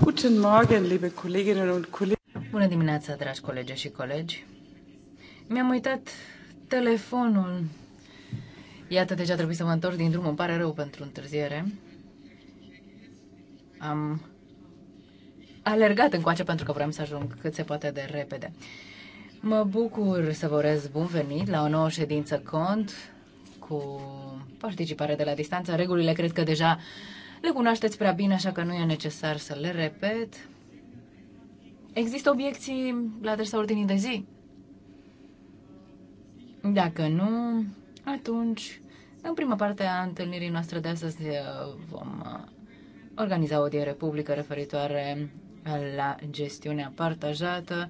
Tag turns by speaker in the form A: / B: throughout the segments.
A: Guten Morgen, liebe Kolleginnen und Kollegen. Bună dimineața, dragi colegi și colegi. Mi-am uitat telefonul. Iată, deja trebuie să mă întorc din drum. Îmi pare rău pentru întârziere. Am alergat încoace pentru că vreau să ajung cât se poate de repede. Mă bucur să vă urez bun venit la o nouă ședință cont cu participare de la distanță. Regulile cred că deja uh, le cunoașteți prea bine, așa că nu e necesar să le repet. Există obiecții la adresa ordinii de zi? Dacă nu, atunci, în prima parte a întâlnirii noastre de astăzi uh, vom uh, organiza o diere publică referitoare la gestiunea partajată,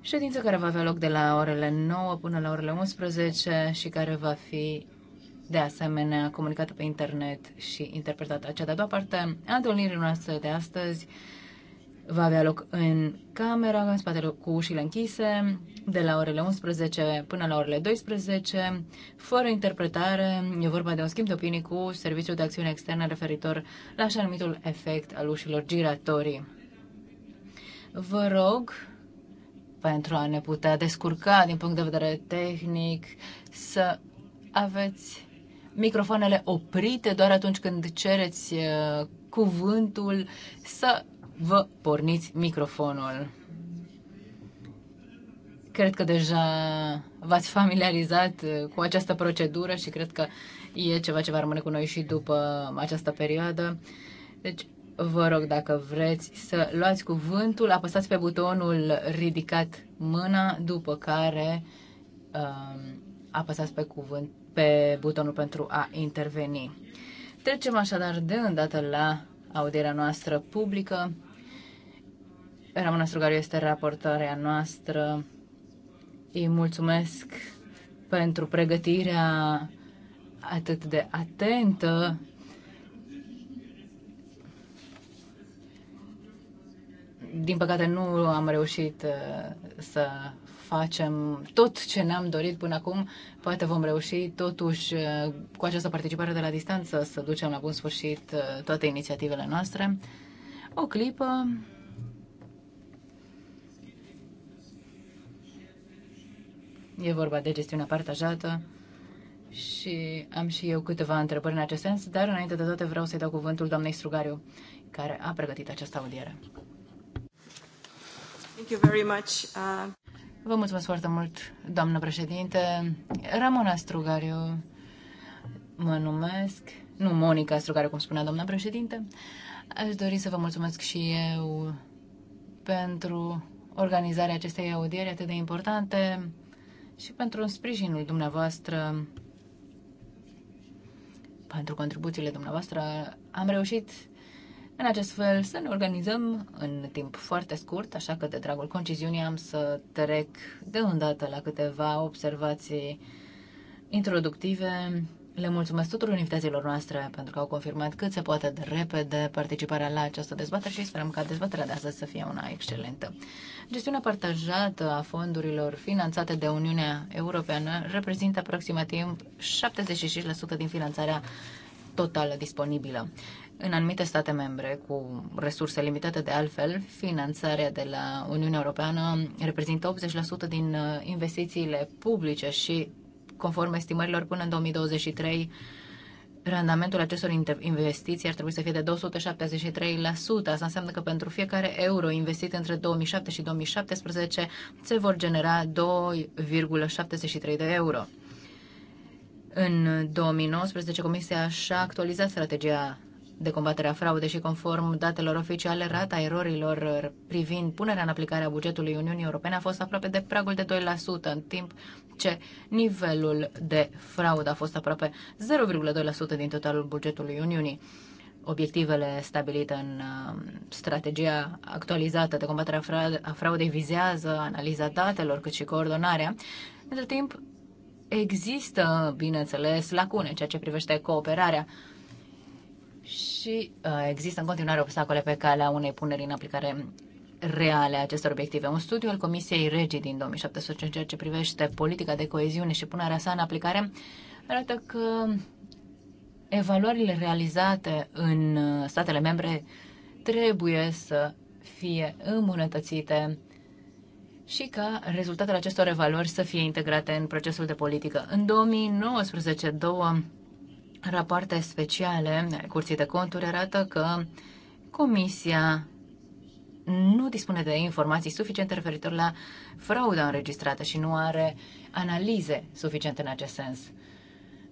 A: ședință care va avea loc de la orele 9 până la orele 11 și care va fi de asemenea comunicată pe internet și interpretată. Acea de-a doua parte a întâlnirii noastre de astăzi va avea loc în camera, în spatele cu ușile închise, de la orele 11 până la orele 12, fără interpretare. E vorba de un schimb de opinii cu Serviciul de Acțiune Externă referitor la așa numitul efect al ușilor giratorii. Vă rog, pentru a ne putea descurca din punct de vedere tehnic, să aveți microfoanele oprite doar atunci când cereți uh, cuvântul să vă porniți microfonul. Cred că deja v-ați familiarizat uh, cu această procedură și cred că e ceva ce va rămâne cu noi și după această perioadă. Deci, vă rog, dacă vreți să luați cuvântul, apăsați pe butonul ridicat mâna, după care um, apăsați pe cuvânt pe butonul pentru a interveni. Trecem așadar de îndată la audierea noastră publică. Ramona Strugariu este raportarea noastră. Îi mulțumesc pentru pregătirea atât de atentă din păcate nu am reușit uh, să facem tot ce ne-am dorit până acum, poate vom reuși totuși uh, cu această participare de la distanță să ducem la bun sfârșit uh, toate inițiativele noastre. O clipă. E vorba de gestiunea partajată și am și eu câteva întrebări în acest sens, dar înainte de toate vreau să-i dau cuvântul doamnei Strugariu, care a pregătit această audiere.
B: Thank you very much. Uh...
A: Vă mulțumesc foarte mult, doamnă președinte. Ramona Strugariu mă numesc, nu Monica Strugariu, cum spunea doamna președinte. Aș dori să vă mulțumesc și eu pentru organizarea acestei audieri atât de importante și pentru sprijinul dumneavoastră, pentru contribuțiile dumneavoastră. Am reușit în acest fel să ne organizăm în timp foarte scurt, așa că de dragul conciziunii am să trec de îndată la câteva observații introductive. Le mulțumesc tuturor invitațiilor noastre pentru că au confirmat cât se poate de repede participarea la această dezbatere și sperăm ca dezbaterea de astăzi să fie una excelentă. Gestiunea partajată a fondurilor finanțate de Uniunea Europeană reprezintă aproximativ 75% din finanțarea totală disponibilă în anumite state membre, cu resurse limitate de altfel, finanțarea de la Uniunea Europeană reprezintă 80% din uh, investițiile publice și, conform estimărilor, până în 2023, randamentul acestor investiții ar trebui să fie de 273%. Asta înseamnă că pentru fiecare euro investit între 2007 și 2017 se vor genera 2,73 de euro. În 2019, Comisia și-a actualizat strategia de combatere a fraudei și conform datelor oficiale, rata erorilor privind punerea în aplicare a bugetului Uniunii Europene a fost aproape de pragul de 2%, în timp ce nivelul de fraudă a fost aproape 0,2% din totalul bugetului Uniunii obiectivele stabilite în um, strategia actualizată de combatere a fraudei vizează analiza datelor, cât și coordonarea. Între timp, există, bineînțeles, lacune în ceea ce privește cooperarea și uh, există în continuare obstacole pe calea unei puneri în aplicare reale a acestor obiective. Un studiu al Comisiei Regii din 2017 în ceea ce privește politica de coeziune și punerea sa în aplicare arată că evaluările realizate în uh, statele membre trebuie să fie îmbunătățite și ca rezultatele acestor evaluări să fie integrate în procesul de politică. În 2019, două Rapoarte speciale ale Curții de Conturi arată că Comisia nu dispune de informații suficiente referitor la frauda înregistrată și nu are analize suficiente în acest sens.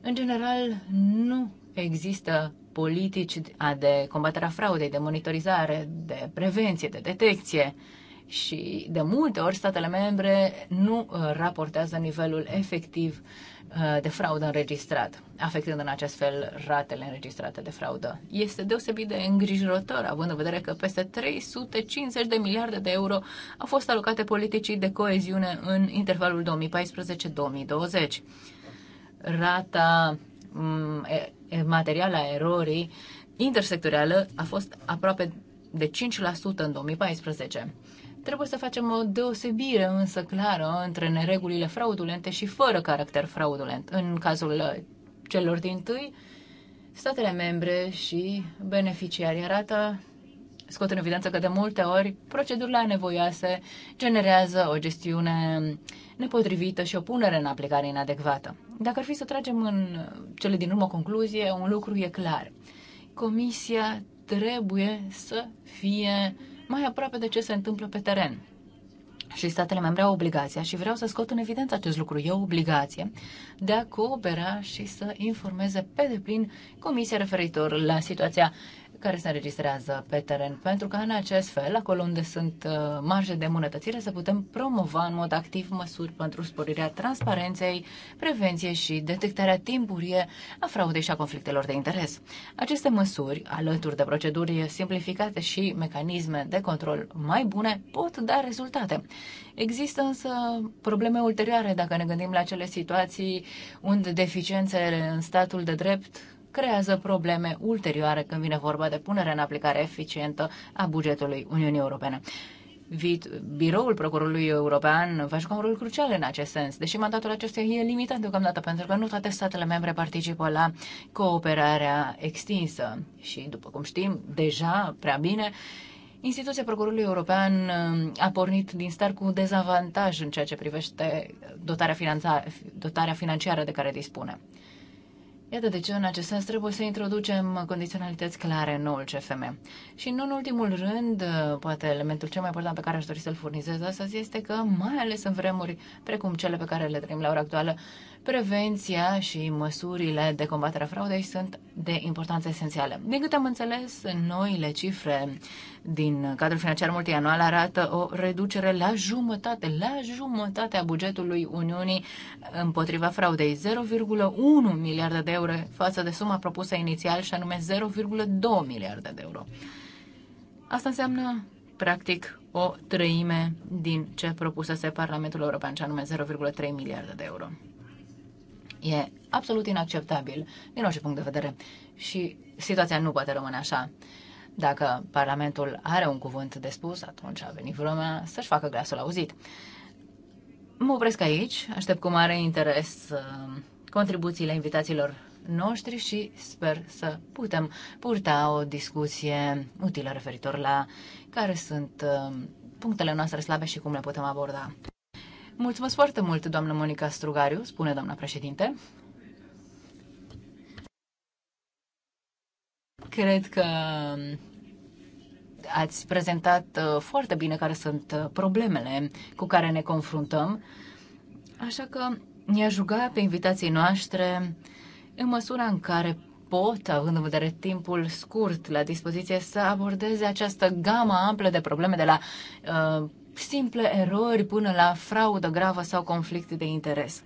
A: În general, nu există politici de combaterea fraudei, de monitorizare, de prevenție, de detecție și de multe ori statele membre nu uh, raportează nivelul efectiv uh, de fraudă înregistrat, afectând în acest fel ratele înregistrate de fraudă. Este deosebit de îngrijorător, având în vedere că peste 350 de miliarde de euro au fost alocate politicii de coeziune în intervalul 2014-2020. Rata mm, materială a erorii intersectorială a fost aproape de 5% în 2014. Trebuie să facem o deosebire însă clară între neregulile fraudulente și fără caracter fraudulent. În cazul uh, celor din tâi, statele membre și beneficiarii arată scot în evidență că de multe ori procedurile anevoioase generează o gestiune nepotrivită și o punere în aplicare inadecvată. Dacă ar fi să tragem în cele din urmă concluzie, un lucru e clar. Comisia trebuie să fie uh, mai aproape de ce se întâmplă pe teren. Și statele membre au obligația, și vreau să scot în evidență acest lucru, e o obligație de a coopera și să informeze pe deplin Comisia referitor la situația care se înregistrează pe teren, pentru că în acest fel, acolo unde sunt uh, marje de îmbunătățire, să putem promova în mod activ măsuri pentru sporirea transparenței, prevenție și detectarea timpurie a fraudei și a conflictelor de interes. Aceste măsuri, alături de proceduri simplificate și mecanisme de control mai bune, pot da rezultate. Există însă probleme ulterioare dacă ne gândim la cele situații unde deficiențele în statul de drept creează probleme ulterioare când vine vorba de punerea în aplicare eficientă a bugetului Uniunii Europene. Biroul Procurorului European va juca un rol crucial în acest sens, deși mandatul acestuia e limitat deocamdată, pentru că nu toate statele membre participă la cooperarea extinsă. Și, după cum știm, deja prea bine, Instituția Procurorului European um, a pornit din start cu dezavantaj în ceea ce privește dotarea, dotarea financiară de care dispune. Iată de ce, în acest sens, trebuie să introducem condiționalități clare în noul CFM. Și nu în ultimul rând, poate elementul cel mai important pe care aș dori să-l furnizez astăzi este că, mai ales în vremuri precum cele pe care le trăim la ora actuală, prevenția și măsurile de combatere a fraudei sunt de importanță esențială. Din câte am înțeles, noile cifre din cadrul financiar multianual arată o reducere la jumătate, la jumătate a bugetului Uniunii împotriva fraudei, 0,1 miliarde de euro față de suma propusă inițial și anume 0,2 miliarde de euro. Asta înseamnă practic o treime din ce propusese Parlamentul European, și anume 0,3 miliarde de euro. E absolut inacceptabil din orice punct de vedere și situația nu poate rămâne așa. Dacă Parlamentul are un cuvânt de spus, atunci a venit vremea să-și facă glasul auzit. Mă opresc aici, aștept cu mare interes uh, contribuțiile invitațiilor noștri și sper să putem purta o discuție utilă referitor la care sunt uh, punctele noastre slabe și cum le putem aborda. Mulțumesc foarte mult, doamnă Monica Strugariu, spune doamna președinte. Cred că ați prezentat uh, foarte bine care sunt uh, problemele cu care ne confruntăm, așa că ne-aș ruga pe invitații noastre, în măsura în care pot, având în vedere timpul scurt la dispoziție, să abordeze această gamă amplă de probleme, de la uh, simple erori până la fraudă gravă sau conflict de interes.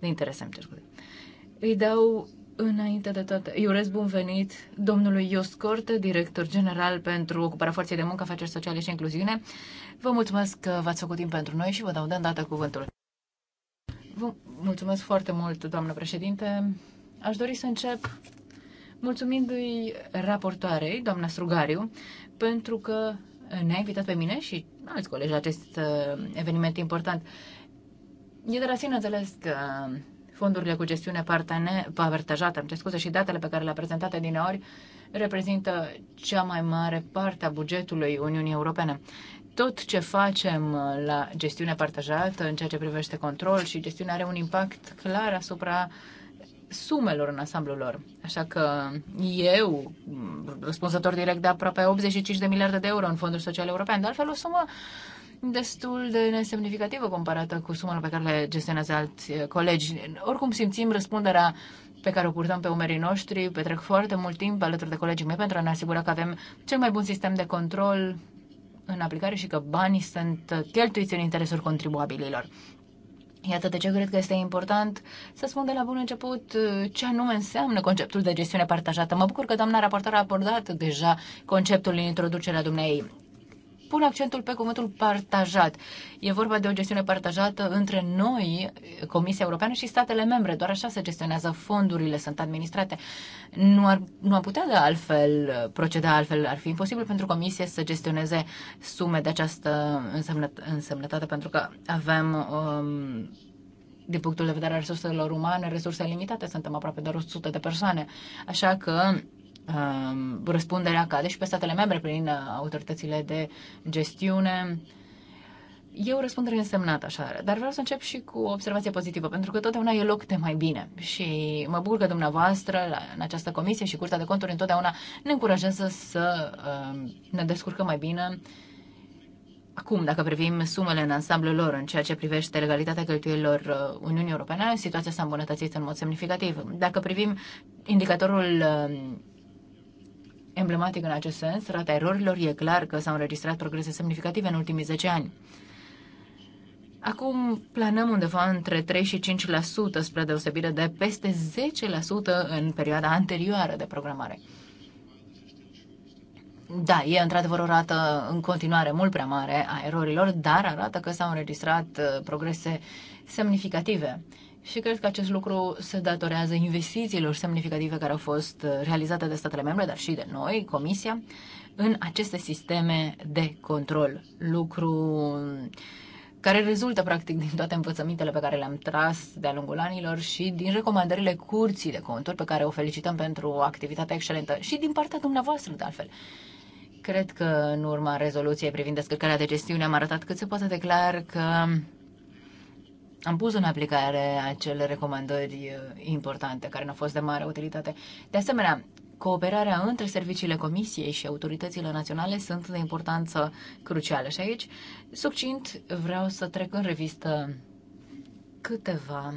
A: De interes, am cer Îi dau Înainte de toate, îi urez bun venit domnului Ios Corte, director general pentru ocuparea forței de muncă, afaceri sociale și incluziune. Vă mulțumesc că v-ați făcut timp pentru noi și vă dau de îndată cuvântul. Vă mulțumesc foarte mult, doamnă președinte. Aș dori să încep mulțumindu-i raportoarei, doamna Strugariu, pentru că ne-a invitat pe mine și alți colegi la acest uh, eveniment important. E de la sine înțeles că Fondurile cu gestiune partajată, am scuze, și datele pe care le-a prezentat adineori reprezintă cea mai mare parte a bugetului Uniunii Europene. Tot ce facem la gestiune partajată, în ceea ce privește control și gestiunea, are un impact clar asupra sumelor în ansamblul lor. Așa că eu, răspunzător direct de aproape 85 de miliarde de euro în fondul social european, de altfel o sumă destul de nesemnificativă comparată cu sumele pe care le gestionează alți eh, colegi. Oricum simțim răspunderea pe care o purtăm pe umerii noștri, petrec foarte mult timp alături de colegii mei pentru a ne asigura că avem cel mai bun sistem de control în aplicare și că banii sunt cheltuiți în interesul contribuabililor. Iată de ce cred că este important să spun de la bun început eh, ce anume înseamnă conceptul de gestiune partajată. Mă bucur că doamna raportor a abordat deja conceptul în introducerea dumneei pun accentul pe cuvântul partajat. E vorba de o gestiune partajată între noi, Comisia Europeană și statele membre. Doar așa se gestionează fondurile, sunt administrate. Nu, ar, nu am putea de altfel proceda altfel. Ar fi imposibil pentru Comisie să gestioneze sume de această însemnăt, însemnătate, pentru că avem... Um, din punctul de vedere al resurselor umane, resurse limitate, suntem aproape doar 100 de persoane. Așa că Um, răspunderea cade și pe statele membre prin uh, autoritățile de gestiune. E o răspundere însemnată, așa, dar vreau să încep și cu o observație pozitivă, pentru că totdeauna e loc de mai bine. Și mă bucur că dumneavoastră, în această comisie și Curtea de Conturi, întotdeauna ne încurajează să um, ne descurcăm mai bine Acum, dacă privim sumele în ansamblul lor în ceea ce privește legalitatea cheltuielilor uh, Uniunii Europene, situația s-a îmbunătățit în mod semnificativ. Dacă privim indicatorul um, emblematic în acest sens. Rata erorilor e clar că s-au înregistrat progrese semnificative în ultimii 10 ani. Acum planăm undeva între 3 și 5% spre deosebire de peste 10% în perioada anterioară de programare. Da, e într-adevăr o rată în continuare mult prea mare a erorilor, dar arată că s-au înregistrat uh, progrese semnificative și cred că acest lucru se datorează investițiilor semnificative care au fost uh, realizate de statele membre, dar și de noi, Comisia, în aceste sisteme de control. Lucru mm, care rezultă practic din toate învățămintele pe care le-am tras de-a lungul anilor și din recomandările curții de conturi pe care o felicităm pentru activitatea excelentă și din partea dumneavoastră de altfel. Cred că în urma rezoluției privind descărcarea de gestiune am arătat cât se poate declar că am pus în aplicare acele recomandări uh, importante care ne-au fost de mare utilitate. De asemenea, cooperarea între serviciile Comisiei și autoritățile naționale sunt de importanță crucială. Și aici, succint, vreau să trec în revistă câteva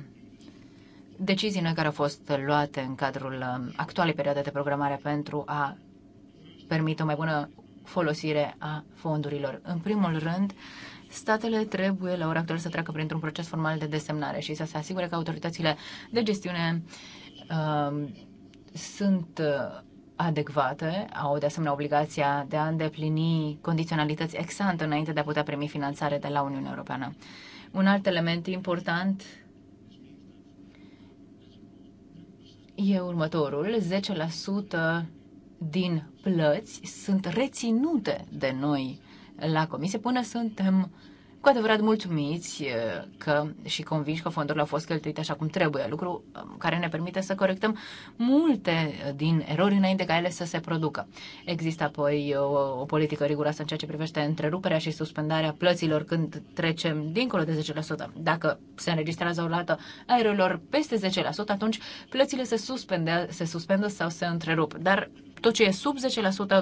A: decizii noi care au fost luate în cadrul um, actualei perioade de programare pentru a permite o mai bună folosire a fondurilor. În primul rând, statele trebuie la ora actuală să treacă printr-un proces formal de desemnare și să se asigure că autoritățile de gestiune um, uh, sunt adecvate, au de asemenea obligația de a îndeplini condiționalități ex ante înainte de a putea primi finanțare de la Uniunea Europeană. Un alt element important e următorul. 10% din plăți sunt reținute de noi la comisie până suntem cu adevărat mulțumiți eh, că și convinși că fondurile au fost cheltuite așa cum trebuie, lucru eh, care ne permite să corectăm multe eh, din erori înainte ca ele să se producă. Există apoi o, o politică riguroasă în ceea ce privește întreruperea și suspendarea plăților când trecem dincolo de 10%. Dacă se înregistrează o lată a erorilor peste 10%, atunci plățile se, suspende, se suspendă sau se întrerup. Dar tot ce e sub 10%,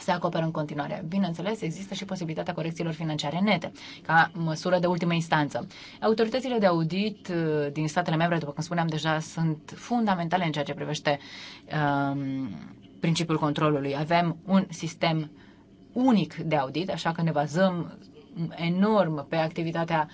A: se acoperă în continuare. Bineînțeles, există și posibilitatea corecțiilor financiare nete, ca măsură de ultimă instanță. Autoritățile de audit uh, din statele membre, după cum spuneam deja, sunt fundamentale în ceea ce privește um, principiul controlului. Avem un sistem unic de audit, așa că ne bazăm enorm pe activitatea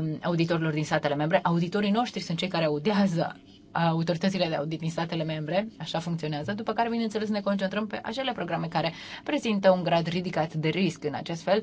A: um, auditorilor din statele membre. Auditorii noștri sunt cei care audează autoritățile de audit din statele membre, așa funcționează, după care, bineînțeles, ne concentrăm pe acele programe care prezintă un grad ridicat de risc. În acest fel,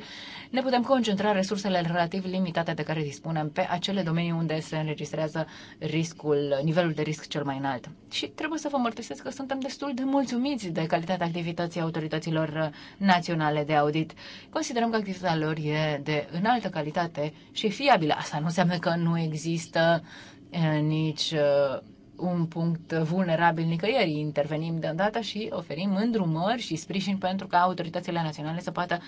A: ne putem concentra resursele relativ limitate de care dispunem pe acele domenii unde se înregistrează riscul, nivelul de risc cel mai înalt. Și trebuie să vă mărturisesc că suntem destul de mulțumiți de calitatea activității autorităților naționale de audit. Considerăm că activitatea lor e de înaltă calitate și fiabilă. Asta nu înseamnă că nu există eh, nici eh, un punct vulnerabil nicăieri. Intervenim de îndată și oferim îndrumări și sprijin pentru ca autoritățile naționale să poată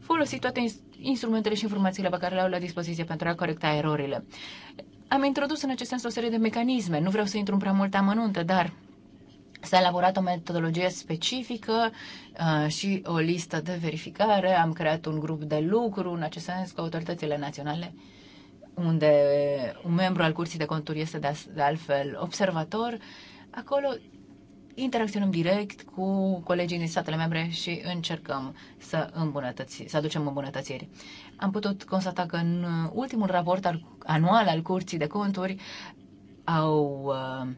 A: folosi toate instrumentele și informațiile pe care le au la dispoziție pentru a corecta erorile. Am introdus în acest sens o serie de mecanisme. Nu vreau să intru în prea multă amănuntă, dar S-a elaborat o metodologie specifică uh, și o listă de verificare. Am creat un grup de lucru în acest sens cu autoritățile naționale unde un membru al Curții de Conturi este de, de altfel observator, acolo interacționăm direct cu colegii din statele membre și încercăm să îmbunătăți, să aducem îmbunătățiri. Am putut constata că în ultimul raport al, anual al Curții de Conturi au uh,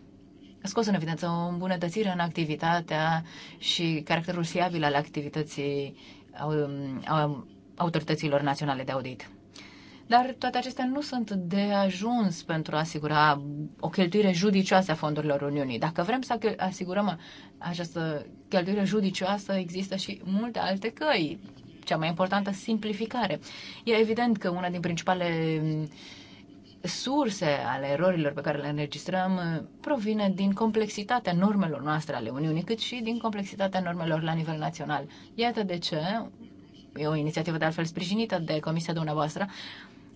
A: scos în evidență o îmbunătățire în activitatea și caracterul fiabil al activității au, um, au, autorităților naționale de audit. Dar toate acestea nu sunt de ajuns pentru a asigura o cheltuire judicioasă a fondurilor Uniunii. Dacă vrem să asigurăm această cheltuire judicioasă, există și multe alte căi. Cea mai importantă, simplificare. E evident că una din principalele mm, surse ale erorilor pe care le înregistrăm mm, provine din complexitatea normelor noastre ale Uniunii, cât și din complexitatea normelor la nivel național. Iată de ce e o inițiativă de altfel sprijinită de Comisia dumneavoastră,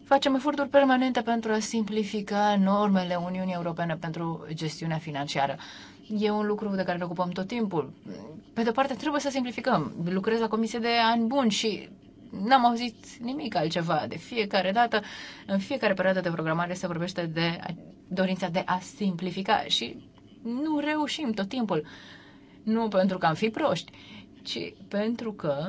A: Facem eforturi permanente pentru a simplifica normele Uniunii Europene pentru gestiunea financiară. E un lucru de care ne ocupăm tot timpul. Pe de parte, trebuie să simplificăm. Lucrez la comisie de ani buni și n-am auzit nimic altceva. De fiecare dată, în fiecare perioadă de programare se vorbește de dorința de a simplifica și nu reușim tot timpul. Nu pentru că am fi proști, ci pentru că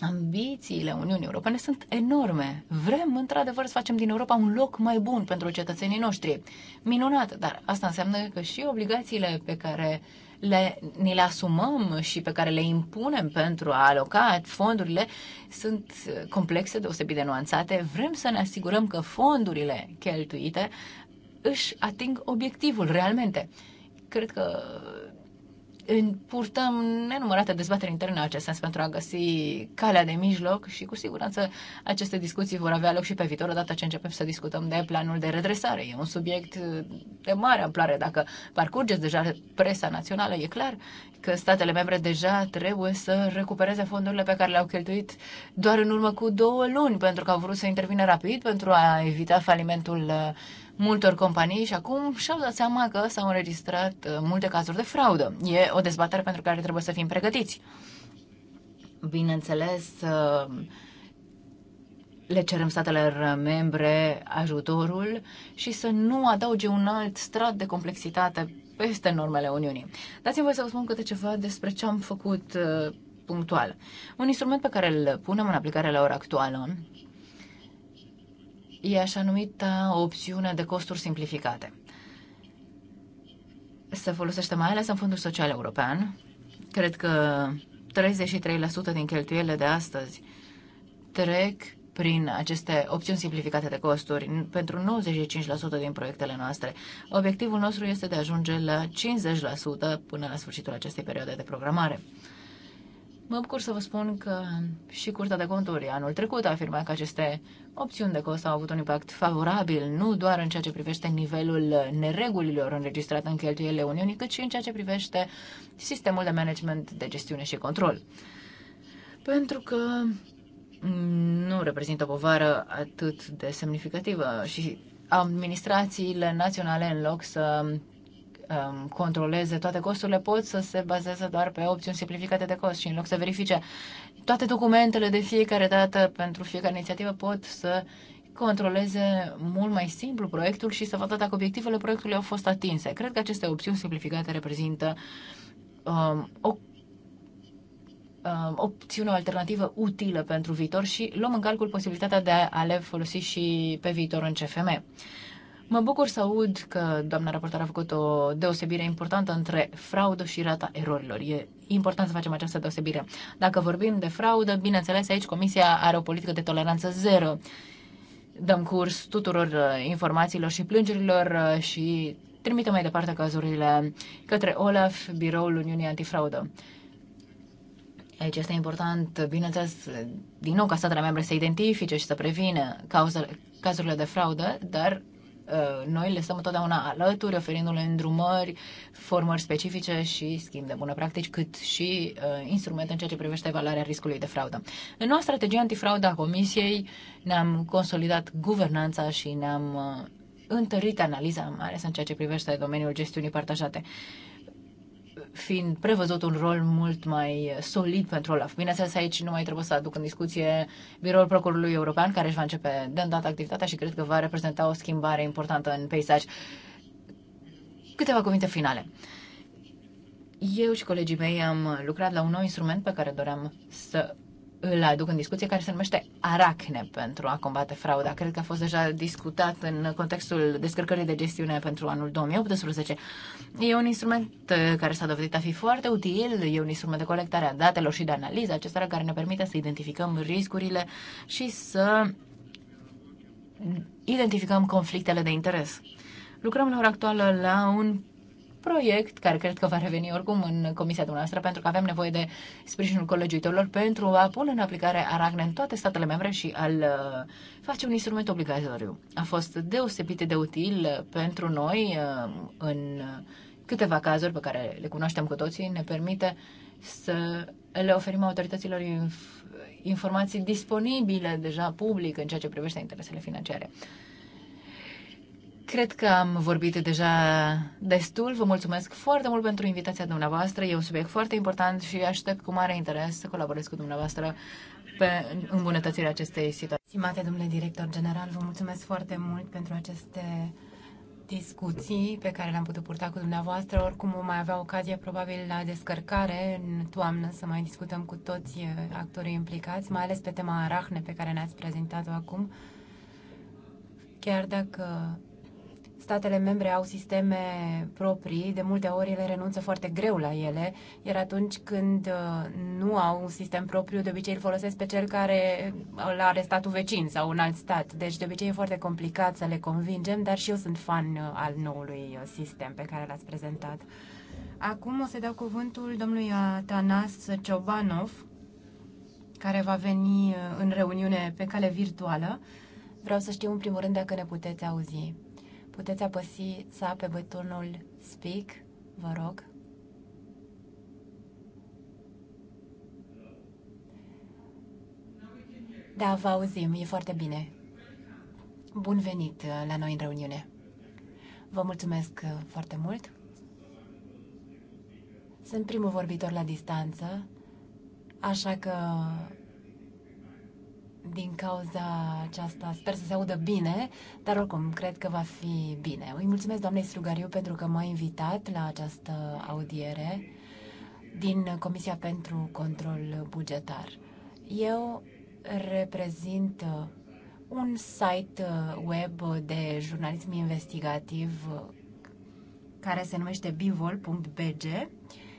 A: ambițiile Uniunii Europene sunt enorme. Vrem, într-adevăr, să facem din Europa un loc mai bun pentru cetățenii noștri. Minunat, dar asta înseamnă că și obligațiile pe care le, ni le asumăm și pe care le impunem pentru a aloca fondurile sunt complexe, deosebit de nuanțate. Vrem să ne asigurăm că fondurile cheltuite își ating obiectivul realmente. Cred că purtăm nenumărate dezbateri interne în acest sens pentru a găsi calea de mijloc și cu siguranță aceste discuții vor avea loc și pe viitor odată ce începem să discutăm de planul de redresare. E un subiect de mare amploare. Dacă parcurgeți deja presa națională, e clar că statele membre deja trebuie să recupereze fondurile pe care le-au cheltuit doar în urmă cu două luni pentru că au vrut să intervină rapid pentru a evita falimentul uh, multor companii și acum și-au dat seama că s-au înregistrat uh, multe cazuri de fraudă. E o dezbatere pentru care trebuie să fim pregătiți. Bineînțeles, uh, le cerem statelor membre ajutorul și să nu adauge un alt strat de complexitate peste normele Uniunii. Dați-mi voi să vă spun câte ceva despre ce am făcut uh, punctual. Un instrument pe care îl punem în aplicare la ora actuală e așa numită opțiune de costuri simplificate. Se folosește mai ales în Fondul Social European. Cred că 33% din cheltuielile de astăzi trec prin aceste opțiuni simplificate de costuri pentru 95% din proiectele noastre. Obiectivul nostru este de a ajunge la 50% până la sfârșitul acestei perioade de programare. Mă bucur să vă spun că și Curtea de Conturi anul trecut a afirmat că aceste opțiuni de cost au avut un impact favorabil, nu doar în ceea ce privește nivelul neregulilor înregistrate în cheltuielile Uniunii, cât și în ceea ce privește sistemul de management, de gestiune și control. Pentru că nu reprezintă o povară atât de semnificativă și administrațiile naționale, în loc să um, controleze toate costurile, pot să se bazeze doar pe opțiuni simplificate de cost și în loc să verifice toate documentele de fiecare dată pentru fiecare inițiativă, pot să controleze mult mai simplu proiectul și să vadă dacă obiectivele proiectului au fost atinse. Cred că aceste opțiuni simplificate reprezintă um, o um, opțiune, o alternativă utilă pentru viitor și luăm în calcul posibilitatea de a le folosi și pe viitor în CFM. Mă bucur să aud că doamna raportor a făcut o deosebire importantă între fraudă și rata erorilor. E important să facem această deosebire. Dacă vorbim de fraudă, bineînțeles, aici Comisia are o politică de toleranță zero. Dăm curs tuturor uh, informațiilor și plângerilor uh, și trimitem mai departe cazurile către OLAF, Biroul Uniunii Antifraudă. Aici este important, bineînțeles, din nou ca statele membre să identifice și să prevină cauzele, cazurile de fraudă, dar Uh, noi le stăm întotdeauna alături, oferindu-le îndrumări, formări specifice și schimb de bună practici, cât și uh, instrumente în ceea ce privește evaluarea riscului de fraudă. În noua strategie antifraudă a Comisiei ne-am consolidat guvernanța și ne-am uh, întărit analiza, mai ales în ceea ce privește domeniul gestiunii partajate fiind prevăzut un rol mult mai solid pentru Olaf. Bineînțeles, aici nu mai trebuie să aduc în discuție biroul procurorului european, care își va începe de îndată activitatea și cred că va reprezenta o schimbare importantă în peisaj. Câteva cuvinte finale. Eu și colegii mei am lucrat la un nou instrument pe care doream să îl aduc în discuție, care se numește Aracne pentru a combate frauda. Cred că a fost deja discutat în contextul descărcării de gestiune pentru anul 2018. E un instrument uh, care s-a dovedit a fi foarte util, e un instrument de colectare a datelor și de analiză acestora care ne permite să identificăm riscurile și să identificăm conflictele de interes. Lucrăm la ora actuală la un proiect care cred că va reveni oricum în comisia dumneavoastră pentru că avem nevoie de sprijinul colegiuitorilor pentru a pune în aplicare Aragne în toate statele membre și al uh, face un instrument obligatoriu. A fost deosebit de util uh, pentru noi uh, în câteva cazuri pe care le cunoaștem cu toții, ne permite să le oferim autorităților informații disponibile deja public în ceea ce privește interesele financiare. Cred că am vorbit deja destul. Vă mulțumesc foarte mult pentru invitația dumneavoastră. E un subiect foarte important și aștept cu mare interes să colaborez cu dumneavoastră pe îmbunătățirea acestei situații. Stimate domnule director general, vă mulțumesc foarte
C: mult pentru aceste discuții pe care le-am putut purta cu dumneavoastră. Oricum vom mai avea ocazie probabil la descărcare în toamnă să mai discutăm cu toți eh, actorii implicați, mai ales pe tema Arahne pe care ne-ați prezentat-o acum. Chiar dacă statele membre au sisteme proprii, de multe ori ele renunță foarte greu la ele, iar atunci când uh, nu au un sistem propriu, de obicei îl folosesc pe cel care îl uh, are statul vecin sau un alt stat. Deci de obicei e foarte complicat să le convingem, dar și eu sunt fan uh, al noului sistem pe care l-ați prezentat. Acum o să dau cuvântul domnului Atanas Ciobanov, care va veni în reuniune pe cale virtuală. Vreau să știu în primul rând dacă ne puteți auzi. Puteți apăsi să pe butonul Speak, vă rog. Da, vă auzim, e foarte bine. Bun venit uh, la noi în reuniune. Vă mulțumesc uh, foarte mult. Sunt primul vorbitor la distanță, așa că din cauza aceasta. Sper să se audă bine, dar oricum cred că va fi bine. Îi mulțumesc doamnei Strugariu pentru că m-a invitat la această audiere din Comisia pentru Control Bugetar. Eu reprezint un site web de jurnalism investigativ care se numește bivol.bg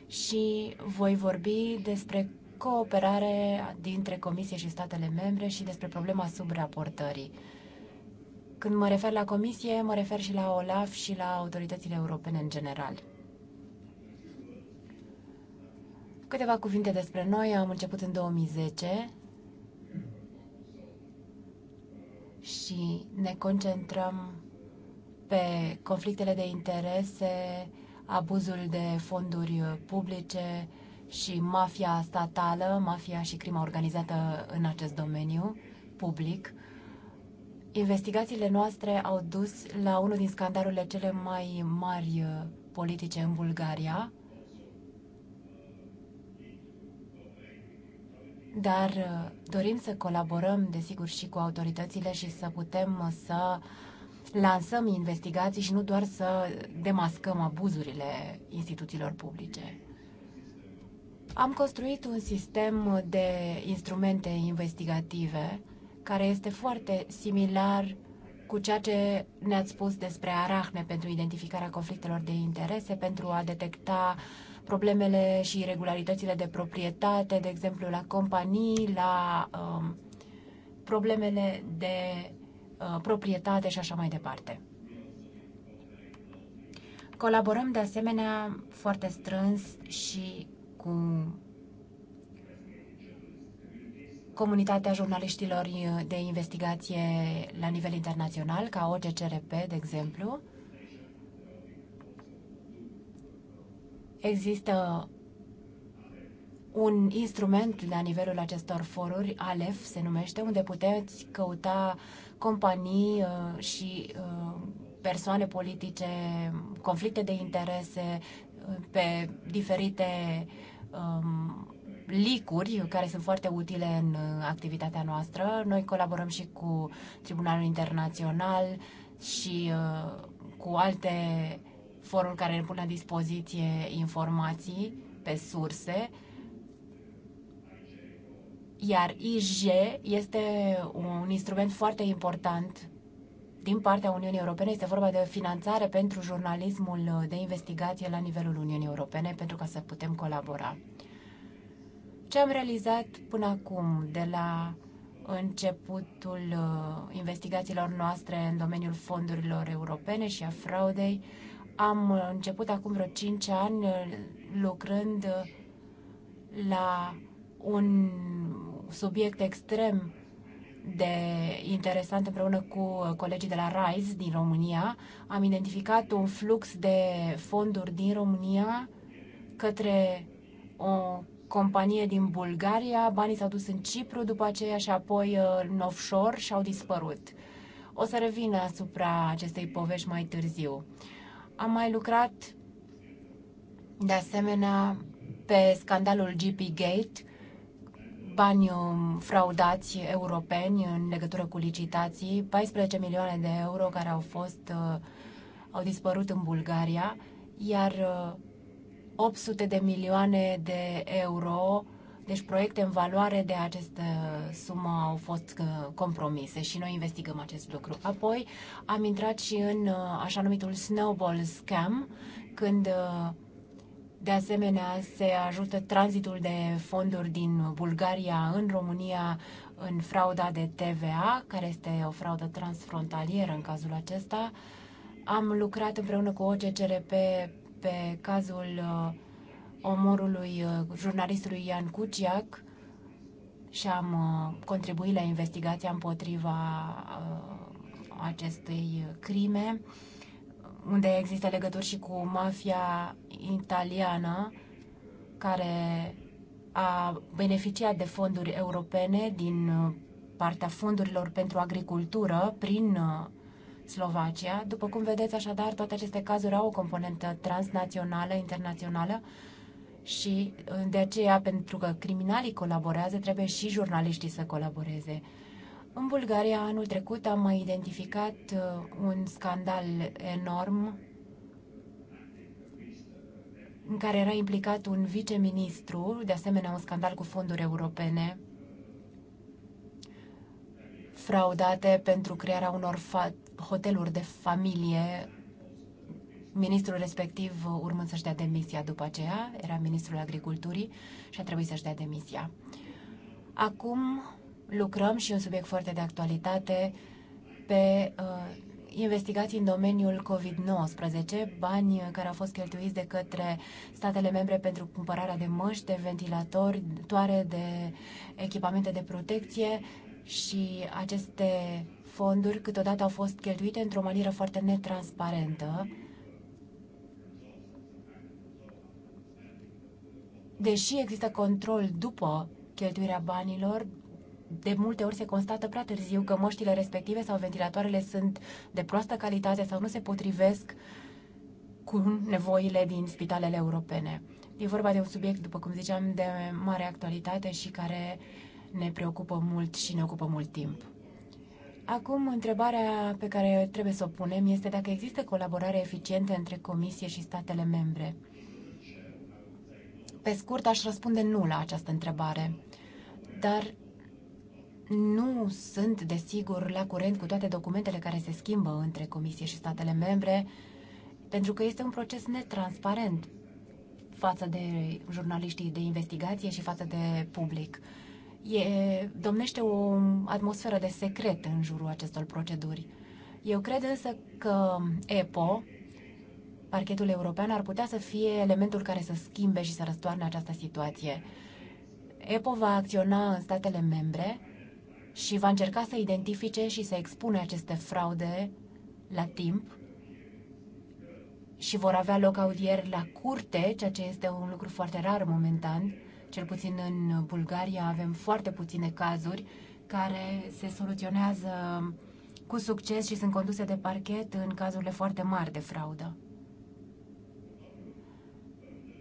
C: și voi vorbi despre cooperare dintre Comisie și statele membre și despre problema subraportării. Când mă refer la Comisie, mă refer și la OLAF și la autoritățile europene în general. Câteva cuvinte despre noi. Am început în 2010 și ne concentrăm pe conflictele de interese, abuzul de fonduri publice, și mafia statală, mafia și crima organizată în acest domeniu public. Investigațiile noastre au dus la unul din scandalurile cele mai mari uh, politice în Bulgaria, dar uh, dorim să colaborăm, desigur, și cu autoritățile și să putem uh, să lansăm investigații și nu doar să demascăm abuzurile instituțiilor publice. Am construit un sistem de instrumente investigative care este foarte similar cu ceea ce ne-ați spus despre arahne pentru identificarea conflictelor de interese, pentru a detecta problemele și irregularitățile de proprietate, de exemplu, la companii, la um, problemele de uh, proprietate și așa mai departe. Colaborăm de asemenea foarte strâns și acum comunitatea jurnaliștilor uh, de investigație la nivel internațional, ca OGCRP, de exemplu. Există un instrument la nivelul acestor foruri, ALEF se numește, unde puteți căuta companii uh, și uh, persoane politice, conflicte de interese pe diferite uh, um, licuri care sunt foarte utile în uh, activitatea noastră. Noi colaborăm și cu Tribunalul Internațional și uh, cu alte foruri care ne pun la dispoziție informații pe surse. Iar IJ este un instrument foarte important din partea Uniunii Europene. Este vorba de finanțare pentru jurnalismul de investigație la nivelul Uniunii Europene pentru ca să putem colabora. Ce am realizat până acum de la începutul uh, investigațiilor noastre în domeniul fondurilor europene și a fraudei, am început acum vreo 5 ani uh, lucrând uh, la un subiect extrem de interesant împreună cu uh, colegii de la RISE din România. Am identificat un flux de fonduri din România către o companie din Bulgaria, banii s-au dus în Cipru după aceea și apoi uh, în offshore și au dispărut. O să revin asupra acestei povești mai târziu. Am mai lucrat de asemenea pe scandalul GP Gate, bani um, fraudați europeni în legătură cu licitații, 14 milioane de euro care au fost uh, au dispărut în Bulgaria, iar 800 uh, de milioane de euro, deci proiecte în valoare de această uh, sumă au fost compromise și noi investigăm acest lucru. Apoi am intrat și în așa numitul snowball scam, când de asemenea, se ajută tranzitul de fonduri din Bulgaria în România în frauda de TVA, care este o fraudă transfrontalieră în cazul acesta. Am lucrat împreună cu OCCRP pe cazul uh, omorului uh, jurnalistului Ian Cuciac și am uh, contribuit la investigația împotriva acestei crime unde există legături și cu mafia italiană care a beneficiat de fonduri europene din uh, partea fondurilor pentru agricultură prin uh, Slovacia. După cum vedeți, așadar, toate aceste cazuri au o componentă transnațională, internațională și uh, de aceea, pentru că criminalii colaborează, trebuie și jurnaliștii să colaboreze. În Bulgaria, anul trecut, am mai identificat uh, un scandal enorm în care era implicat un viceministru, de asemenea un scandal cu fonduri europene fraudate pentru crearea unor hoteluri de familie. Ministrul respectiv urmând să-și dea demisia după aceea, era ministrul agriculturii și a trebuit să-și dea demisia. Acum lucrăm și un subiect foarte de actualitate pe uh, investigații în domeniul COVID-19, bani care au fost cheltuiți de către statele membre pentru cumpărarea de măști, de ventilatori, toare de echipamente de protecție și aceste fonduri câteodată au fost cheltuite într-o manieră foarte netransparentă. Deși există control după cheltuirea banilor, de multe ori se constată prea târziu că măștile respective sau ventilatoarele sunt de proastă calitate sau nu se potrivesc cu nevoile din spitalele europene. E vorba de un subiect, după cum ziceam, de mare actualitate și care ne preocupă mult și ne ocupă mult timp. Acum, întrebarea pe care trebuie să o punem este dacă există colaborare eficientă între Comisie și statele membre. Pe scurt, aș răspunde nu la această întrebare, dar nu sunt, desigur, la curent cu toate documentele care se schimbă între Comisie și statele membre, pentru că este un proces netransparent față de jurnaliștii de investigație și față de public. E, domnește o atmosferă de secret în jurul acestor proceduri. Eu cred însă că EPO, parchetul european, ar putea să fie elementul care să schimbe și să răstoarne această situație. EPO va acționa în statele membre și va încerca să identifice și să expune aceste fraude la timp și vor avea loc audieri la curte, ceea ce este un lucru foarte rar momentan. Cel puțin în Bulgaria avem foarte puține cazuri care se soluționează cu succes și sunt conduse de parchet în cazurile foarte mari de fraudă.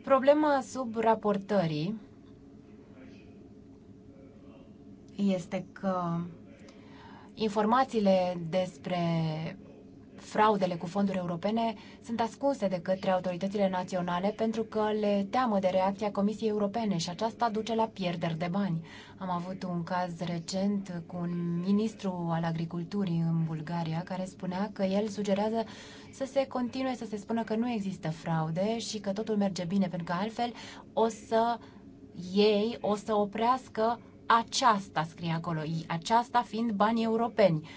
C: Problema sub raportării este că informațiile despre fraudele cu fonduri europene sunt ascunse de către autoritățile naționale pentru că le teamă de reacția Comisiei Europene și aceasta duce la pierderi de bani. Am avut un caz recent cu un ministru al agriculturii în Bulgaria care spunea că el sugerează să se continue să se spună că nu există fraude și că totul merge bine, pentru că altfel o să ei o să oprească aceasta, scrie acolo, aceasta fiind banii europeni.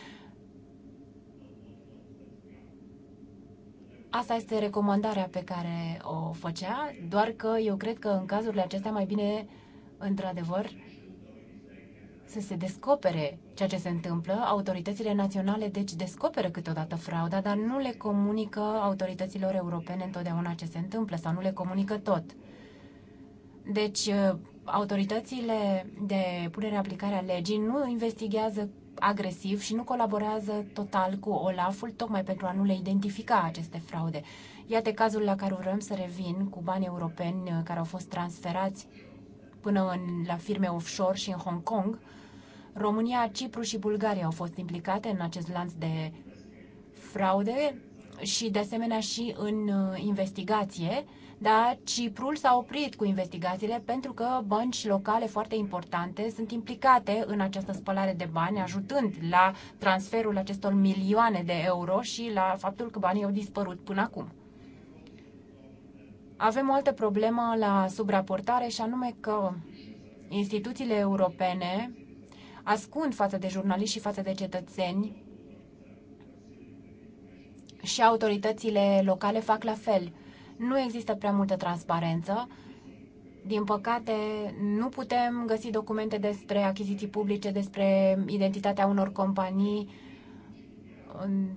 C: Asta este recomandarea pe care o făcea, doar că eu cred că în cazurile acestea mai bine, într-adevăr, să se descopere ceea ce se întâmplă. Autoritățile naționale, deci, descoperă câteodată frauda, dar nu le comunică autorităților europene întotdeauna ce se întâmplă sau nu le comunică tot. Deci, autoritățile de punere aplicare a legii nu investigează agresiv și nu colaborează total cu Olaful tocmai pentru a nu le identifica aceste fraude. Iată cazul la care vrem să revin cu bani europeni uh, care au fost transferați până în, la firme offshore și în Hong Kong. România, Cipru și Bulgaria au fost implicate în acest lanț de fraude și de asemenea și în uh, investigație dar Ciprul s-a oprit cu investigațiile pentru că bănci locale foarte importante sunt implicate în această spălare de bani, ajutând la transferul acestor milioane de euro și la faptul că banii au dispărut până acum. Avem o altă problemă la subraportare și anume că instituțiile europene ascund față de jurnaliști și față de cetățeni și autoritățile locale fac la fel. Nu există prea multă transparență. Din păcate, nu putem găsi documente despre achiziții publice, despre identitatea unor companii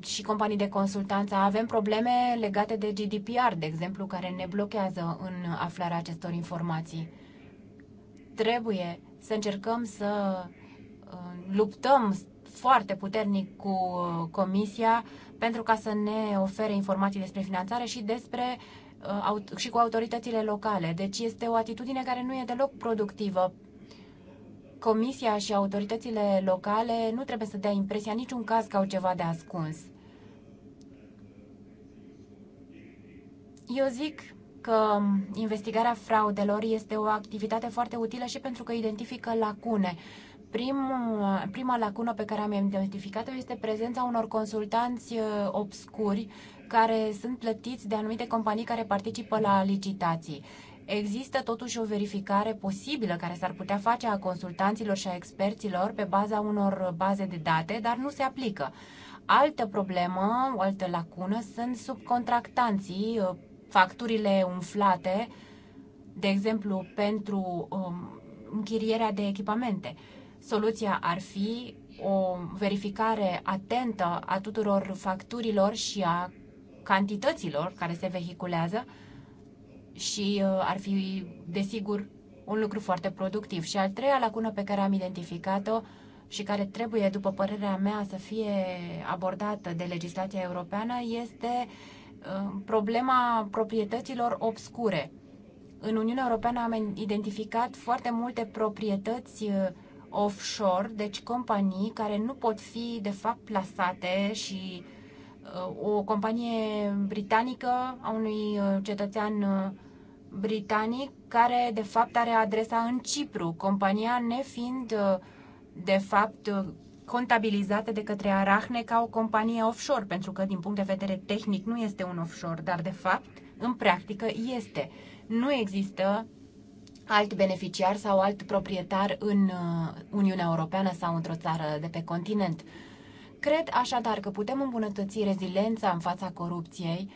C: și companii de consultanță. Avem probleme legate de GDPR, de exemplu, care ne blochează în aflarea acestor informații. Trebuie să încercăm să uh, luptăm foarte puternic cu uh, Comisia pentru ca să ne ofere informații despre finanțare și despre Uh, și cu autoritățile locale. Deci este o atitudine care nu e deloc productivă. Comisia și autoritățile locale nu trebuie să dea impresia niciun caz că au ceva de ascuns. Eu zic că investigarea fraudelor este o activitate foarte utilă și pentru că identifică lacune. Prim, prima lacună pe care am identificat-o este prezența unor consultanți uh, obscuri care sunt plătiți de anumite companii care participă la licitații. Există totuși o verificare posibilă care s-ar putea face a consultanților și a experților pe baza unor baze de date, dar nu se aplică. Altă problemă, o altă lacună sunt subcontractanții, uh, facturile umflate, de exemplu pentru um, închirierea de echipamente. Soluția ar fi o verificare atentă a tuturor facturilor și a cantităților care se vehiculează și uh, ar fi, desigur, un lucru foarte productiv. Și al treia lacună pe care am identificat-o și care trebuie, după părerea mea, să fie abordată de legislația europeană este uh, problema proprietăților obscure. În Uniunea Europeană am identificat foarte multe proprietăți uh, offshore, deci companii care nu pot fi, de fapt, plasate și uh, Uh, o companie britanică a unui uh, cetățean uh, britanic care de fapt are adresa în Cipru, compania nefiind de fapt contabilizată de către Arahne ca o companie offshore, pentru că din punct de vedere tehnic nu este un offshore, dar de fapt în practică este. Nu există alt beneficiar sau alt proprietar în Uniunea Europeană sau într-o țară de pe continent. Cred așadar că putem îmbunătăți reziliența în fața corupției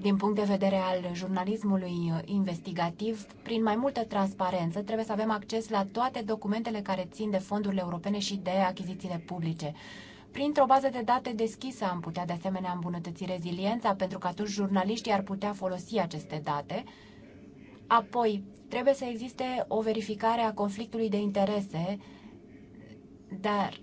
C: din punct de vedere al jurnalismului investigativ prin mai multă transparență. Trebuie să avem acces la toate documentele care țin de fondurile europene și de achizițiile publice. Printr-o bază de date deschisă am putea de asemenea îmbunătăți reziliența pentru că atunci jurnaliștii ar putea folosi aceste date. Apoi, trebuie să existe o verificare a conflictului de interese, dar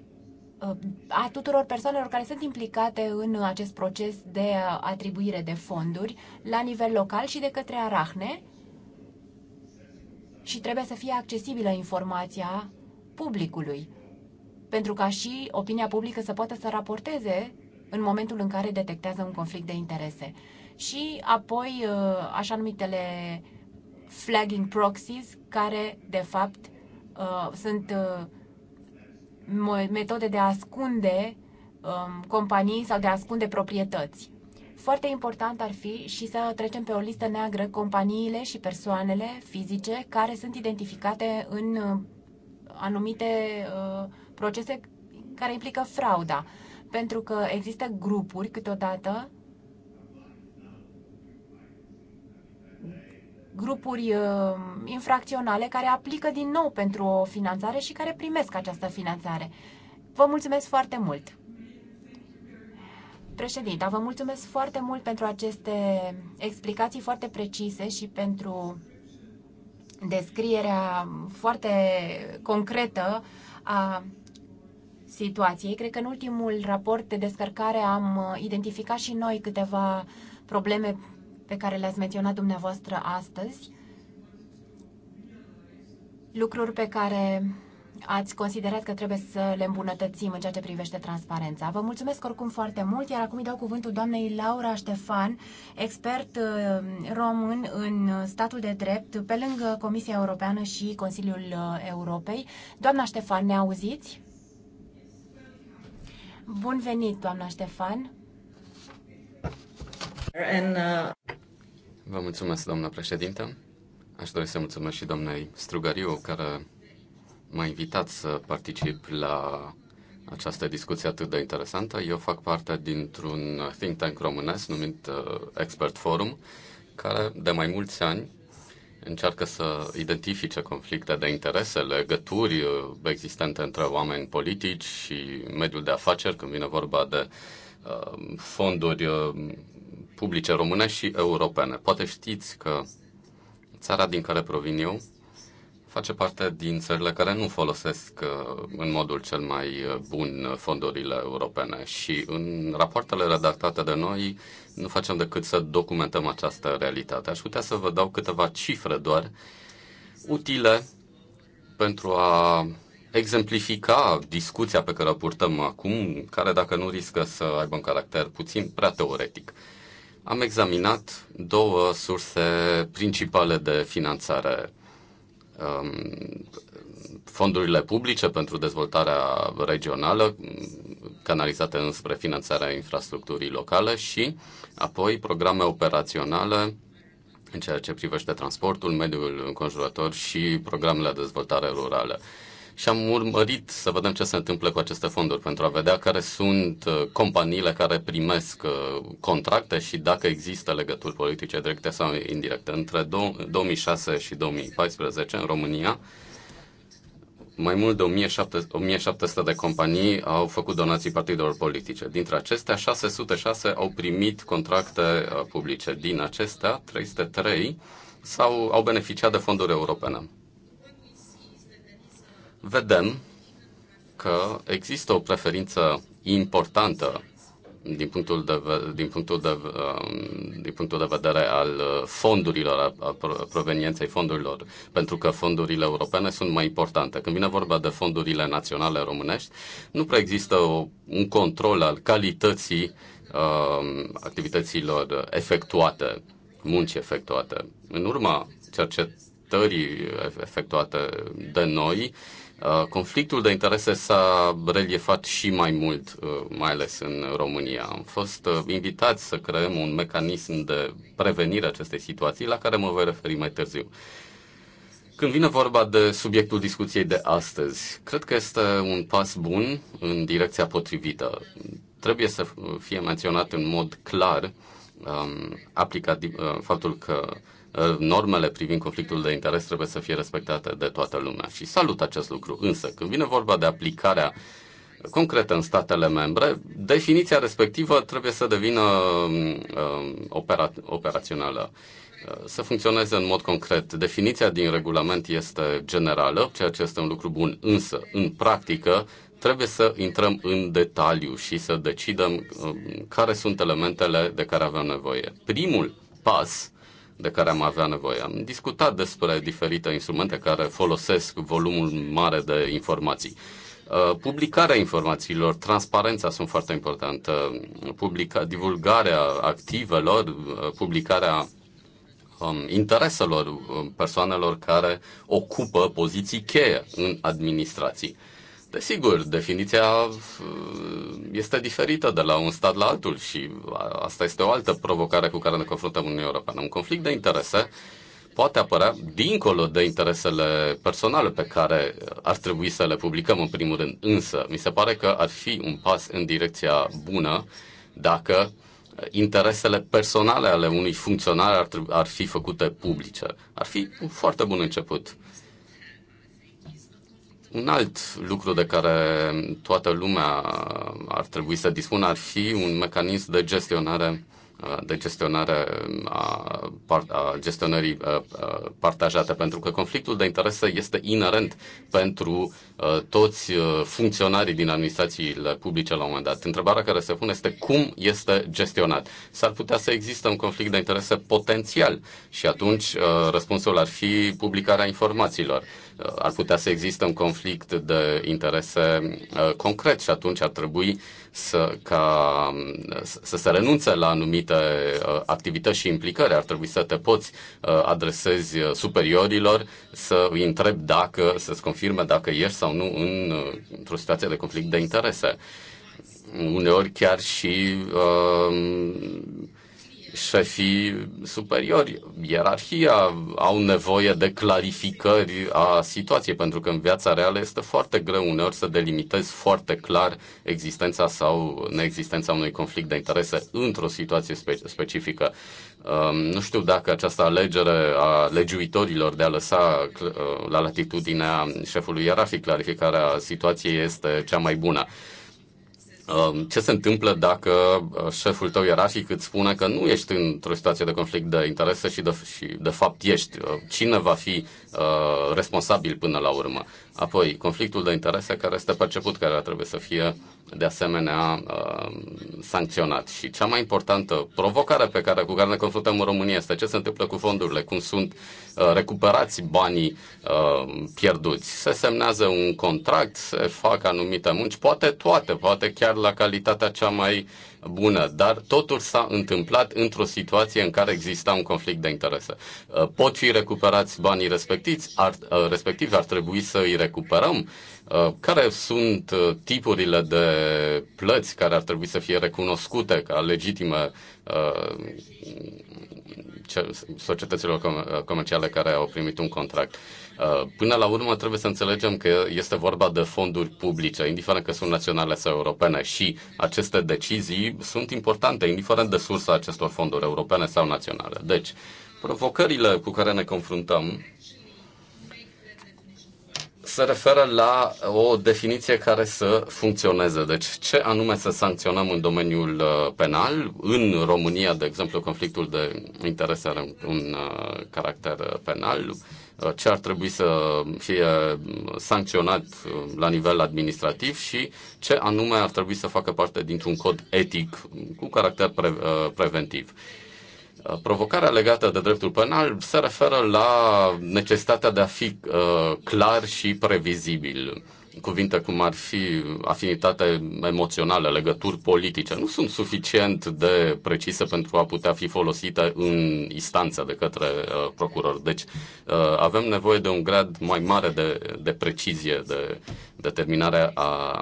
C: Uh, a tuturor persoanelor care sunt implicate în acest proces de uh, atribuire de fonduri la nivel local și de către Arahne și trebuie să fie accesibilă informația publicului pentru ca și opinia publică să poată să raporteze în momentul în care detectează un conflict de interese. Și apoi uh, așa numitele flagging proxies care de fapt sunt uh, metode de a ascunde um, companii sau de a ascunde proprietăți. Foarte important ar fi și să trecem pe o listă neagră companiile și persoanele fizice care sunt identificate în uh, anumite uh, procese care implică frauda. Pentru că există grupuri câteodată grupuri uh, infracționale care aplică din nou pentru o finanțare și care primesc această finanțare. Vă mulțumesc foarte mult! Președinte, vă mulțumesc foarte mult pentru aceste explicații foarte precise și pentru descrierea foarte concretă a situației. Cred că în ultimul raport de descărcare am uh, identificat și noi câteva probleme pe care le-ați menționat dumneavoastră astăzi, lucruri pe care ați considerat că trebuie să le îmbunătățim în ceea ce privește transparența. Vă mulțumesc oricum foarte mult, iar acum îi dau cuvântul doamnei Laura Ștefan, expert uh, român în statul de drept, pe lângă Comisia Europeană și Consiliul uh, Europei. Doamna Ștefan, ne auziți? Bun venit, doamna Ștefan!
A: And, uh...
D: Vă mulțumesc, doamnă președintă. Aș dori să mulțumesc și doamnei Strugariu, care m-a invitat să particip la această discuție atât de interesantă. Eu fac parte dintr-un think tank românesc numit uh, Expert Forum, care de mai mulți ani încearcă să identifice conflicte de interese, legături uh, existente între oameni politici și mediul de afaceri, când vine vorba de uh, fonduri publice române și europene. Poate știți că țara din care provin eu face parte din țările care nu folosesc uh, în modul cel mai uh, bun uh, fondurile europene și în rapoartele redactate de noi nu facem decât să documentăm această realitate. Aș putea să vă dau câteva cifre doar utile pentru a exemplifica discuția pe care o purtăm acum, care dacă nu riscă să aibă un caracter puțin prea teoretic. Am examinat două surse principale de finanțare. Um, fondurile publice pentru dezvoltarea regională, canalizate înspre finanțarea infrastructurii locale și apoi programe operaționale în ceea ce privește transportul, mediul înconjurător și programele de dezvoltare rurală și am urmărit să vedem ce se întâmplă cu aceste fonduri pentru a vedea care sunt uh, companiile care primesc uh, contracte și dacă există legături politice directe sau indirecte. Între 2006 și 2014 în România mai mult de 1700 de companii au făcut donații partidelor politice. Dintre acestea, 606 au primit contracte uh, publice. Din acestea, 303 sau au beneficiat de fonduri europene vedem că există o preferință importantă din punctul de, din punctul de, um, din punctul de vedere al uh, fondurilor, a provenienței fondurilor, pentru că fondurile europene sunt mai importante. Când vine vorba de fondurile naționale românești, nu prea există o, un control al calității uh, activităților efectuate, muncii efectuate. În urma cercetării efectuate de noi, uh, Uh, conflictul de interese s-a reliefat și mai mult, uh, mai ales în România. Am fost uh, invitați să creăm un mecanism de prevenire a acestei situații, la care mă voi referi mai târziu. Când vine vorba de subiectul discuției de astăzi, cred că este un pas bun în direcția potrivită. Trebuie să fie menționat în mod clar um, aplicat, uh, faptul că Ă, normele privind conflictul de interes trebuie să fie respectate de toată lumea și salut acest lucru. Însă, când vine vorba de aplicarea concretă în statele membre, definiția respectivă trebuie să devină mm, mm, opera- operațională ă, să funcționeze în mod concret. Definiția din regulament este generală, ceea ce este un lucru bun, însă, în practică, trebuie să intrăm în detaliu și să decidem mm, care sunt elementele de care avem nevoie. Primul pas de care am avea nevoie. Am discutat despre diferite instrumente care folosesc volumul mare de informații. Uh, publicarea informațiilor, transparența sunt foarte importante, publica, divulgarea activelor, uh, publicarea um, intereselor uh, persoanelor care ocupă poziții cheie în administrații. Desigur, definiția uh, este diferită de la un stat la altul și uh, asta este o altă provocare cu care ne confruntăm Uniunea Europeană. Un conflict de interese poate apărea dincolo de interesele personale pe care uh, ar trebui să le publicăm în primul rând. Însă, mi se pare că ar fi un pas în direcția bună dacă interesele personale ale unui funcționar ar, ar fi făcute publice. Ar fi un foarte bun început. Un alt lucru de care toată lumea ar trebui să dispună ar fi un mecanism de gestionare de gestionare a, a gestionării partajate, pentru că conflictul de interese este inerent pentru toți funcționarii din administrațiile publice la un moment dat. Întrebarea care se pune este cum este gestionat. S-ar putea să existe un conflict de interese potențial și atunci răspunsul ar fi publicarea informațiilor. Uh, ar putea să existe un conflict de interese uh, concret și atunci ar trebui să, ca, um, să se renunțe la anumite uh, activități și implicări. Ar trebui să te poți adresezi superiorilor, să îi întrebi dacă, să-ți confirme dacă ești sau nu în, într-o situație de conflict de interese. Uneori chiar și uh, șefii superiori, ierarhia, au nevoie de clarificări a situației, pentru că în viața reală este foarte greu uneori să delimitezi foarte clar existența sau neexistența unui conflict de interese într-o situație spe- specifică. Um, nu știu dacă această alegere a legiuitorilor de a lăsa uh, la latitudinea șefului ierarhic clarificarea situației este cea mai bună. Um, ce se întâmplă dacă uh, șeful tău ierarhic îți spune că nu ești într-o situație de conflict de interese și de, și de fapt ești. Uh, cine va fi uh, responsabil până la urmă? Apoi, conflictul de interese care este perceput, care ar trebui să fie de asemenea uh, sancționat. Și cea mai importantă provocare pe care, cu care ne confruntăm în România este ce se întâmplă cu fondurile, cum sunt uh, recuperați banii uh, pierduți. Se semnează un contract, se fac anumite munci, poate toate, poate chiar la calitatea cea mai bună, dar totul s-a întâmplat într-o situație în care exista un conflict de interese. Pot fi recuperați banii respectivi, ar, respectiv ar trebui să îi recuperăm Uh, care sunt uh, tipurile de plăți care ar trebui să fie recunoscute ca legitime uh, societăților comerciale care au primit un contract. Până la urmă trebuie să înțelegem că este vorba de fonduri publice, indiferent că sunt naționale sau europene și aceste decizii sunt importante, indiferent de sursa acestor fonduri europene sau naționale. Deci, provocările cu care ne confruntăm se referă la o definiție care să funcționeze. Deci ce anume să sancționăm în domeniul uh, penal? În România, de exemplu, conflictul de interese are un uh, caracter penal. Uh, ce ar trebui să fie sancționat la nivel administrativ și ce anume ar trebui să facă parte dintr-un cod etic cu caracter pre- preventiv. Uh, provocarea legată de dreptul penal se referă la necesitatea de a fi uh, clar și previzibil. Cuvinte cum ar fi afinitate emoțională, legături politice, nu sunt suficient de precise pentru a putea fi folosite în instanță de către uh, procuror. Deci uh, avem nevoie de un grad mai mare de, de precizie, de determinare a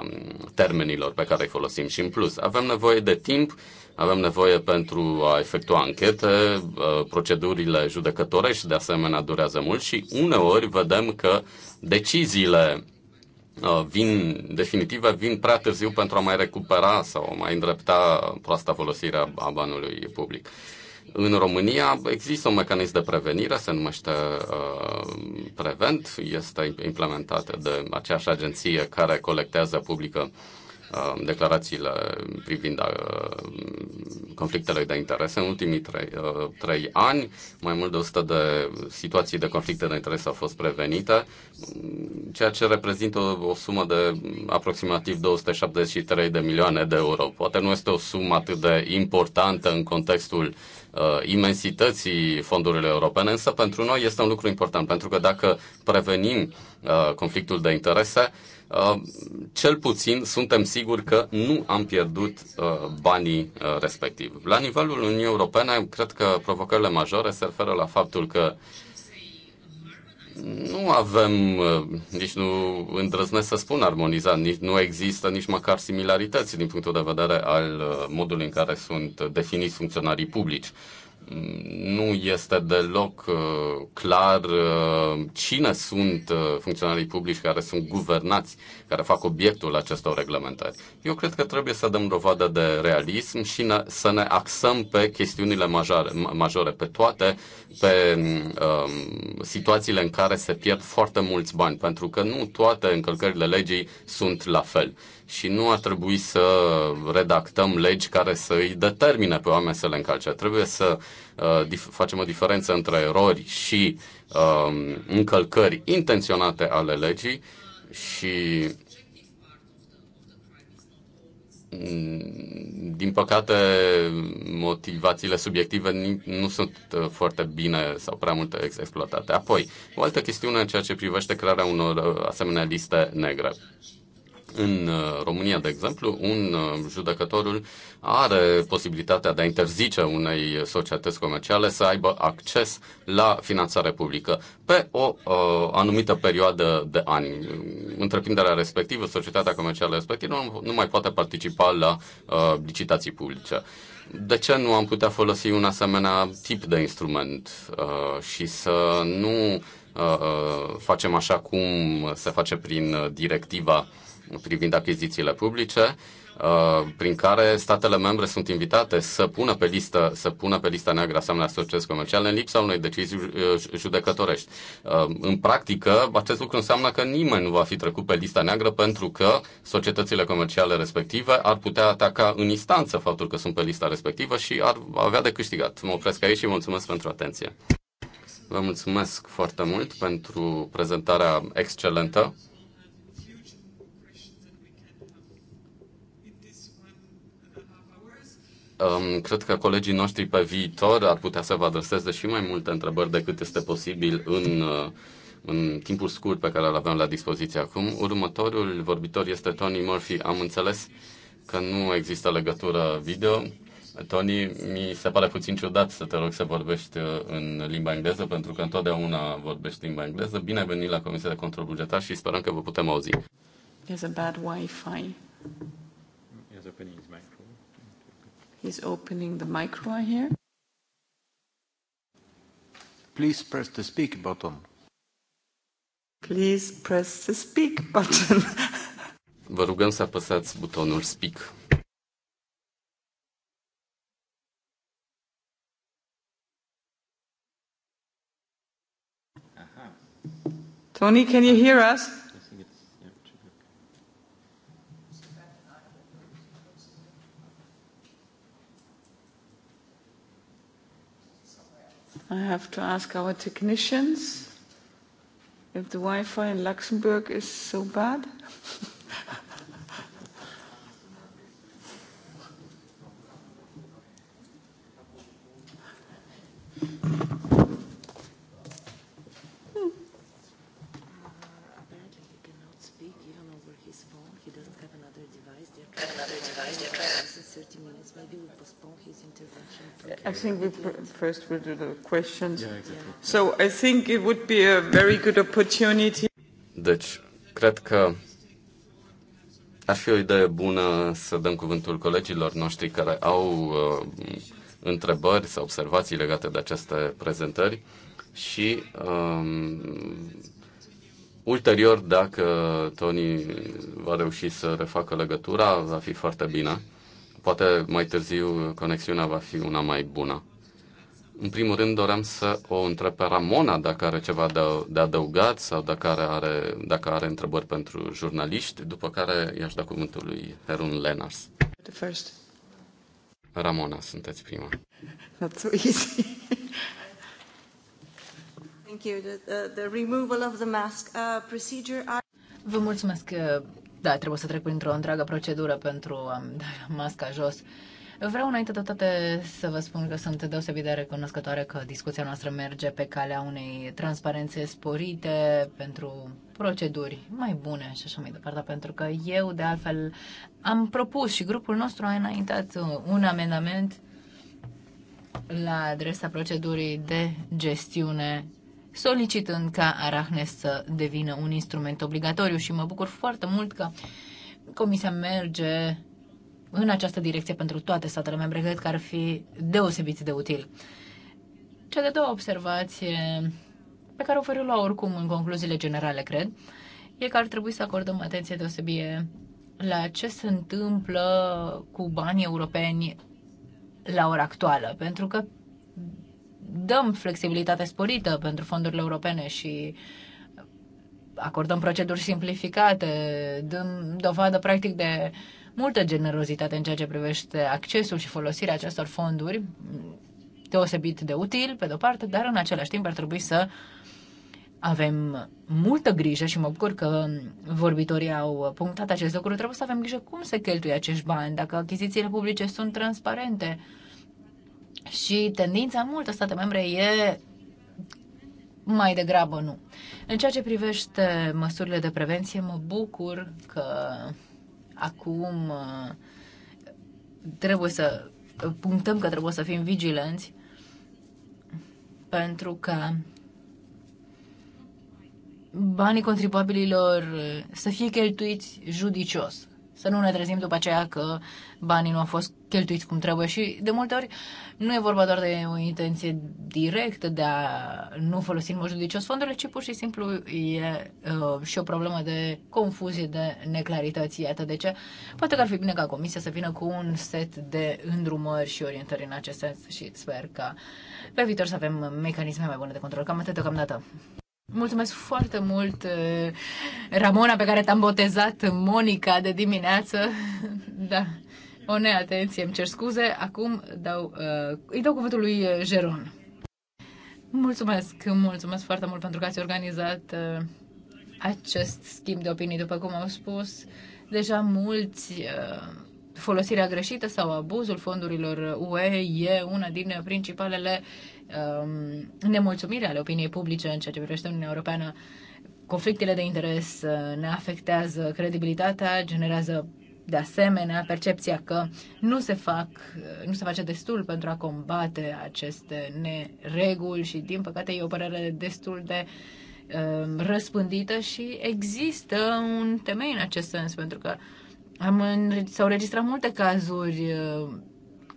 D: termenilor pe care îi folosim și în plus avem nevoie de timp uh, avem nevoie pentru a efectua anchete, uh, procedurile judecătorești de asemenea durează mult și uneori vedem că deciziile uh, vin definitive, vin prea târziu pentru a mai recupera sau a mai îndrepta proasta folosire a banului public. În România există un mecanism de prevenire, se numește uh, Prevent, este implementat de aceeași agenție care colectează publică uh, Uh, declarațiile privind uh, conflictele de interese. În ultimii trei, uh, trei ani, mai mult de 100 de situații de conflicte de interese au fost prevenite, ceea ce reprezintă o, o sumă de aproximativ 273 de milioane de euro. Poate nu este o sumă atât de importantă în contextul uh, imensității fondurilor europene, însă pentru noi este un lucru important, pentru că dacă prevenim uh, conflictul de interese, uh, Uh, cel puțin suntem siguri că nu am pierdut uh, banii uh, respectivi. La nivelul Uniunii Europene, cred că provocările majore se referă la faptul că nu avem, nici nu îndrăznesc să spun armonizat, nici nu există nici măcar similarități din punctul de vedere al modului în care sunt definiți funcționarii publici nu este deloc uh, clar uh, cine sunt uh, funcționarii publici care sunt guvernați, care fac obiectul acestor reglementări. Eu cred că trebuie să dăm dovadă de realism și ne, să ne axăm pe chestiunile majore, majore pe toate, pe um, situațiile în care se pierd foarte mulți bani, pentru că nu toate încălcările legii sunt la fel și nu ar trebui să redactăm legi care să îi determine pe oameni să le încalce. Trebuie să uh, facem o diferență între erori și uh, încălcări intenționate ale legii și mm, din păcate, motivațiile subiective nu sunt uh, foarte bine sau prea mult exploatate. Apoi, o altă chestiune în ceea ce privește crearea unor uh, asemenea liste negre. În uh, România, de exemplu, un uh, judecătorul are posibilitatea de a interzice unei societăți comerciale să aibă acces la finanțare publică pe o uh, anumită perioadă de ani. Întreprinderea respectivă, societatea comercială respectivă, nu, nu mai poate participa la uh, licitații publice de ce nu am putea folosi un asemenea tip de instrument uh, și să nu uh, uh facem așa cum se face prin directiva privind achizițiile publice, uh, prin care statele membre sunt invitate să pună pe listă, să pună pe lista neagră asemenea societăți comerciale în lipsa unei decizii uh, judecătorești. Uh, în practică, acest lucru înseamnă că nimeni nu va fi trecut pe lista neagră pentru că societățile comerciale respective ar putea ataca în instanță faptul că sunt pe lista respectivă și ar avea de câștigat. Mă opresc aici și mulțumesc pentru atenție. Vă mulțumesc foarte mult pentru prezentarea excelentă. um, cred că colegii noștri pe viitor ar putea să vă adreseze și mai multe întrebări decât este posibil în, uh, în timpul scurt pe care îl avem la dispoziție acum. Următorul vorbitor este Tony Murphy. Am înțeles că nu există legătură video. Tony, mi se pare puțin ciudat să te rog să vorbești uh, în limba engleză, pentru că întotdeauna vorbești limba engleză. Bine ai venit la Comisia de Control Bugetar și sperăm că vă putem auzi.
E: There's a bad Wi-Fi.
F: a opening his mic
E: is opening the micro here.
G: Please press the speak button.
E: Please press the speak button.
D: Vă rugăm să apăsați butonul speak.
E: Tony, can you hear us? I have to ask our technicians if the Wi-Fi in Luxembourg is so bad.
B: 30 minutes. Maybe we postpone his intervention.
E: Okay. I think we first will do the questions. Yeah, exactly. So I think it would be a very good opportunity.
D: Deci, cred că ar fi o idee bună să dăm cuvântul colegilor noștri care au uh, întrebări sau observații legate de aceste prezentări și um, ulterior, dacă Tony va reuși să refacă legătura, va fi foarte bine. Poate mai târziu conexiunea va fi una mai bună. În primul rând doream să o întreb pe Ramona dacă are ceva de, adăugat sau dacă are, are, dacă are întrebări pentru jurnaliști, după care i-aș da cuvântul lui Herun Lenars. The first. Ramona, sunteți prima.
E: Not so easy.
B: Thank you. The, the,
A: the removal of the mask uh, procedure... I... Vă mulțumesc. Uh, da, trebuie să trec printr-o întreagă procedură pentru a da masca jos. Vreau înainte de toate să vă spun că sunt deosebit de recunoscătoare că discuția noastră merge pe calea unei transparențe sporite pentru proceduri mai bune și așa mai departe, pentru că eu de altfel am propus și grupul nostru a înaintat un amendament la adresa procedurii de gestiune solicitând ca Arahnes să devină un instrument obligatoriu și mă bucur foarte mult că Comisia merge în această direcție pentru toate statele membre. Cred că ar fi deosebit de util. Cea de-a doua observație pe care o ofer la oricum în concluziile generale, cred, e că ar trebui să acordăm atenție deosebie la ce se întâmplă cu banii europeni la ora actuală, pentru că dăm flexibilitate sporită pentru fondurile europene și acordăm proceduri simplificate, dăm dovadă practic de multă generozitate în ceea ce privește accesul și folosirea acestor fonduri, deosebit de util, pe de-o parte, dar în același timp ar trebui să avem multă grijă și mă bucur că vorbitorii au punctat acest lucru. Trebuie să avem grijă cum se cheltuie acești bani, dacă achizițiile publice sunt transparente, și tendința în state membre e mai degrabă nu. În ceea ce privește măsurile de prevenție, mă bucur că acum uh, trebuie să punctăm că trebuie să fim vigilenți pentru că banii contribuabililor să fie cheltuiți judicios. Să nu ne trezim după aceea că banii nu au fost cheltuiți cum trebuie și de multe ori nu e vorba doar de o intenție directă de a nu folosi în mod judicios fondurile, ci pur și simplu e uh, și o problemă de confuzie, de neclarități. Iată de ce poate că ar fi bine ca comisia să vină cu un set de îndrumări și orientări în acest sens și sper că pe viitor să avem mecanisme mai bune de control. Cam atât deocamdată. Mulțumesc foarte mult, Ramona, pe care te-am botezat Monica de dimineață. Da, o neatenție, îmi cer scuze. Acum dau, uh, îi dau cuvântul lui Jeron. Mulțumesc, mulțumesc foarte mult pentru că ați organizat uh, acest schimb de opinii, după cum au spus. Deja mulți uh, folosirea greșită sau abuzul fondurilor UE e una din principalele um, nemulțumire ale opiniei publice în ceea ce privește Uniunea Europeană. Conflictele de interes uh, ne afectează credibilitatea, generează de asemenea percepția că nu se, fac, uh, nu se face destul pentru a combate aceste nereguli și, din păcate, e o părere destul de um, răspândită și există un temei în acest sens, pentru că am, s-au registrat multe cazuri uh,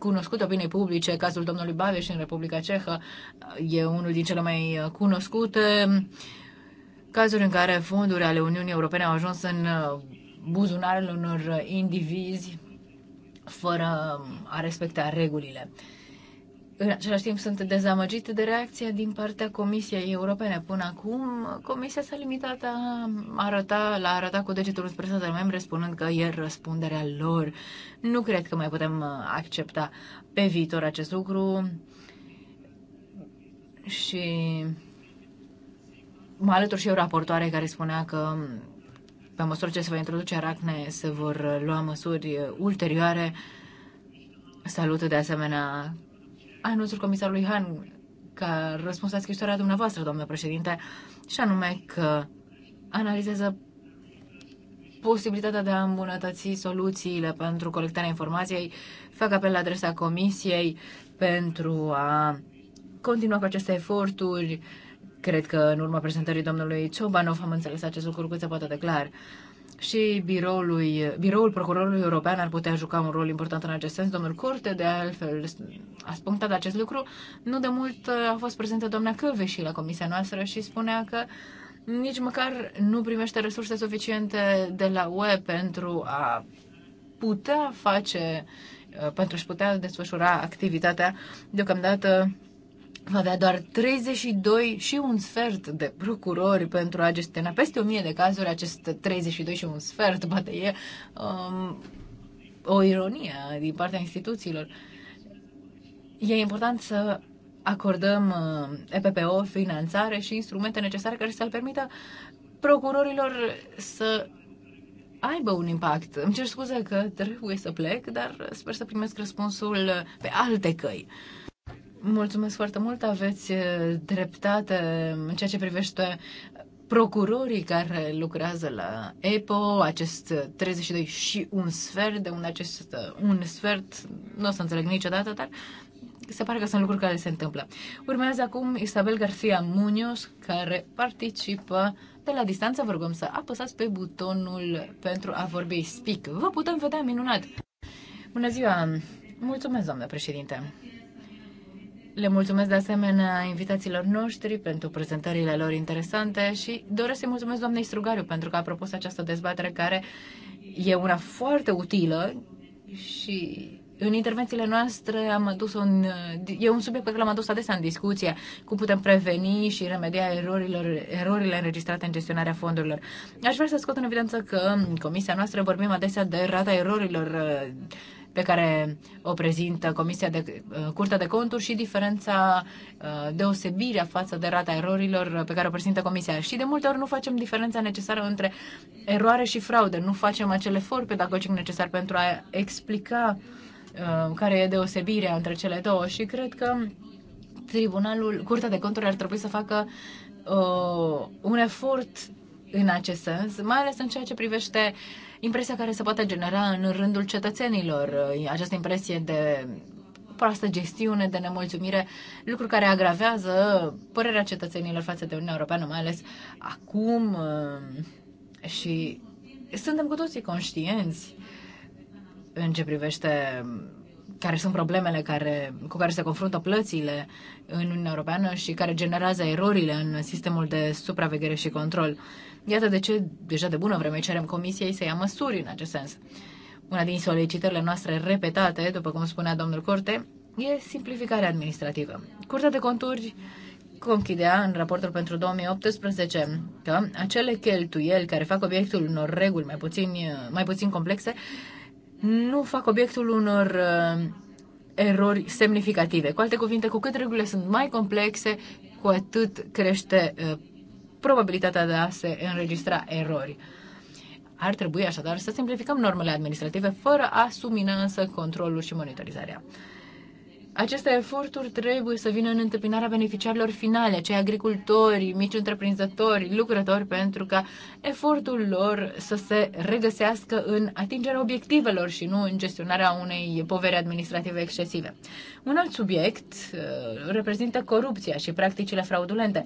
A: cunoscut opinii publice, cazul domnului Babeș în Republica Cehă e unul din cele mai cunoscute mm, cazuri în care fonduri ale Uniunii Europene au ajuns în uh, buzunarele unor uh, indivizi fără mm, a respecta regulile. În același timp sunt dezamăgit de reacția din partea Comisiei Europene. Până acum, Comisia s-a limitat a arăta, la arăta cu degetul spre statele membre, spunând că e răspunderea lor. Nu cred că mai putem uh, accepta pe viitor acest lucru și mă alătur și eu raportoare care spunea că pe măsură ce se va introduce aracne se vor lua măsuri ulterioare. Salut de asemenea anunțul comisarului Han ca răspuns la scrisoarea dumneavoastră, domnule președinte, și anume că analizează posibilitatea de a îmbunătăți soluțiile pentru colectarea informației. Fac apel la adresa comisiei pentru a continua cu aceste eforturi. Cred că în urma prezentării domnului Ciobanov am înțeles acest lucru cât se poate de clar și biroului, biroul procurorului european ar putea juca un rol important în acest sens. Domnul Curte, de altfel, a punctat acest lucru. Nu de mult uh, a fost prezentă doamna Căve și la comisia noastră și spunea că nici măcar nu primește resurse suficiente de la UE pentru a putea face, uh, pentru a-și putea desfășura activitatea. Deocamdată va avea doar 32 și un sfert de procurori pentru a gestiona peste 1000 de cazuri, acest 32 și un sfert, poate e um, o ironie din partea instituțiilor. E important să acordăm uh, EPPO finanțare și instrumente necesare care să-l permită procurorilor să aibă un impact. Îmi cer scuze că trebuie să plec, dar sper să primesc răspunsul pe alte căi. Mulțumesc foarte mult, aveți eh, dreptate în ceea ce privește procurorii care lucrează la EPO, acest 32 și un sfert, de un acest eh, un sfert, nu o să înțeleg niciodată, dar se pare că sunt lucruri care se întâmplă. Urmează acum Isabel Garcia Munoz, care participă de la distanță. Vă rugăm să apăsați pe butonul pentru a vorbi Speak. Vă putem vedea minunat! Bună ziua! Mulțumesc, doamnă președinte! Le mulțumesc de asemenea invitațiilor noștri pentru prezentările lor interesante și doresc să-i mulțumesc doamnei Strugariu pentru că a propus această dezbatere care e una foarte utilă și în intervențiile noastre am adus un, e un subiect pe care l-am adus adesea în discuție, cum putem preveni și remedia erorilor, erorile înregistrate în gestionarea fondurilor. Aș vrea să scot în evidență că în comisia noastră vorbim adesea de rata erorilor pe care o prezintă Comisia de uh, Curtea de Conturi și diferența, uh, deosebirea față de rata erorilor uh, pe care o prezintă Comisia. Și de multe ori nu facem diferența necesară între eroare și fraude. nu facem acel efort pedagogic necesar pentru a explica care e deosebirea între cele două și cred că tribunalul, Curtea de Conturi ar trebui să facă uh, un efort în acest sens, mai ales în ceea ce privește uh, impresia care se poate genera în rândul cetățenilor, această impresie de proastă gestiune, de nemulțumire, lucru care agravează părerea cetățenilor față de Uniunea Europeană, mai ales acum um, și suntem cu toții conștienți în ce privește care sunt problemele care, cu care se confruntă plățile în Uniunea Europeană și care generează erorile în sistemul de supraveghere și control. Uh, Iată de ce deja de bună vreme cerem Comisiei să ia măsuri în acest sens. Una din solicitările noastre repetate, după cum spunea domnul Corte, e simplificarea administrativă. Curtea de conturi conchidea în raportul pentru 2018 că acele cheltuieli care fac obiectul unor reguli mai puțin, mai puțin complexe nu fac obiectul unor uh, erori semnificative. Cu alte cuvinte, cu cât regulile sunt mai complexe, cu atât crește uh, probabilitatea de a se înregistra erori. Ar trebui așadar să simplificăm normele administrative fără a sumina însă controlul și monitorizarea. Aceste eforturi trebuie să vină în întâmpinarea beneficiarilor finale, cei agricultori, mici întreprinzători, lucrători, pentru ca efortul lor să se regăsească în atingerea obiectivelor și nu în gestionarea unei poveri administrative excesive. Un alt subiect uh, reprezintă corupția și practicile fraudulente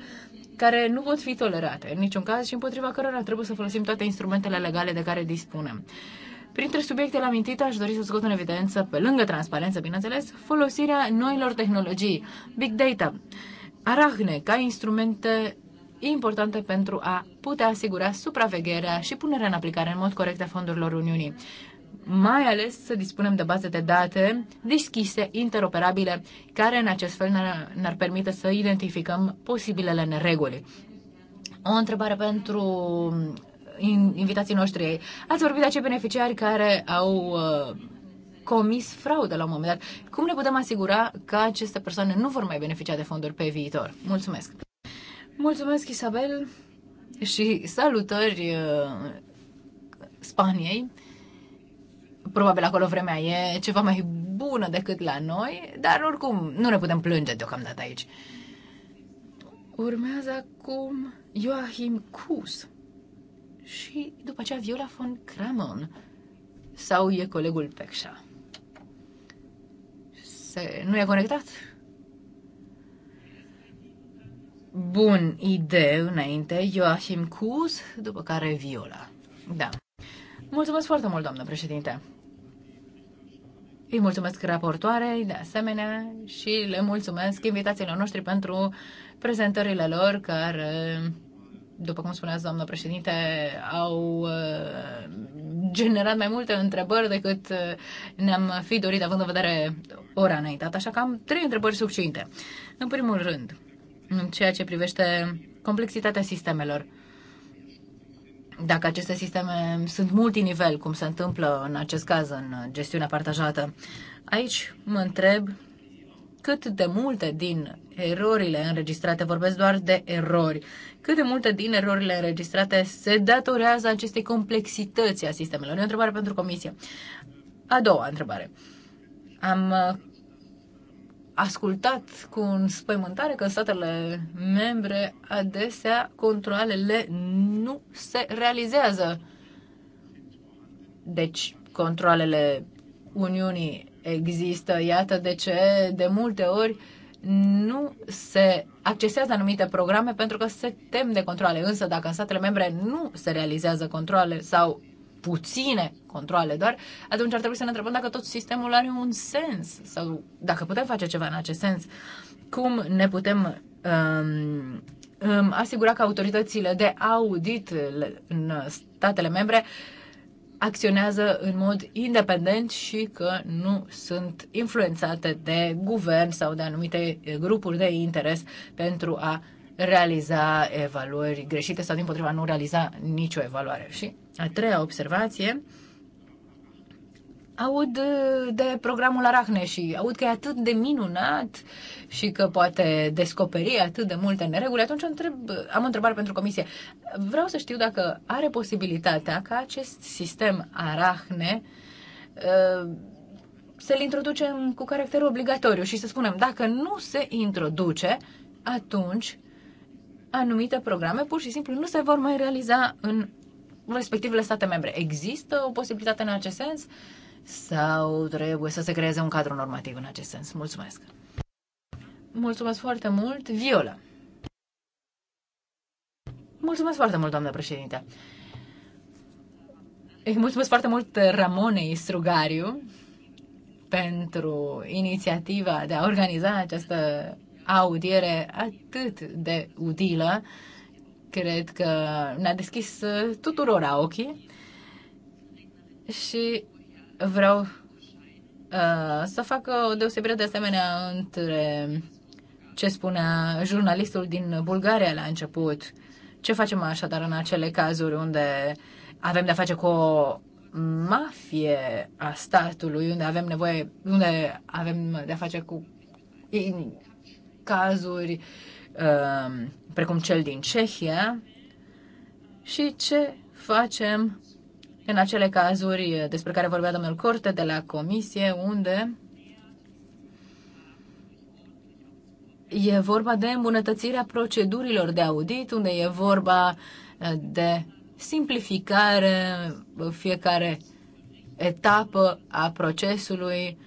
A: care nu pot fi tolerate în niciun caz și împotriva cărora trebuie să folosim toate instrumentele legale de care dispunem. Printre subiectele amintite, aș dori să scot în evidență, pe lângă transparență, bineînțeles, folosirea noilor tehnologii, big data, arahne, ca instrumente importante pentru a putea asigura supravegherea și punerea în aplicare în mod corect a fondurilor Uniunii mai ales să dispunem de baze de date deschise, interoperabile, care în acest fel ne-ar, ne permite să identificăm posibilele nereguli. O întrebare pentru invitații noștri. Ați vorbit de acei beneficiari care au uh, comis fraudă la un moment dat. Cum ne putem asigura că aceste persoane nu vor mai beneficia de fonduri pe viitor? Mulțumesc! Mulțumesc, Isabel, și salutări uh, Spaniei. Probabil acolo vremea e ceva mai bună decât la noi, dar oricum nu ne putem plânge deocamdată aici. Urmează acum Joachim Kuss și după aceea Viola von Cramon sau e colegul Pecșa. Se, nu e conectat? Bun idee înainte, Joachim Cus, după care Viola. Da. Mulțumesc foarte mult, doamnă președinte. Îi mulțumesc raportoarei, de asemenea, și le mulțumesc invitațiilor noștri pentru prezentările lor care după cum spuneați, doamnă președinte, au uh, generat mai multe întrebări decât uh, ne-am fi dorit, având în vedere ora înaintată. Așa că am trei întrebări succinte. În primul rând, în ceea ce privește complexitatea sistemelor, dacă aceste sisteme sunt multinivel, cum se întâmplă în acest caz în gestiunea partajată, aici mă întreb cât de multe din erorile înregistrate, vorbesc doar de erori, cât de multe din erorile înregistrate se datorează acestei complexități a sistemelor? E o întrebare pentru comisie. A doua întrebare. Am uh, ascultat cu înspăimântare că în statele membre adesea controlele nu se realizează. Deci, controlele Uniunii există. Iată de ce de multe ori nu se accesează anumite programe pentru că se tem de controle. Însă dacă în statele membre nu se realizează controle sau puține controle doar, atunci ar trebui să ne întrebăm dacă tot sistemul are un sens sau dacă putem face ceva în acest sens. Cum ne putem um, um, asigura că autoritățile de audit în statele membre uh, acționează în mod independent și că nu sunt influențate de guvern sau de anumite eh, grupuri de interes pentru a realiza evaluări greșite sau, din potriva, nu realiza nicio evaluare. Și a treia observație aud uh, de programul Arahne și aud că e atât de minunat și că poate descoperi atât de multe nereguli, atunci întreb, am o întrebare pentru comisie. Vreau să știu dacă are posibilitatea ca acest sistem Arahne uh, să-l introducem cu caracter obligatoriu și să spunem, dacă nu se introduce, atunci anumite programe pur și simplu nu se vor mai realiza în respectivele state membre. Există o posibilitate în acest sens? Uh, sau trebuie să se creeze un cadru normativ în acest sens? Mulțumesc! Mulțumesc foarte mult, Viola! Mulțumesc foarte mult, doamnă președinte! Îi mulțumesc foarte mult Ramonei Strugariu pentru inițiativa de a organiza această audiere atât de utilă. Cred că ne-a deschis tuturora ochii și vreau uh, să fac o deosebire de asemenea între ce spunea jurnalistul din Bulgaria la început. Ce facem așadar în acele cazuri unde avem de-a face cu o mafie a statului, unde avem nevoie, unde avem de-a face cu cazuri uh, precum cel din Cehia și ce facem în acele cazuri despre care vorbea domnul Corte de la comisie, unde e vorba de îmbunătățirea procedurilor de audit, unde e vorba eh, de simplificare eh, fiecare etapă a procesului.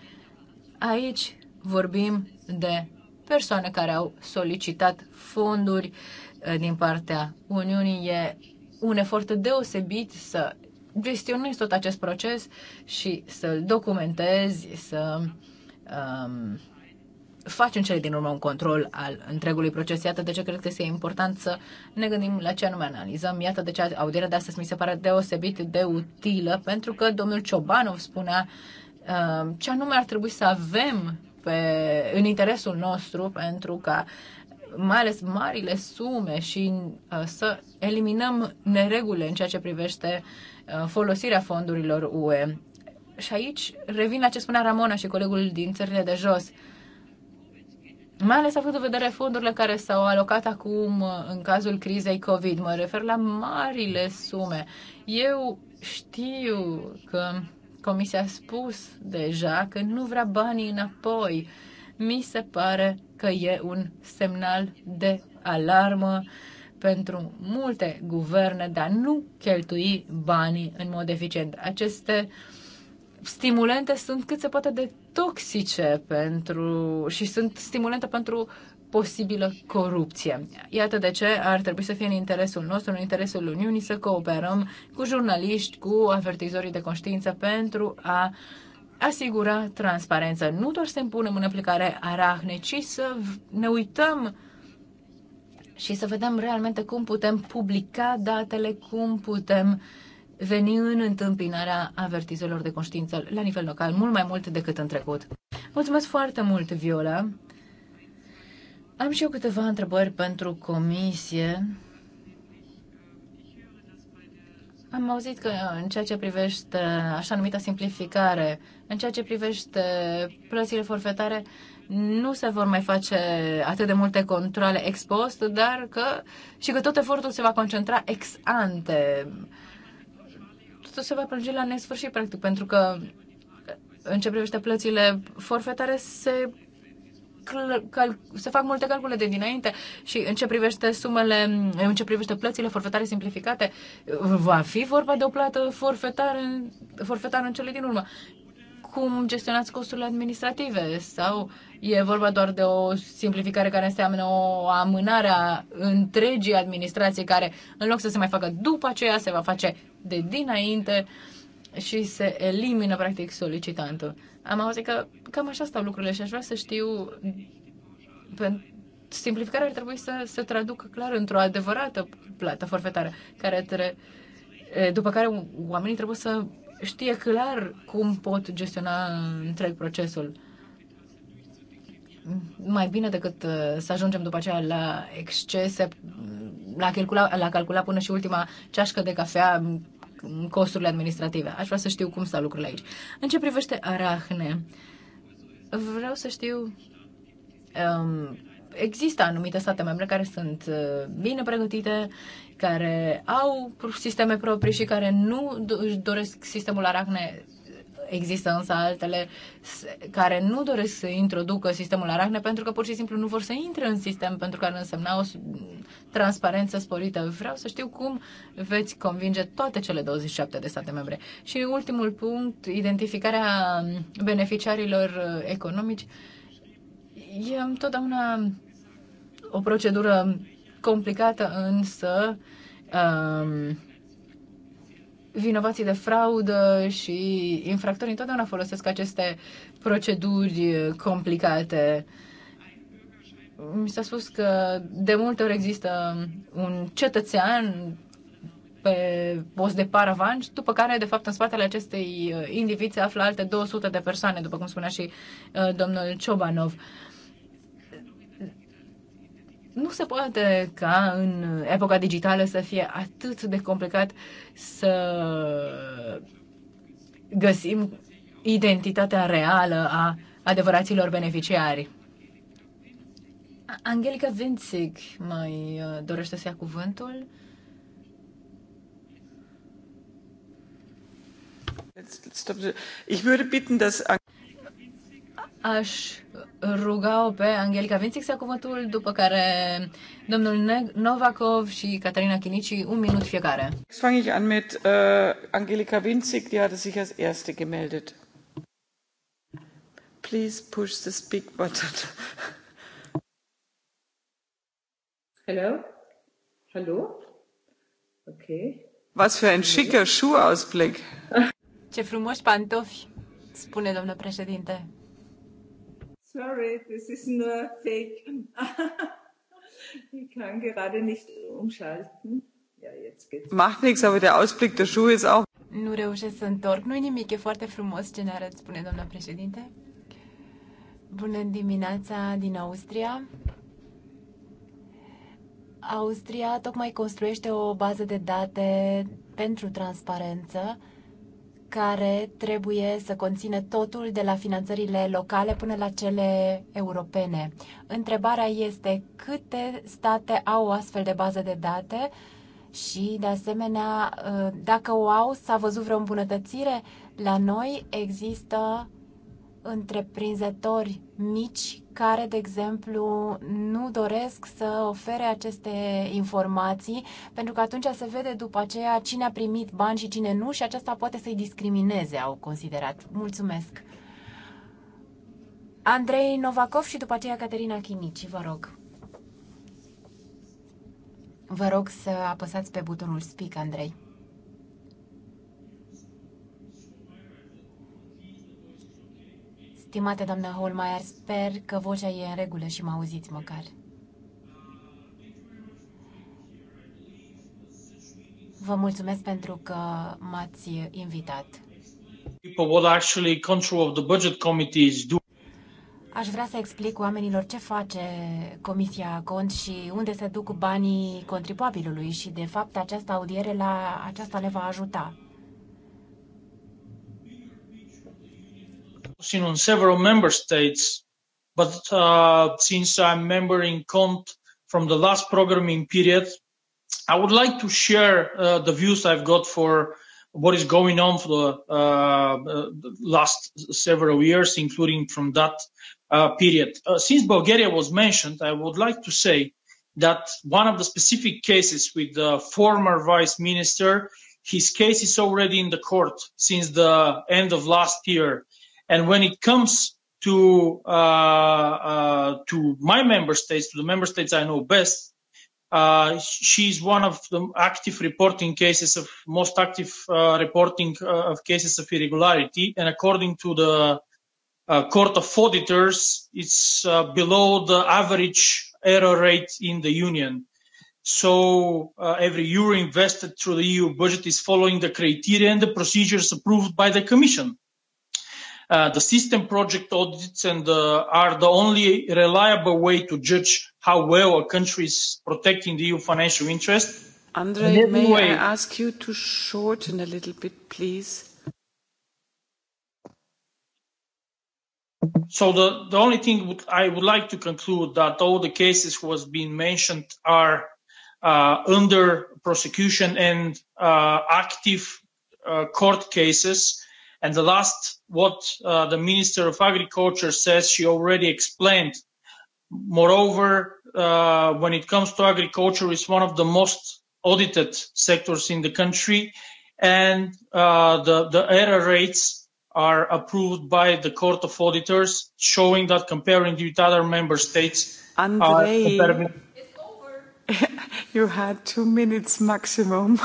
A: Aici vorbim de persoane care au solicitat fonduri eh, din partea Uniunii. E un efort deosebit să gestionezi tot acest proces și să-l documentezi, să um, faci în cele din urmă un control al întregului proces. Iată de ce cred că este important să ne gândim la ce anume analizăm. Iată de ce audierea de astăzi mi se pare deosebit de utilă, pentru că domnul Ciobanov spunea uh, ce anume ar trebui să avem pe, în interesul nostru pentru ca mai ales marile sume și uh, să eliminăm neregulile în ceea ce privește uh, folosirea fondurilor UE. Și aici revin la ce spunea Ramona și colegul din țările de jos. Mai ales având în vedere fondurile care s-au alocat acum uh, în cazul crizei COVID. Mă refer la marile sume. Eu știu că Comisia a spus deja că nu vrea banii înapoi. Mi se pare că e un semnal de alarmă pentru multe guverne de a nu cheltui banii în mod eficient. Aceste stimulente sunt cât se poate de toxice pentru, și sunt stimulente pentru posibilă corupție. Iată de ce ar trebui să fie în interesul nostru, în interesul Uniunii, să cooperăm cu jurnaliști, cu avertizorii de conștiință pentru a uh, asigura transparență. Nu doar să punem în aplicare arahne, ci să ne uităm și să vedem realmente cum putem publica datele, cum putem veni în întâmpinarea avertizelor de conștiință la nivel local, mult mai mult decât în trecut. Mulțumesc foarte mult, Viola! Am și eu câteva întrebări pentru comisie am auzit că uh, în ceea ce privește uh, așa numită simplificare, în ceea ce privește plățile forfetare, nu se vor mai face atât de multe controle ex post, dar că și că tot efortul se va concentra ex ante. Totul se va plânge la nesfârșit, practic, pentru că uh, în ce privește plățile forfetare se se fac multe calcule de dinainte și în ce privește sumele, în ce privește plățile forfetare simplificate, va fi vorba de o plată forfetară, forfetară în cele din urmă. Cum gestionați costurile administrative sau e vorba doar de o simplificare care înseamnă o amânare a întregii administrații care în loc să se mai facă după aceea se va face de dinainte și se elimină practic solicitantul am auzit că cam așa stau lucrurile și aș vrea să știu simplificarea ar trebui să se traducă clar într-o adevărată plată forfetară, care tre- după care oamenii trebuie să știe clar cum pot gestiona întreg procesul. Mai bine decât să ajungem după aceea la excese, la calcula, la calcula până și ultima ceașcă de cafea costurile administrative. Aș vrea să știu cum stau lucrurile aici. În ce privește arahne, vreau să știu... Um, există anumite state membre care sunt uh, bine pregătite, care au sisteme proprii și care nu își doresc sistemul arahne Există însă altele care nu doresc să introducă sistemul arahne pentru că pur și simplu nu vor să intre în sistem pentru că ar însemna o transparență sporită. Vreau să știu cum veți convinge toate cele 27 de state membre. Și ultimul punct, identificarea beneficiarilor uh, economici. E întotdeauna o procedură complicată, însă um, vinovații de fraudă și infractorii întotdeauna folosesc aceste proceduri complicate. Mi s-a spus că de multe ori există un cetățean pe post de paravan, după care, de fapt, în spatele acestei uh, indivizi se află alte 200 de persoane, după cum spunea și uh, domnul Ciobanov. Uh, nu se poate ca în epoca digitală să fie atât de complicat să găsim identitatea reală a adevăraților beneficiari. Angelica Vinzig mai uh, dorește să ia cuvântul.
E: Ich würde bitten, dass Aș ruga-o pe
A: Angelica Vințic să ia cuvântul, după care domnul Novakov și Caterina Chinici,
E: un minut fiecare. Fange ich an mit uh, Angelica Winzig, die hatte sich als erste gemeldet. Please push the speak button. Hello? Hallo? Okay. Was für ein schicker Schuhausblick.
C: Ce frumoși pantofi, spune domnul președinte.
H: Sorry, this is nur
E: Fake. ich kann gerade nicht umschalten. Ja, jetzt geht's. Macht nichts, aber der Ausblick der Schuhe ist auch.
C: Nu reușesc să întorc, nu i nimic, e foarte frumos ce ne arăt, spune doamna președinte. Bună dimineața din Austria. Austria tocmai construiește o bază de date pentru transparență care trebuie să conțină totul de la finanțările locale până la cele europene. Întrebarea este câte state au o astfel de bază de date și, de asemenea, ă, dacă o au, s-a văzut vreo îmbunătățire? La noi există întreprinzători mici care, de exemplu, nu doresc să ofere aceste informații, pentru că atunci se vede după aceea cine a primit bani și cine nu și aceasta poate să-i discrimineze, au considerat. Mulțumesc! Andrei Novakov și după aceea Caterina Chinici, vă rog. Vă rog să apăsați pe butonul Speak, Andrei. Stimate doamnă Holmeier, sper că vocea e în regulă și mă auziți măcar. Vă mulțumesc pentru că m-ați invitat. Aș vrea să explic oamenilor ce face Comisia Cont și unde se duc banii contribuabilului și, de fapt, această audiere la aceasta ne va ajuta.
I: focusing on several member states, but uh, since I'm member in CONT from the last programming period, I would like to share uh, the views I've got for what is going on for the uh, last several years, including from that uh, period. Uh, since Bulgaria was mentioned, I would like to say that one of the specific cases with the former vice minister, his case is already in the court since the end of last year. And when it comes to uh, uh, to my member states, to the member states I know best, uh, she's one of the active reporting cases of most active uh, reporting uh, of cases of irregularity. And according to the uh, Court of Auditors, it's uh, below the average error rate in the Union. So uh, every euro invested through the EU budget is following the criteria and the procedures approved by the Commission. Uh, the system project audits and uh, are the only reliable way to judge how well a country is protecting the EU financial interest. Andre, may way, I
E: ask you to shorten a little bit, please?
I: So the, the only thing would, I would like to conclude that all the cases who has been mentioned are uh, under prosecution and uh, active uh, court cases. And the last what uh, the Minister of Agriculture says. She already explained. Moreover, uh, when it comes to agriculture, it's one of the most audited sectors in the country, and uh, the the error rates are approved by the Court of Auditors, showing that comparing with other member states. Andrei,
E: you had two minutes maximum.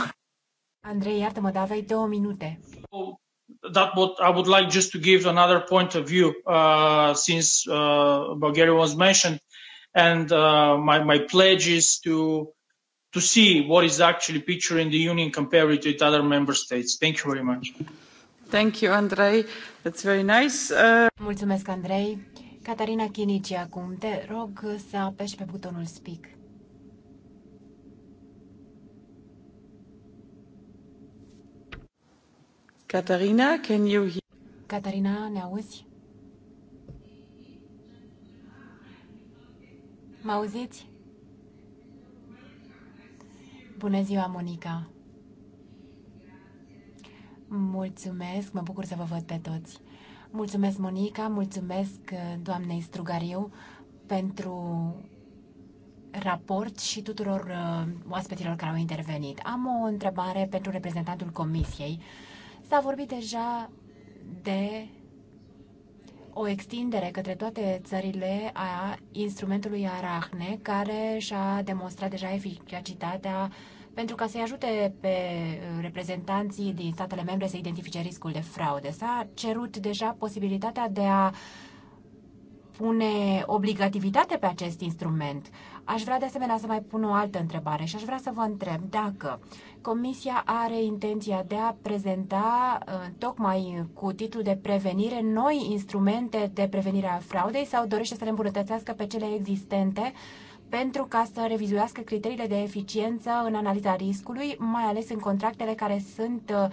C: Andrei, iartă-mă, dar aveai două minute
I: that what I would like just to give another point of view uh, since uh, Bulgaria was mentioned, and uh, my my pledge is to to see what is actually picture in the union compared to other member states. Thank you very much.
E: Thank you, Andrei.
C: That's very nice. Uh... Mulțumesc, Andrei. Catarina Chinici acum. Te rog să apeși pe butonul speak.
E: Catarina, can you hear?
C: Catarina, ne auzi? Mă auziți? Bună ziua, Monica! Mulțumesc, mă bucur să vă văd pe toți. Mulțumesc, Monica, mulțumesc uh, doamnei Strugariu pentru raport și tuturor uh, oaspeților care au intervenit. Am o întrebare pentru reprezentantul Comisiei. Uh, S-a vorbit deja de o extindere către toate țările a instrumentului Arahne, care și-a demonstrat deja eficacitatea pentru ca să-i ajute pe reprezentanții din statele membre să identifice riscul de fraude. S-a cerut deja posibilitatea de a pune obligativitate pe acest instrument. Aș vrea de asemenea să mai pun o altă întrebare și aș vrea să vă întreb dacă Comisia are intenția de a prezenta, uh, tocmai cu titlul de prevenire, noi instrumente de prevenire a fraudei sau dorește să le îmbunătățească pe cele existente pentru ca să revizuiască criteriile de eficiență în analiza riscului, mai ales în contractele care sunt uh,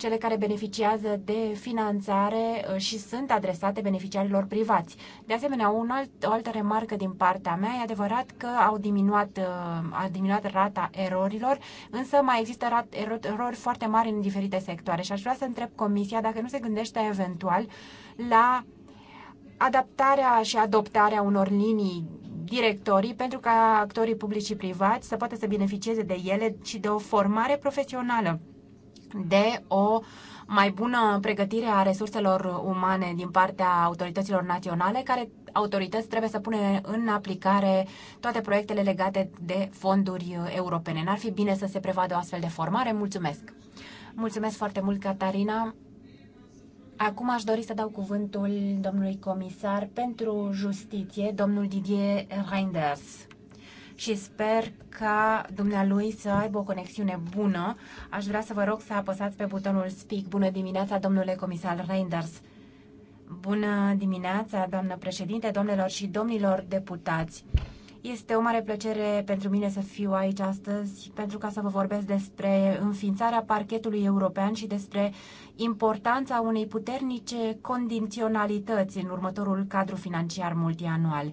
C: cele care beneficiază de finanțare uh, și sunt adresate beneficiarilor privați. De asemenea, un alt, o altă remarcă din partea mea, e adevărat că au diminuat, uh, a diminuat rata erorilor, însă mai există rat, erori, erori foarte mari în diferite sectoare și aș vrea să întreb Comisia dacă nu se gândește eventual la adaptarea și adoptarea unor linii directorii pentru ca actorii publici și privați să poată să beneficieze de ele și de o formare profesională de o mai bună pregătire a resurselor umane din partea autorităților naționale, care autorități trebuie să pune în aplicare toate proiectele legate de fonduri europene. N-ar fi bine să se prevadă o astfel de formare. Mulțumesc! Mulțumesc foarte mult, Catarina! Acum aș dori să dau cuvântul domnului comisar pentru justiție, domnul Didier Reinders și sper ca dumnealui să aibă o conexiune bună. Aș vrea să vă rog să apăsați pe butonul Speak. Bună dimineața, domnule comisar Reinders! Bună dimineața, doamnă președinte, domnilor și domnilor deputați! Este o mare plăcere pentru mine să fiu aici astăzi pentru ca să vă vorbesc despre înființarea parchetului european și despre importanța unei puternice condiționalități în următorul cadru financiar multianual.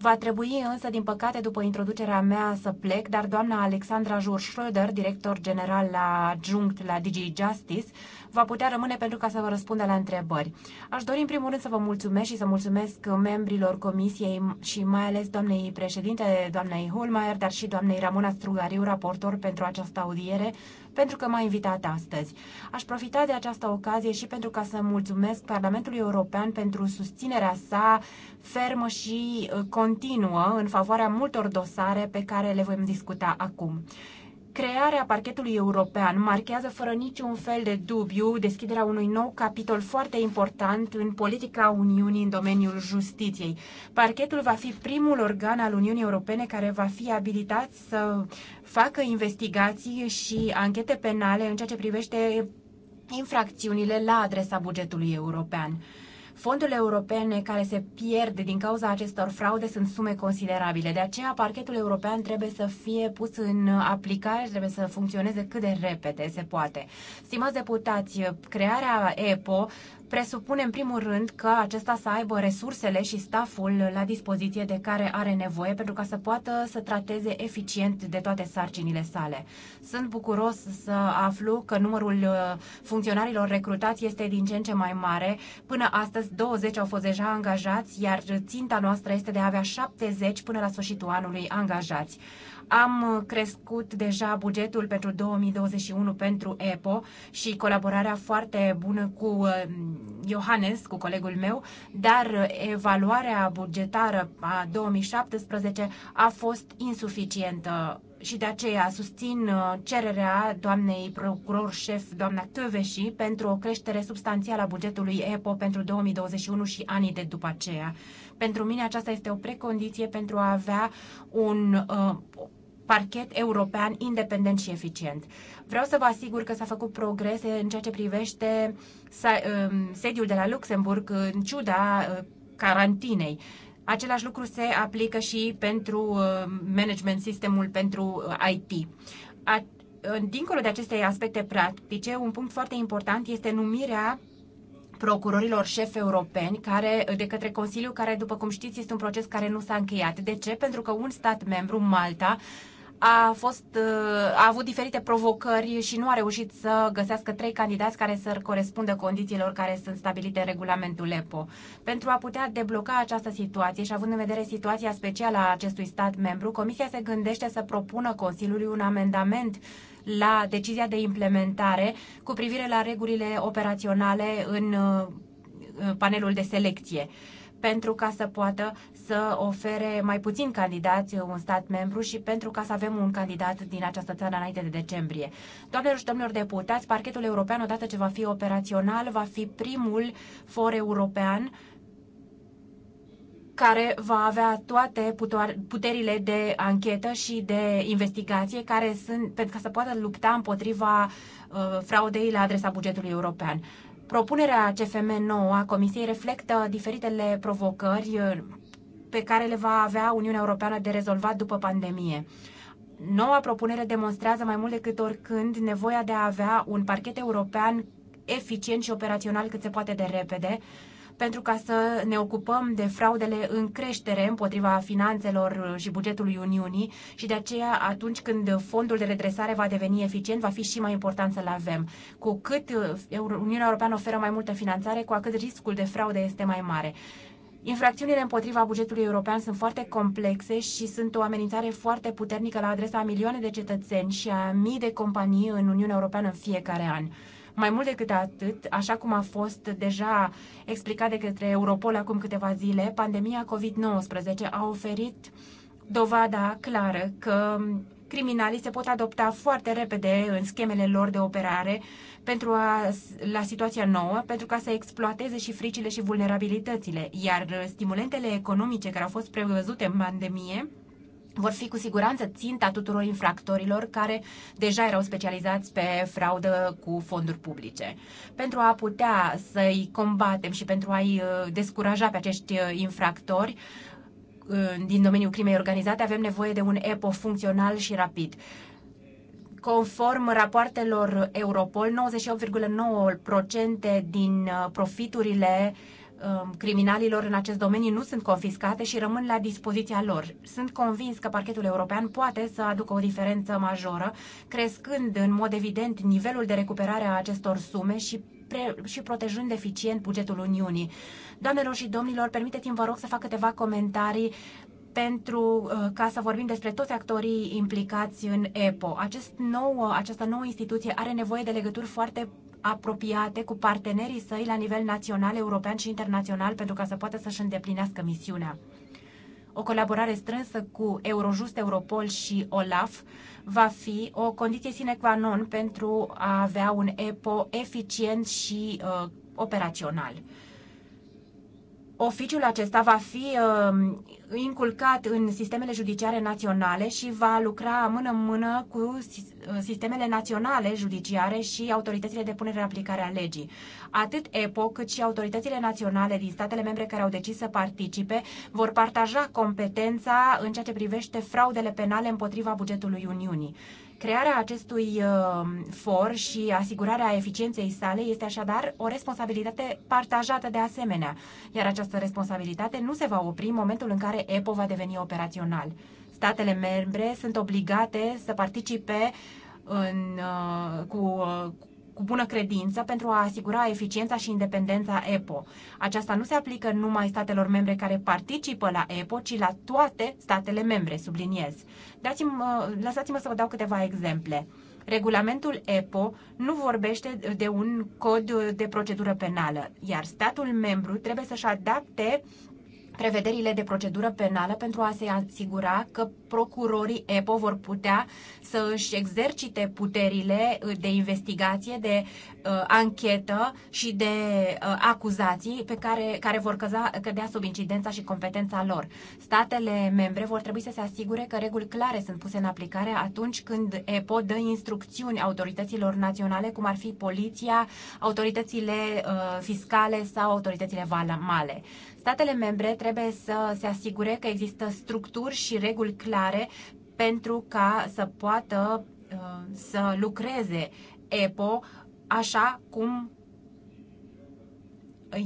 C: Va trebui însă, din păcate, după introducerea mea să plec, dar doamna Alexandra Jur Schröder, director general la adjunct la DG Justice, va putea rămâne pentru ca să vă răspundă la întrebări. Aș dori în primul rând să vă mulțumesc și să mulțumesc membrilor comisiei și mai ales doamnei președinte, doamnei Holmeier, dar și doamnei Ramona Strugariu, raportor pentru această audiere, pentru că m-a invitat astăzi. Aș profita de această ocazie și pentru ca să mulțumesc Parlamentului European pentru susținerea sa fermă și uh, continuă în favoarea multor dosare pe care le vom discuta acum. Crearea parchetului european marchează fără niciun fel de dubiu deschiderea unui nou capitol foarte important în politica Uniunii în domeniul justiției. Parchetul va fi primul organ al Uniunii Europene care va fi abilitat să facă investigații și anchete penale în ceea ce privește infracțiunile la adresa bugetului european. Fondurile europene care se pierd din cauza acestor fraude sunt sume considerabile. De aceea, parchetul european trebuie să fie pus în aplicare și trebuie să funcționeze cât de repede se poate. Stimați deputați, crearea EPO presupune în primul rând că acesta să aibă resursele și staful la dispoziție de care are nevoie pentru ca să poată să trateze eficient de toate sarcinile sale. Sunt bucuros să aflu că numărul uh, funcționarilor recrutați este din ce în ce mai mare. Până astăzi 20 au fost deja angajați, iar ținta noastră este de a avea 70 până la sfârșitul anului angajați. Am crescut deja bugetul pentru 2021 pentru EPO și colaborarea foarte bună cu uh, Iohannes, cu colegul meu, dar evaluarea bugetară a 2017 a fost insuficientă și de aceea susțin uh, cererea doamnei procuror șef, doamna Tăveși, pentru o creștere substanțială a bugetului EPO pentru 2021 și anii de după aceea. Pentru mine aceasta este o precondiție pentru a avea un uh, parchet european independent și eficient. Vreau să vă asigur că s-a făcut progrese în ceea ce privește um, sediul de la Luxemburg în ciuda uh, carantinei. Același lucru se aplică și pentru uh, management sistemul pentru uh, IT. Dincolo de aceste aspecte practice, un punct foarte important este numirea procurorilor șef europeni care, de către Consiliu, care, după cum știți, este un proces care nu s-a încheiat. De ce? Pentru că un stat membru, Malta, a, fost, a avut diferite provocări și nu a reușit să găsească trei candidați care să corespundă condițiilor care sunt stabilite în regulamentul EPO. Pentru a putea debloca această situație și având în vedere situația specială a acestui stat membru, Comisia se gândește să propună Consiliului un amendament la decizia de implementare cu privire la regulile operaționale în uh, panelul de selecție pentru ca să poată să ofere mai puțin candidați un stat membru și pentru ca să avem un candidat din această țară înainte de decembrie. Doamnelor și domnilor deputați, parchetul european, odată ce va fi operațional, va fi primul for european care va avea toate puterile de anchetă și de investigație care sunt pentru ca să poată lupta împotriva uh, fraudei la adresa bugetului european. Propunerea CFM nouă a Comisiei reflectă diferitele provocări pe care le va avea Uniunea Europeană de rezolvat după pandemie. Noua propunere demonstrează mai mult decât oricând nevoia de a avea un parchet european eficient și operațional cât se poate de repede, pentru ca să ne ocupăm de fraudele în creștere împotriva finanțelor și bugetului Uniunii și de aceea atunci când fondul de redresare va deveni eficient, va fi și mai important să-l avem. Cu cât uh, Uniunea Europeană oferă mai multă finanțare, cu atât riscul de fraude este mai mare. Infracțiunile împotriva bugetului european sunt foarte complexe și sunt o amenințare foarte puternică la adresa a milioane de cetățeni și a mii de companii în Uniunea Europeană în fiecare an. Mai mult decât atât, așa cum a fost deja explicat de către Europol acum câteva zile, pandemia COVID-19 a oferit dovada clară că criminalii se pot adopta foarte repede în schemele lor de operare pentru a, la situația nouă, pentru ca să exploateze și fricile și vulnerabilitățile. Iar stimulentele economice care au fost prevăzute în pandemie vor fi cu siguranță ținta tuturor infractorilor care deja erau specializați pe fraudă cu fonduri publice. Pentru a putea să-i combatem și pentru a-i uh, descuraja pe acești uh, infractori, uh, din domeniul crimei organizate, avem nevoie de un EPO funcțional și rapid. Conform rapoartelor Europol, 98,9% din profiturile uh, Um, criminalilor în acest domeniu nu sunt confiscate și rămân la dispoziția lor. Sunt convins că parchetul european poate să aducă o diferență majoră, crescând în mod evident nivelul de recuperare a acestor sume și pre- și protejând eficient bugetul Uniunii. Doamnelor și domnilor, permiteți-mi vă rog să fac câteva comentarii pentru uh, ca să vorbim despre toți actorii implicați în EPO. Acest nou, uh, această nouă instituție are nevoie de legături foarte apropiate cu partenerii săi la nivel național, european și internațional pentru ca să poată să-și îndeplinească misiunea. O colaborare strânsă cu Eurojust, Europol și OLAF va fi o condiție sine qua non pentru a avea un EPO eficient și uh, operațional. Oficiul acesta va fi uh, inculcat în sistemele judiciare naționale și va lucra mână-mână cu uh, sistemele naționale judiciare și autoritățile de punere în aplicare a legii. Atât EPO cât și autoritățile naționale din statele membre care au decis să participe vor partaja competența în ceea ce privește fraudele penale împotriva bugetului Uniunii. Crearea acestui uh, for și asigurarea eficienței sale este așadar o responsabilitate partajată de asemenea, iar această responsabilitate nu se va opri în momentul în care EPO va deveni operațional. Statele membre sunt obligate să participe în, uh, cu uh, cu bună credință pentru a asigura eficiența și independența EPO. Aceasta nu se aplică numai statelor membre care participă la EPO, ci la toate statele membre, subliniez. Dați-mă, lăsați-mă să vă dau câteva exemple. Regulamentul EPO nu vorbește de un cod de procedură penală, iar statul membru trebuie să-și adapte prevederile de procedură penală pentru a se asigura că procurorii EPO vor putea să își exercite puterile uh, de investigație, de uh, anchetă și de uh, acuzații pe care, care vor căza, cădea sub incidența și competența lor. Statele membre vor trebui să se asigure că reguli clare sunt puse în aplicare atunci când EPO dă instrucțiuni autorităților naționale, cum ar fi poliția, autoritățile uh, fiscale sau autoritățile valamale. Statele membre trebuie să se asigure că există structuri și reguli clare pentru ca să poată uh, să lucreze EPO așa cum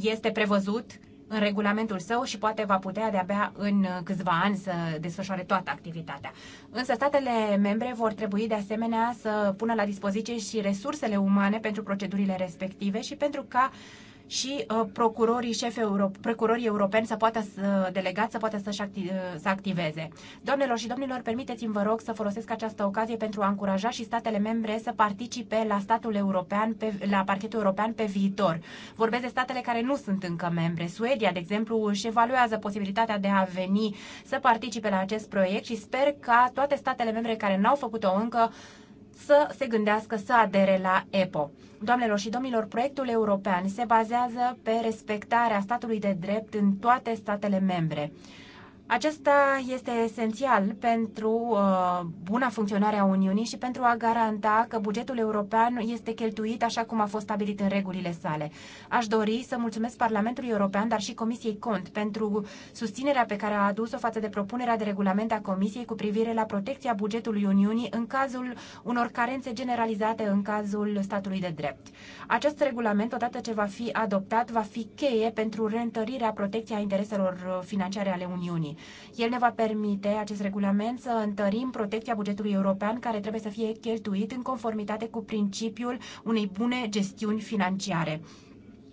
C: este prevăzut în regulamentul său și poate va putea de-abia în câțiva ani să desfășoare toată activitatea. Însă statele membre vor trebui de asemenea să pună la dispoziție și resursele umane pentru procedurile respective și pentru ca uh, și uh, procurorii șefi euro, procurorii europeni să poată să delegați, să poată să acti, uh, să activeze. Doamnelor și domnilor, permiteți-mi vă rog să folosesc această ocazie pentru a încuraja și statele membre să participe la statul european, pe, la parchetul european pe viitor. Vorbesc de statele care nu sunt încă membre. Suedia, de exemplu, își evaluează posibilitatea de a veni să participe la acest proiect și sper ca toate statele membre care n-au făcut-o încă să se gândească să adere la EPO. Doamnelor și domnilor, proiectul european se bazează pe respectarea statului de drept în toate statele membre. Acesta este esențial pentru uh, buna funcționare a Uniunii și pentru a garanta că bugetul european este cheltuit așa cum a fost stabilit în regulile sale. Aș dori să mulțumesc Parlamentului European, dar și Comisiei Cont pentru susținerea pe care a adus-o față de propunerea de regulament a Comisiei cu privire la protecția bugetului Uniunii în cazul unor carențe generalizate în cazul statului de drept. Acest regulament, odată ce va fi adoptat, va fi cheie pentru reîntărirea protecției a intereselor uh, financiare ale Uniunii. Uniunii. El ne va permite, acest regulament, să întărim protecția bugetului european care trebuie să fie cheltuit în conformitate cu principiul unei bune gestiuni financiare.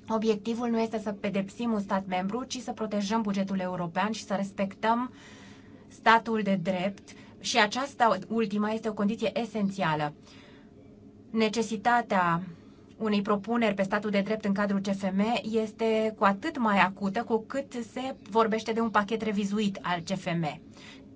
C: Obiectivul nu este să pedepsim un stat membru, ci să protejăm bugetul european și să respectăm statul de drept și aceasta ultima este o condiție esențială. Necesitatea unei propuneri pe statul de drept în cadrul CFM este cu atât mai acută cu cât se vorbește de un pachet revizuit al CFM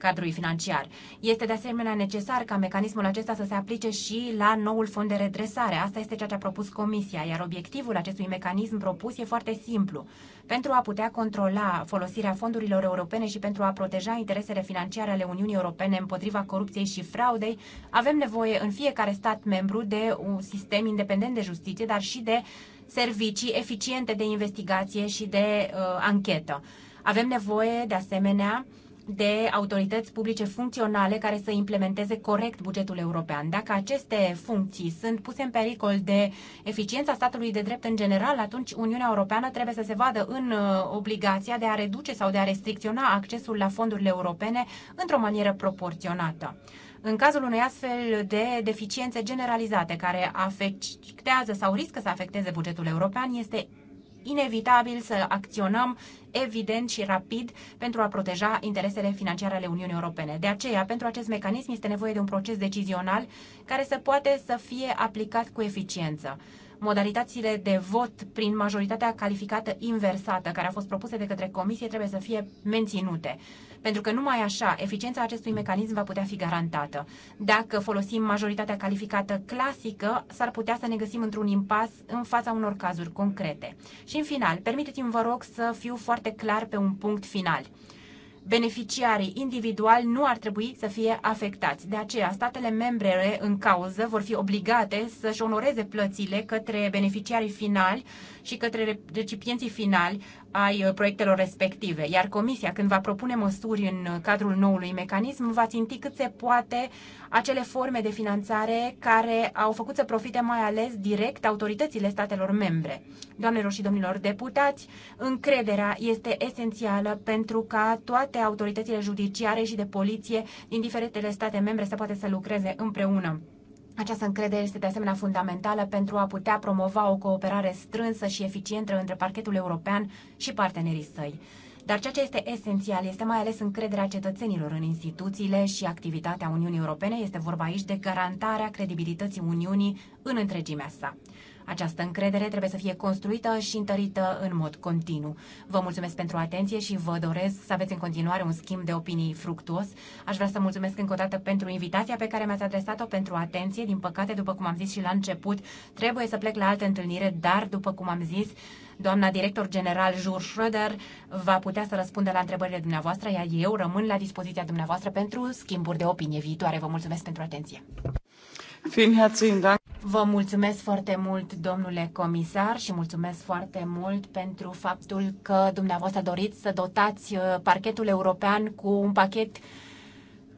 C: cadrului financiar. Este de asemenea necesar ca mecanismul acesta să se aplice și la noul fond de redresare. Asta este ceea ce a propus Comisia, iar obiectivul acestui mecanism propus e foarte simplu. Pentru a putea controla folosirea fondurilor europene și pentru a proteja interesele financiare ale Uniunii Europene împotriva corupției și fraudei, avem nevoie în fiecare stat membru de un sistem independent de justiție, dar și de servicii eficiente de investigație și de uh, anchetă. Avem nevoie, de asemenea, uh, de autorități publice funcționale care să implementeze corect bugetul european. Dacă aceste funcții sunt puse în pericol de eficiența statului de drept în general, atunci Uniunea Europeană trebuie să se vadă în uh, obligația de a reduce sau de a restricționa accesul la fondurile europene într-o manieră proporționată. În cazul unei astfel de deficiențe generalizate care afectează sau riscă să afecteze bugetul european, este inevitabil să acționăm evident și rapid pentru a proteja interesele financiare ale Uniunii Europene. De aceea, pentru acest mecanism este nevoie de un proces decizional care să poate să fie aplicat cu eficiență. Modalitățile de vot prin majoritatea calificată inversată care a fost propuse de către Comisie trebuie să fie menținute pentru că numai așa eficiența acestui mecanism va putea fi garantată. Dacă folosim majoritatea calificată clasică, s-ar putea să ne găsim într-un impas în fața unor cazuri concrete. Și în final, permiteți-mi, vă rog, să fiu foarte clar pe un punct final beneficiarii individuali nu ar trebui să fie afectați. De aceea, statele membre în cauză vor fi obligate să-și onoreze plățile către beneficiarii finali și către recipienții finali ai uh, proiectelor respective, iar Comisia, când va propune măsuri în uh, cadrul noului mecanism, va ținti cât se poate acele forme de finanțare care au făcut să profite mai ales direct autoritățile statelor membre. Doamnelor și domnilor deputați, încrederea este esențială pentru ca toate autoritățile judiciare și de poliție din diferitele state membre să poată să lucreze împreună. Această încredere este de asemenea fundamentală pentru a putea promova o cooperare strânsă și eficientă între parchetul european și partenerii săi. Dar ceea ce este esențial este mai ales încrederea cetățenilor în instituțiile și activitatea Uniunii Europene. Este vorba aici de garantarea credibilității Uniunii în întregimea sa. Această încredere trebuie să fie construită și întărită în mod continuu. Vă mulțumesc pentru atenție și vă doresc să aveți în continuare un schimb de opinii fructuos. Aș vrea să mulțumesc încă o dată pentru invitația pe care mi-ați adresat-o, pentru atenție. Din păcate, după cum am zis și la început, trebuie să plec la altă întâlnire, dar, după cum am zis, Doamna director general Jur Schröder va putea să răspundă la întrebările dumneavoastră, iar eu rămân la dispoziția dumneavoastră pentru schimburi de opinie viitoare. Vă mulțumesc pentru atenție! Vă mulțumesc foarte mult, domnule comisar, și mulțumesc foarte mult pentru faptul că dumneavoastră doriți să dotați uh, parchetul european cu un pachet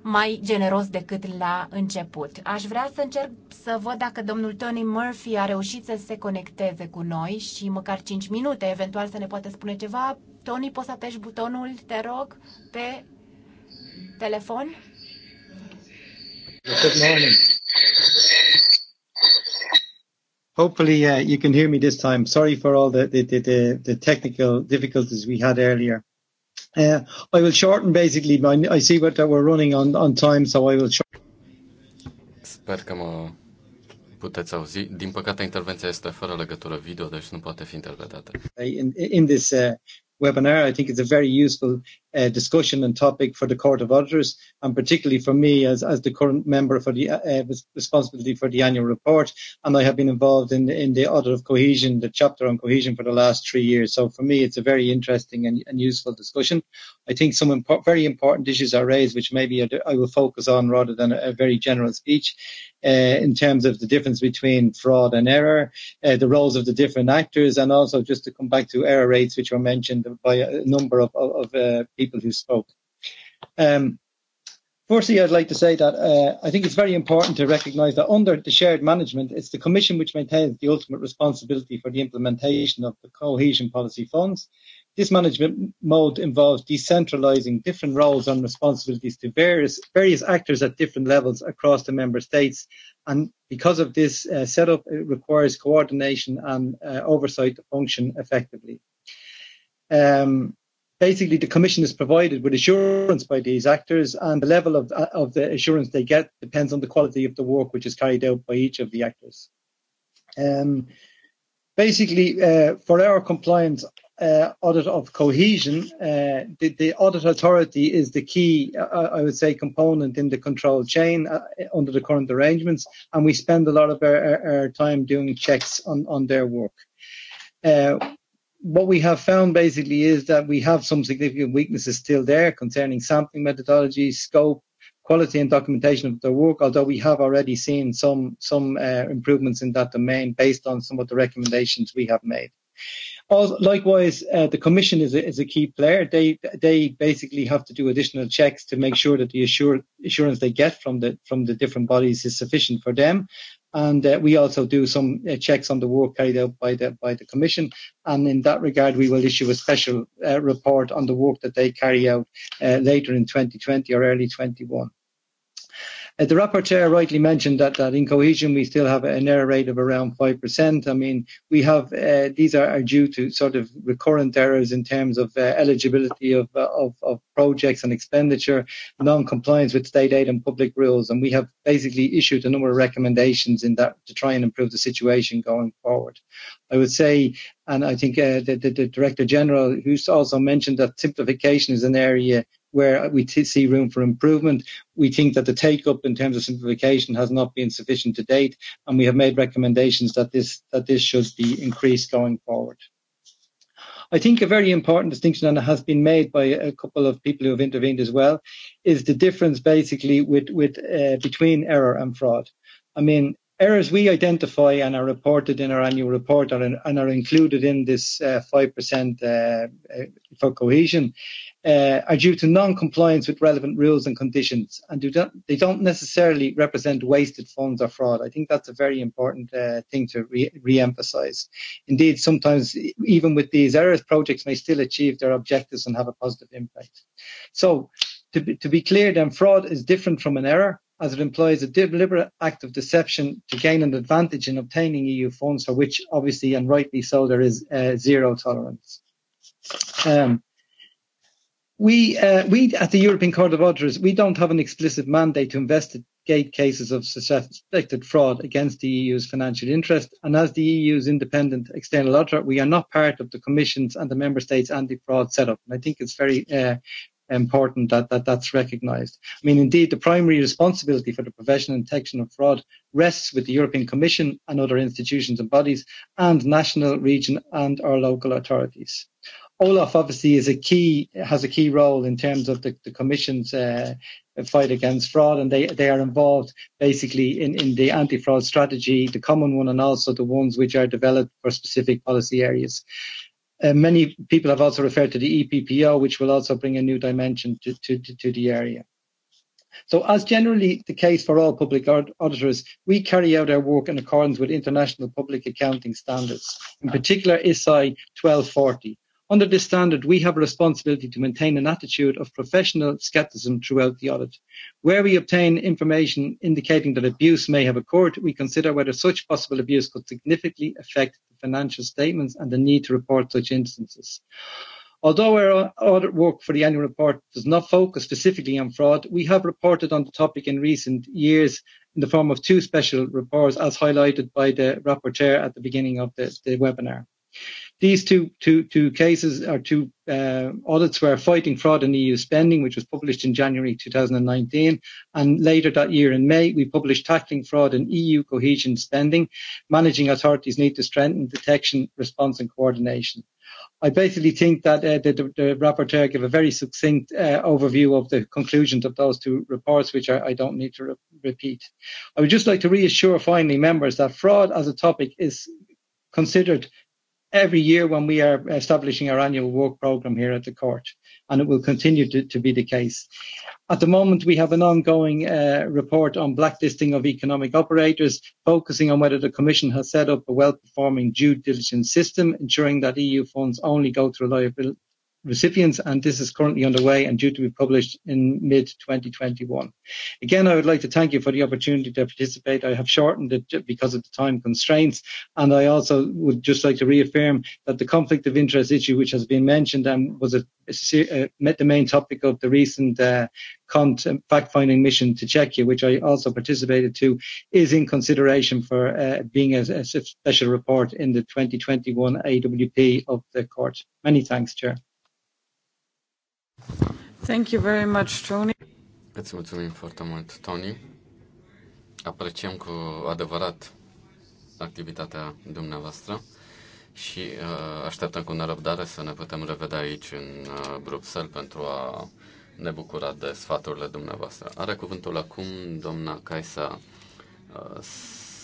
C: mai generos decât la început. Aș vrea să încerc să văd dacă domnul Tony Murphy a reușit să se conecteze cu noi și măcar 5 minute, eventual să ne poată spune ceva. Tony, poți să apeși butonul, te rog, pe telefon?
H: Good morning. Hopefully, uh, you can hear me this time. Sorry for all the, the, the, the technical difficulties we had earlier. Uh, I will shorten basically. My, I see what that we're running on, on time, so I will shorten.
D: Sper că mă puteți auzi. Din păcate, intervenția este fără legătură video, deci nu poate fi interpretată.
H: In, in this uh, webinar, I think it's a very useful uh, discussion and topic for the Court of Auditors, and particularly for me as, as the current member for the uh, uh responsibility for the annual report. And I have been involved in, in the audit of cohesion, the chapter on cohesion for the last three years. So for me, it's a very interesting and, and useful discussion. I think some impo- very important issues are raised, which maybe I will focus on rather than a, a very general speech. Uh, in terms of the difference between fraud and error, uh, the roles of the different actors, and also just to come back to error rates, which were mentioned by a number of, of, uh, people people who spoke. Um, Firstly, I'd like to say that uh, I think it's very important to recognise that under the shared management, it's the Commission which maintains the ultimate responsibility for the implementation of the cohesion policy funds. This management mode involves decentralising different roles and responsibilities to various, various actors at different levels across the member states. And because of this uh, setup, it requires coordination and uh, oversight to function effectively. Um, basically the commission is provided with assurance by these actors and the level of, of the assurance they get depends on the quality of the work which is carried out by each of the actors. Um, basically, uh, for our compliance uh, audit of cohesion, uh, the, the audit authority is the key, uh, I would say, component in the control chain uh, under the current arrangements, and we spend a lot of our, our, time doing checks on, on their work. Uh, what we have found basically is that we have some significant weaknesses still there concerning sampling methodology, scope, quality and documentation of their work, although we have already seen some, some uh, improvements in that domain based on some of the recommendations we have made. Also, likewise, uh, the Commission is a, is a key player. They they basically have to do additional checks to make sure that the assure, assurance they get from the from the different bodies is sufficient for them, and uh, we also do some uh, checks on the work carried out by the by the commission and in that regard we will issue a special uh, report on the work that they carry out uh, later in 2020 or early 21 Uh, the rapporteur rightly mentioned that, that in cohesion we still have an error rate of around 5%. I mean, we have, uh, these are, are due to sort of recurrent errors in terms of uh, eligibility of, uh, of, of projects and expenditure, non-compliance with state aid and public rules. And we have basically issued a number of recommendations in that to try and improve the situation going forward. I would say, and I think uh, the, the, the Director General, who's also mentioned that simplification is an area where we t- see room for improvement. We think that the take up in terms of simplification has not been sufficient to date, and we have made recommendations that this, that this should be increased going forward. I think a very important distinction, and it has been made by a couple of people who have intervened as well, is the difference basically with, with uh, between error and fraud. I mean, errors we identify and are reported in our annual report are in, and are included in this uh, 5% uh, uh, for cohesion uh, are due to non-compliance with relevant rules and conditions, and do don't, they don't necessarily represent wasted funds or fraud. I think that's a very important uh, thing to re- re-emphasize. Indeed, sometimes even with these errors, projects may still achieve their objectives and have a positive impact. So, to be, to be clear, then fraud is different from an error as it implies a deliberate act of deception to gain an advantage in obtaining EU funds, for which obviously and rightly so there is uh, zero tolerance. Um, we uh, we at the European Court of Auditors we don't have an explicit mandate to investigate cases of suspected fraud against the EU's financial interest, and as the EU's independent external auditor, we are not part of the Commission's and the Member States' anti-fraud setup. And I think it's very uh, important that, that that's recognised. I mean, indeed, the primary responsibility for the prevention and detection of fraud rests with the European Commission and other institutions and bodies, and national, region, and our local authorities. Olaf obviously is a key has a key role in terms of the, the Commission's uh, fight against fraud, and they they are involved basically in in the anti fraud strategy, the common one, and also the ones which are developed for specific policy areas. Uh, many people have also referred to the EPPO, which will also bring a new dimension to, to, to, to the area. So, as generally the case for all public auditors, we carry out our work in accordance with international public accounting standards, in particular ISI 1240, Under this standard, we have a responsibility to maintain an attitude of professional skepticism throughout the audit. Where we obtain information indicating that abuse may have occurred, we consider whether such possible abuse could significantly affect the financial statements and the need to report such instances. Although our audit work for the annual report does not focus specifically on fraud, we have reported on the topic in recent years in the form of two special reports, as highlighted by the rapporteur at the beginning of the, the webinar. These two, two, two cases are two uh, audits were fighting fraud in EU spending, which was published in January 2019. And later that year in May, we published Tackling Fraud in EU Cohesion Spending. Managing authorities need to strengthen detection, response and coordination. I basically think that uh, the, the, the rapporteur gave a very succinct uh, overview of the conclusions of those two reports, which I, I don't need to re- repeat. I would just like to reassure finally members that fraud as a topic is considered every year when we are establishing our annual work program here at the court, and it will continue to, to be the case. At the moment, we have an ongoing uh, report on blacklisting of economic operators, focusing on whether the Commission has set up a well-performing due diligence system, ensuring that EU funds only go to reliable recipients, and this is currently underway and due to be published in mid-2021. Again, I would like to thank you for the opportunity to participate. I have shortened it because of the time constraints, and I also would just like to reaffirm that the conflict of interest issue, which has been mentioned and was a, a, a, uh, the main topic of the recent uh, uh, fact-finding mission to Czechia, which I also participated to, is in consideration for uh, being a, a special report in the 2021 AWP of the court. Many thanks,
D: Chair.
E: Thank you very much, Tony.
D: Îți mulțumim foarte mult, Tony. Apreciem cu adevărat activitatea dumneavoastră și uh, așteptăm cu nerăbdare să ne putem revedea aici în uh, Bruxelles pentru a ne bucura de sfaturile dumneavoastră. Are cuvântul acum doamna Kaisa uh,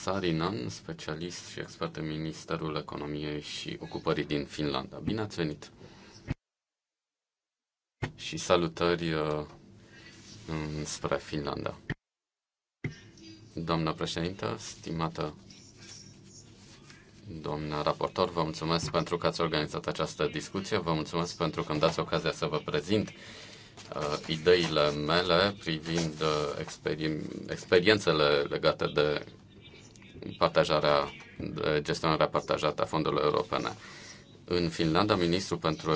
D: Sarinan, specialist și expert în Ministerul Economiei și Ocupării din Finlanda. Bine ați venit! și salutări uh, spre Finlanda. Doamna președintă, stimată doamna raportor, vă mulțumesc pentru că ați organizat această discuție, vă mulțumesc pentru că îmi dați ocazia să vă prezint uh, ideile mele privind uh, experim- experiențele legate de partajarea, de gestionarea partajată a fondurilor europene. În Finlanda, ministrul pentru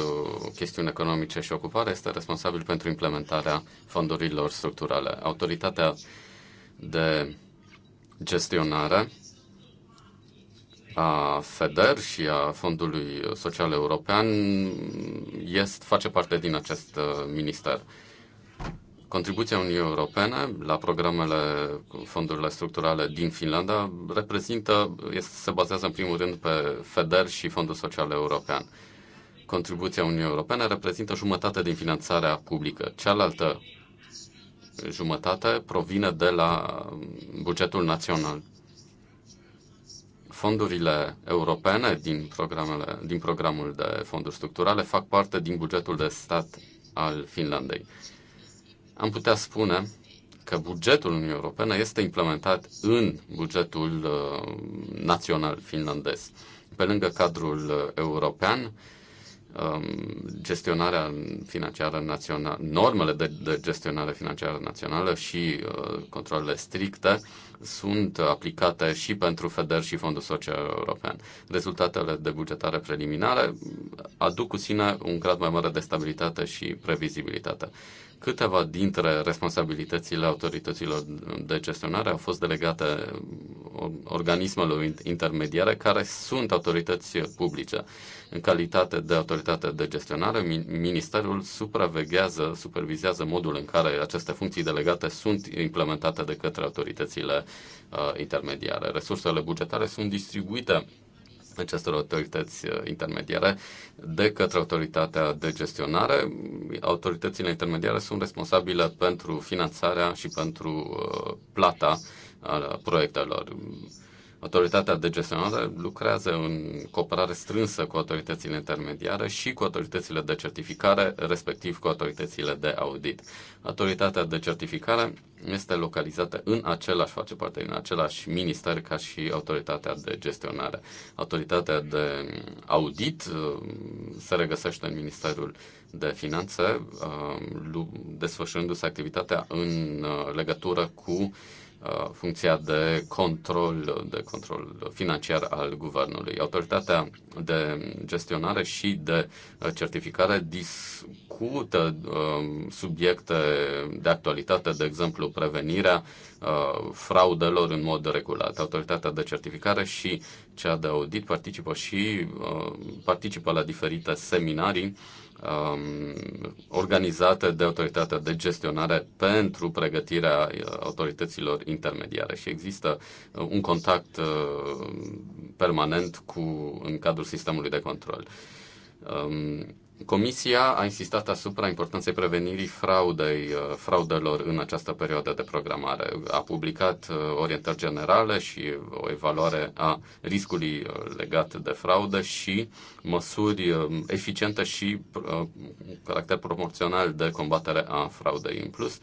D: chestiuni economice și ocupare este responsabil pentru implementarea fondurilor structurale. Autoritatea de gestionare a FEDER și a Fondului Social European este, face parte din acest uh, minister. Contribuția Uniunii Europene la programele cu fondurile structurale din Finlanda reprezintă, este, se bazează în primul rând pe FEDER și Fondul Social European. Contribuția Uniunii Europene reprezintă jumătate din finanțarea publică. Cealaltă jumătate provine de la bugetul național. Fondurile europene din, programele, din programul de fonduri structurale fac parte din bugetul de stat al Finlandei am putea spune că bugetul Uniunii Europene este implementat în bugetul uh, național finlandez. Pe lângă cadrul uh, european, um, gestionarea financiară națională, normele de, de gestionare financiară națională și uh, controlele stricte sunt aplicate și pentru FEDER și Fondul Social European. Rezultatele de bugetare preliminare aduc cu sine un grad mai mare de stabilitate și previzibilitate. Câteva dintre responsabilitățile autorităților de gestionare au fost delegate organismelor intermediare care sunt autorități publice. În calitate de autoritate de gestionare, Ministerul supraveghează, supervizează modul în care aceste funcții delegate sunt implementate de către autoritățile uh, intermediare. Resursele bugetare sunt distribuite acestor autorități uh, intermediare de către autoritatea de gestionare. Autoritățile intermediare sunt responsabile pentru finanțarea și pentru uh, plata uh, proiectelor. Autoritatea de gestionare lucrează în cooperare strânsă cu autoritățile intermediare și cu autoritățile de certificare, respectiv cu autoritățile de audit. Autoritatea de certificare este localizată în același, face parte din același minister ca și autoritatea de gestionare. Autoritatea de audit uh, se regăsește în Ministerul de Finanțe, uh, desfășurându-se activitatea în uh, legătură cu Uh, funcția de control, de control financiar al guvernului. Autoritatea de gestionare și de uh, certificare discută um, subiecte de actualitate, de exemplu prevenirea uh, fraudelor în mod regulat. Autoritatea de certificare și cea de audit participă și participă la diferite seminarii Um, organizate de autoritatea de gestionare pentru pregătirea uh, autorităților intermediare și există uh, un contact uh, permanent cu, în cadrul sistemului de control. Um, Comisia a insistat asupra importanței prevenirii fraudei, uh, fraudelor în această perioadă de programare. A publicat uh, orientări generale și o evaluare a riscului uh, legat de fraudă și măsuri eficiente și caracter proporțional de combatere a fraudei. În plus,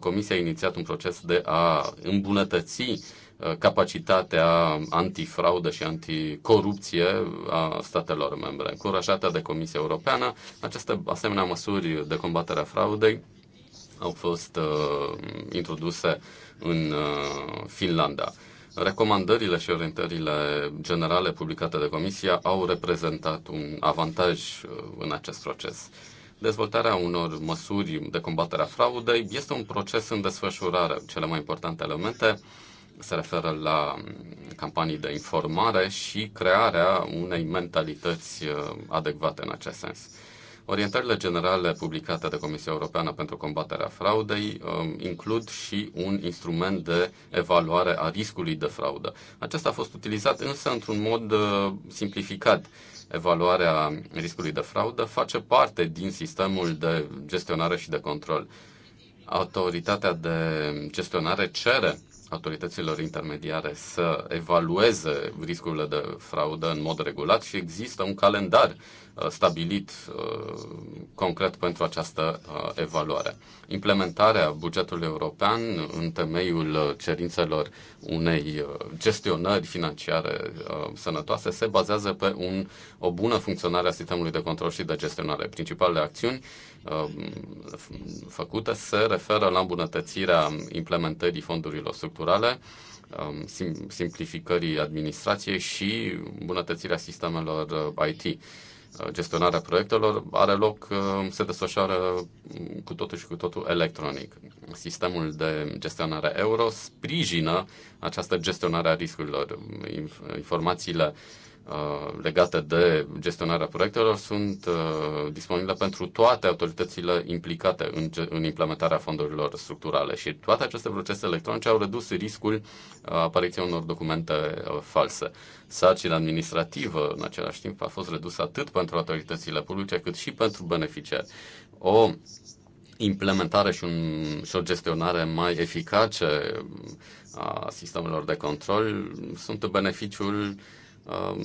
D: Comisia a inițiat un proces de a îmbunătăți Uh, capacitatea antifraudă și anticorupție a statelor membre. Încurajată de Comisia Europeană, aceste asemenea măsuri de combatere a fraudei au fost uh, introduse în uh, Finlanda. Recomandările și orientările generale publicate de Comisia au reprezentat un avantaj uh, în acest proces. Dezvoltarea unor măsuri de combatere a fraudei este un proces în desfășurare. Cele mai importante elemente uh, se referă la mm, campanii de informare și crearea unei mentalități uh, adecvate în acest sens. Orientările generale publicate de Comisia Europeană pentru combaterea fraudei um, includ și un instrument de evaluare a riscului de fraudă. Acesta a fost utilizat însă într-un mod uh, simplificat. Evaluarea riscului de fraudă face parte din sistemul de gestionare și de control. Autoritatea de gestionare cere autorităților intermediare să evalueze riscurile de fraudă în mod regulat și există un calendar uh, stabilit uh, concret pentru această uh, evaluare. Implementarea bugetului european în temeiul cerințelor unei gestionări financiare sănătoase se bazează pe un, o bună funcționare a sistemului de control și de gestionare. Principalele acțiuni Um, făcute se referă la îmbunătățirea implementării fondurilor structurale, um, simplificării administrației și îmbunătățirea sistemelor uh, IT. Uh, gestionarea proiectelor are loc, um, se desfășoară cu totul și cu totul electronic. Sistemul de gestionare euro sprijină această gestionare a riscurilor. Informațiile Uh, legate de gestionarea proiectelor sunt uh, disponibile pentru toate autoritățile implicate în, implementarea fondurilor structurale și toate aceste procese electronice au redus riscul uh, apariției unor documente false. Sarcina administrativă, în același timp, a fost redusă atât pentru autoritățile publice cât și pentru beneficiari. O implementare și, un, și o gestionare mai eficace a sistemelor de control sunt beneficiul uh, Um,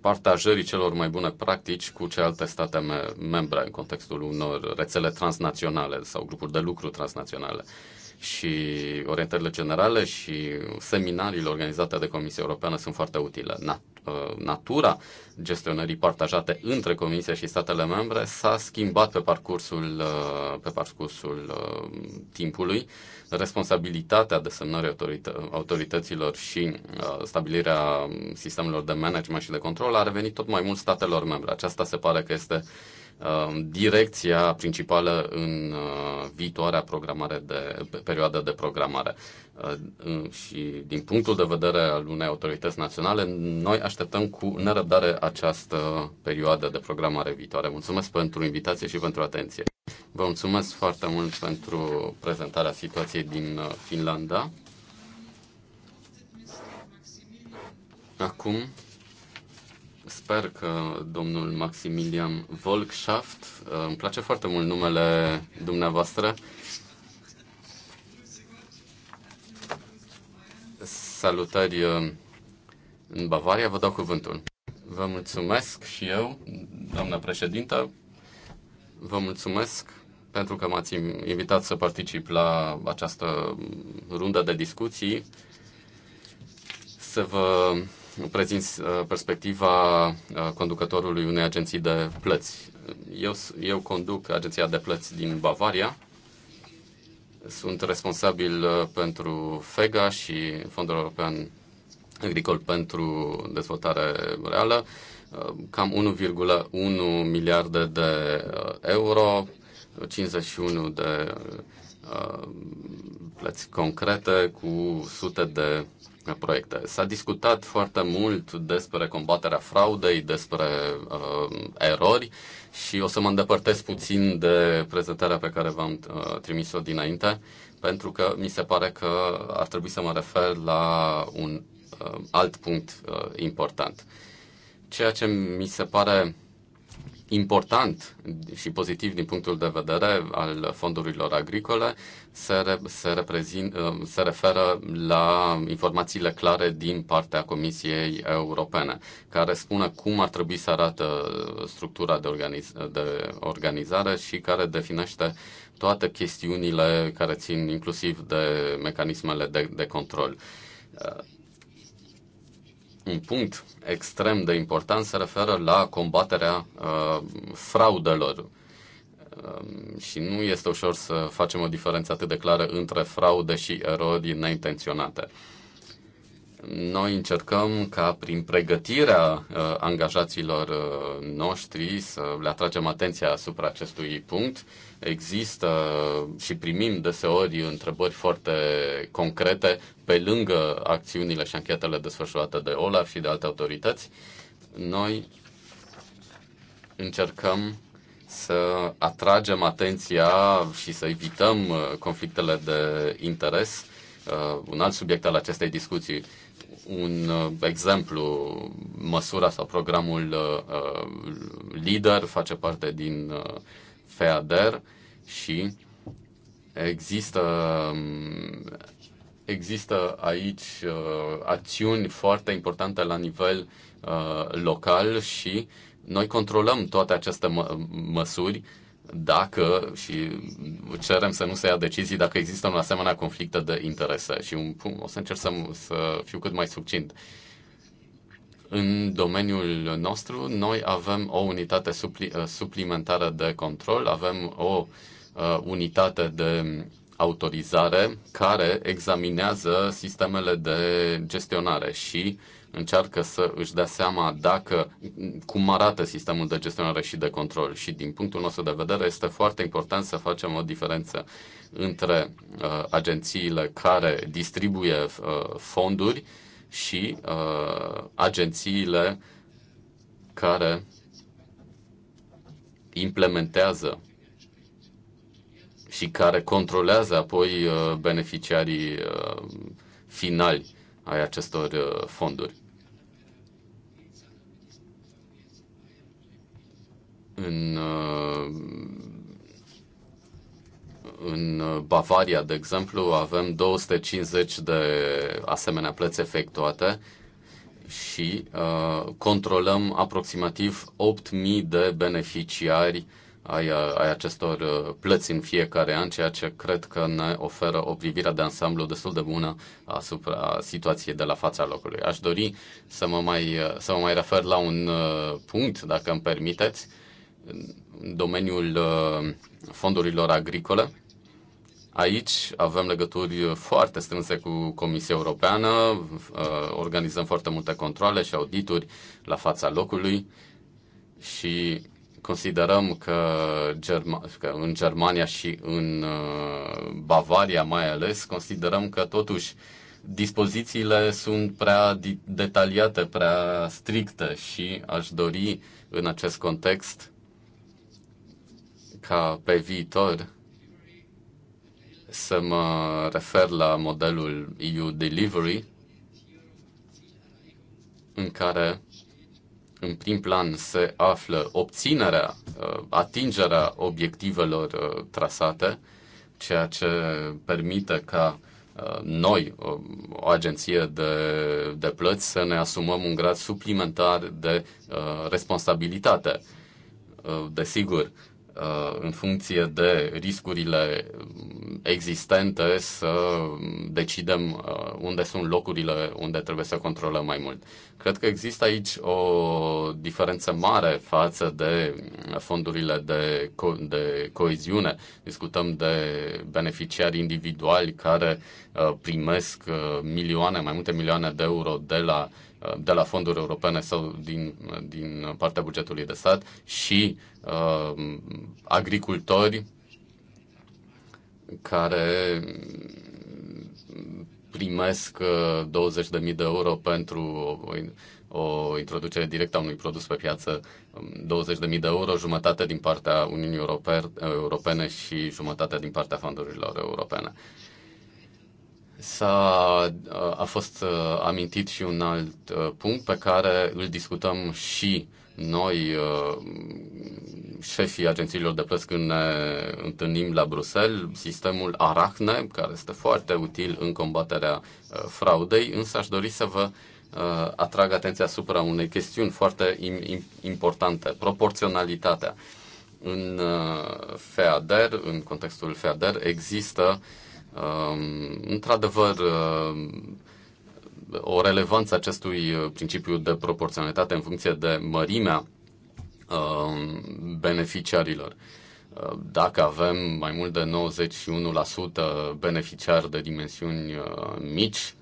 D: partajării celor mai bune practici cu celelalte state membre în contextul unor rețele transnaționale sau grupuri de lucru transnaționale și orientările generale și seminariile organizate de Comisia Europeană sunt foarte utile. Uh, natura gestionării partajate între Comisie și statele membre s-a schimbat pe parcursul, uh, pe parcursul uh, timpului. Responsabilitatea desemnării autorită- autorităților și stabilirea sistemelor de management și de control a revenit tot mai mult statelor membre. Aceasta se pare că este Um, direcția principală în uh, viitoarea programare de, perioadă de programare. Uh, și din punctul de vedere al unei autorități naționale, noi așteptăm cu nerăbdare această perioadă de programare viitoare. Mulțumesc pentru invitație și pentru atenție. Vă mulțumesc foarte mult pentru prezentarea situației din uh, Finlanda. Acum sper că domnul Maximilian Volkshaft, uh, îmi place foarte mult numele dumneavoastră, salutări uh, în Bavaria, vă dau cuvântul. Vă mulțumesc și eu, doamna președintă, vă mulțumesc pentru că m-ați invitat să particip la această rundă de discuții, să vă prezinți uh, perspectiva uh, conducătorului unei agenții de plăți. Eu, eu conduc agenția de plăți din Bavaria. Sunt responsabil uh, pentru FEGA și Fondul European Agricol pentru Dezvoltare Reală. Cam 1,1 miliarde de euro, 51 de plăți concrete cu sute de proiecte. S-a discutat foarte mult despre combaterea fraudei, despre uh, erori și o să mă îndepărtez puțin de prezentarea pe care v-am uh, trimis-o dinainte, pentru că mi se pare că ar trebui să mă refer la un uh, alt punct uh, important. Ceea ce mi se pare important și pozitiv din punctul de vedere al fondurilor agricole se, re, se, reprezint, uh, se referă la informațiile clare din partea Comisiei Europene, care spune cum ar trebui să arată structura de, organiz- de organizare și care definește toate chestiunile care țin inclusiv de mecanismele de, de control uh, un punct extrem de important se referă la combaterea uh, fraudelor. Uh, și nu este ușor să facem o diferență atât de clară între fraude și erori neintenționate. Uh, noi încercăm ca prin pregătirea uh, angajaților uh, noștri să le atragem atenția asupra acestui punct. Există și primim deseori întrebări foarte concrete pe lângă acțiunile și anchetele desfășurate de OLAF și de alte autorități. Noi încercăm să atragem atenția și să evităm uh, conflictele de interes. Un alt subiect al acestei discuții un uh, exemplu, măsura sau programul uh, uh, LIDER face parte din FEADER și există, um, există aici acțiuni foarte importante la nivel local și noi controlăm toate aceste mă- măsuri dacă și cerem să nu se ia decizii dacă există un asemenea conflict de interese. Și un, o să încerc să, să fiu cât mai succint. În domeniul nostru, noi avem o unitate supli, eh, suplimentară de control, avem o uh, unitate de autorizare care examinează sistemele de gestionare și uh, încearcă să își dea seama dacă, cum arată sistemul de gestionare și de control. Și din punctul nostru de vedere este foarte important să facem o diferență între uh, agențiile care distribuie uh, fonduri și uh, agențiile care implementează și care controlează apoi uh, beneficiarii uh, finali ai acestor uh, fonduri. În, uh, în Bavaria, de exemplu, avem 250 de asemenea plăți efectuate și uh, controlăm aproximativ 8.000 de beneficiari uh, ai, ai acestor uh, plăți în fiecare an, ceea ce cred că ne oferă o privire de ansamblu destul de bună asupra situației de la fața locului. Aș dori să mă mai, uh, să mă mai refer la un uh, punct, dacă îmi permiteți, în domeniul fondurilor agricole. Aici avem legături foarte strânse cu Comisia Europeană, organizăm foarte multe controle și audituri la fața locului și Considerăm că, Germa- că în Germania și în uh, Bavaria mai ales, considerăm că totuși dispozițiile sunt prea detaliate, prea stricte și aș dori în acest context ca pe viitor să mă refer la modelul EU Delivery în care în prim plan se află obținerea, uh, atingerea obiectivelor uh, trasate, ceea ce permite ca uh, noi, o agenție de, de plăți, să ne asumăm un grad suplimentar de responsabilitate. Desigur, Uh, în funcție de riscurile existente să decidem uh, unde sunt locurile unde trebuie să controlăm mai mult. Cred că există aici o diferență mare față de fondurile de, co- de coeziune. Discutăm de beneficiari individuali care uh, primesc milioane, mai multe milioane de euro de la de la fonduri europene sau din, din partea bugetului de stat și Um, agricultori care primesc 20.000 uh, de euro pentru o, o introducere directă a unui produs pe piață, 20.000 um, de euro, jumătate din partea Uniunii Europene și jumătate din partea fondurilor europene. S-a, uh, a fost uh, amintit și un alt punct pe care îl discutăm și noi, uh, șefii agențiilor de plăți, când ne întâlnim la Bruxelles, sistemul Arachne, care este foarte util în combaterea uh, fraudei, însă aș dori să vă uh, atrag atenția asupra unei chestiuni foarte importante, proporționalitatea. În FEADER, în contextul FEADER, există um, într-adevăr o relevanță acestui uh, principiu de proporționalitate în funcție de mărimea uh, beneficiarilor. Uh, dacă avem mai mult de 91% beneficiari de dimensiuni mici,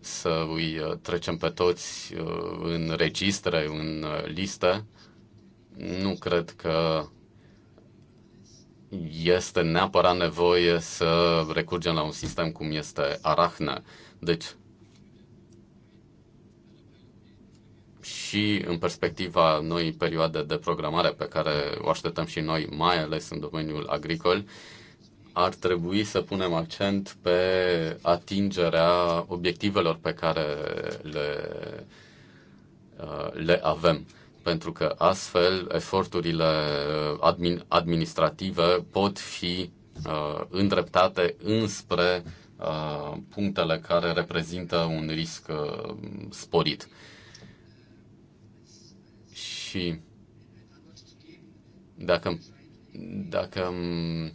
D: să îi trecem pe toți în registre, în liste, nu cred că este neapărat nevoie să recurgem la un sistem cum este Arahne. Deci, și în perspectiva noii perioade de programare pe care o așteptăm și noi, mai ales în domeniul agricol, ar trebui să punem accent pe atingerea obiectivelor pe care le, uh, le avem. Pentru că astfel eforturile uh, administrative pot fi uh, îndreptate înspre uh, Uh, punctele care reprezintă un risc uh, sporit. Și dacă, dacă îmi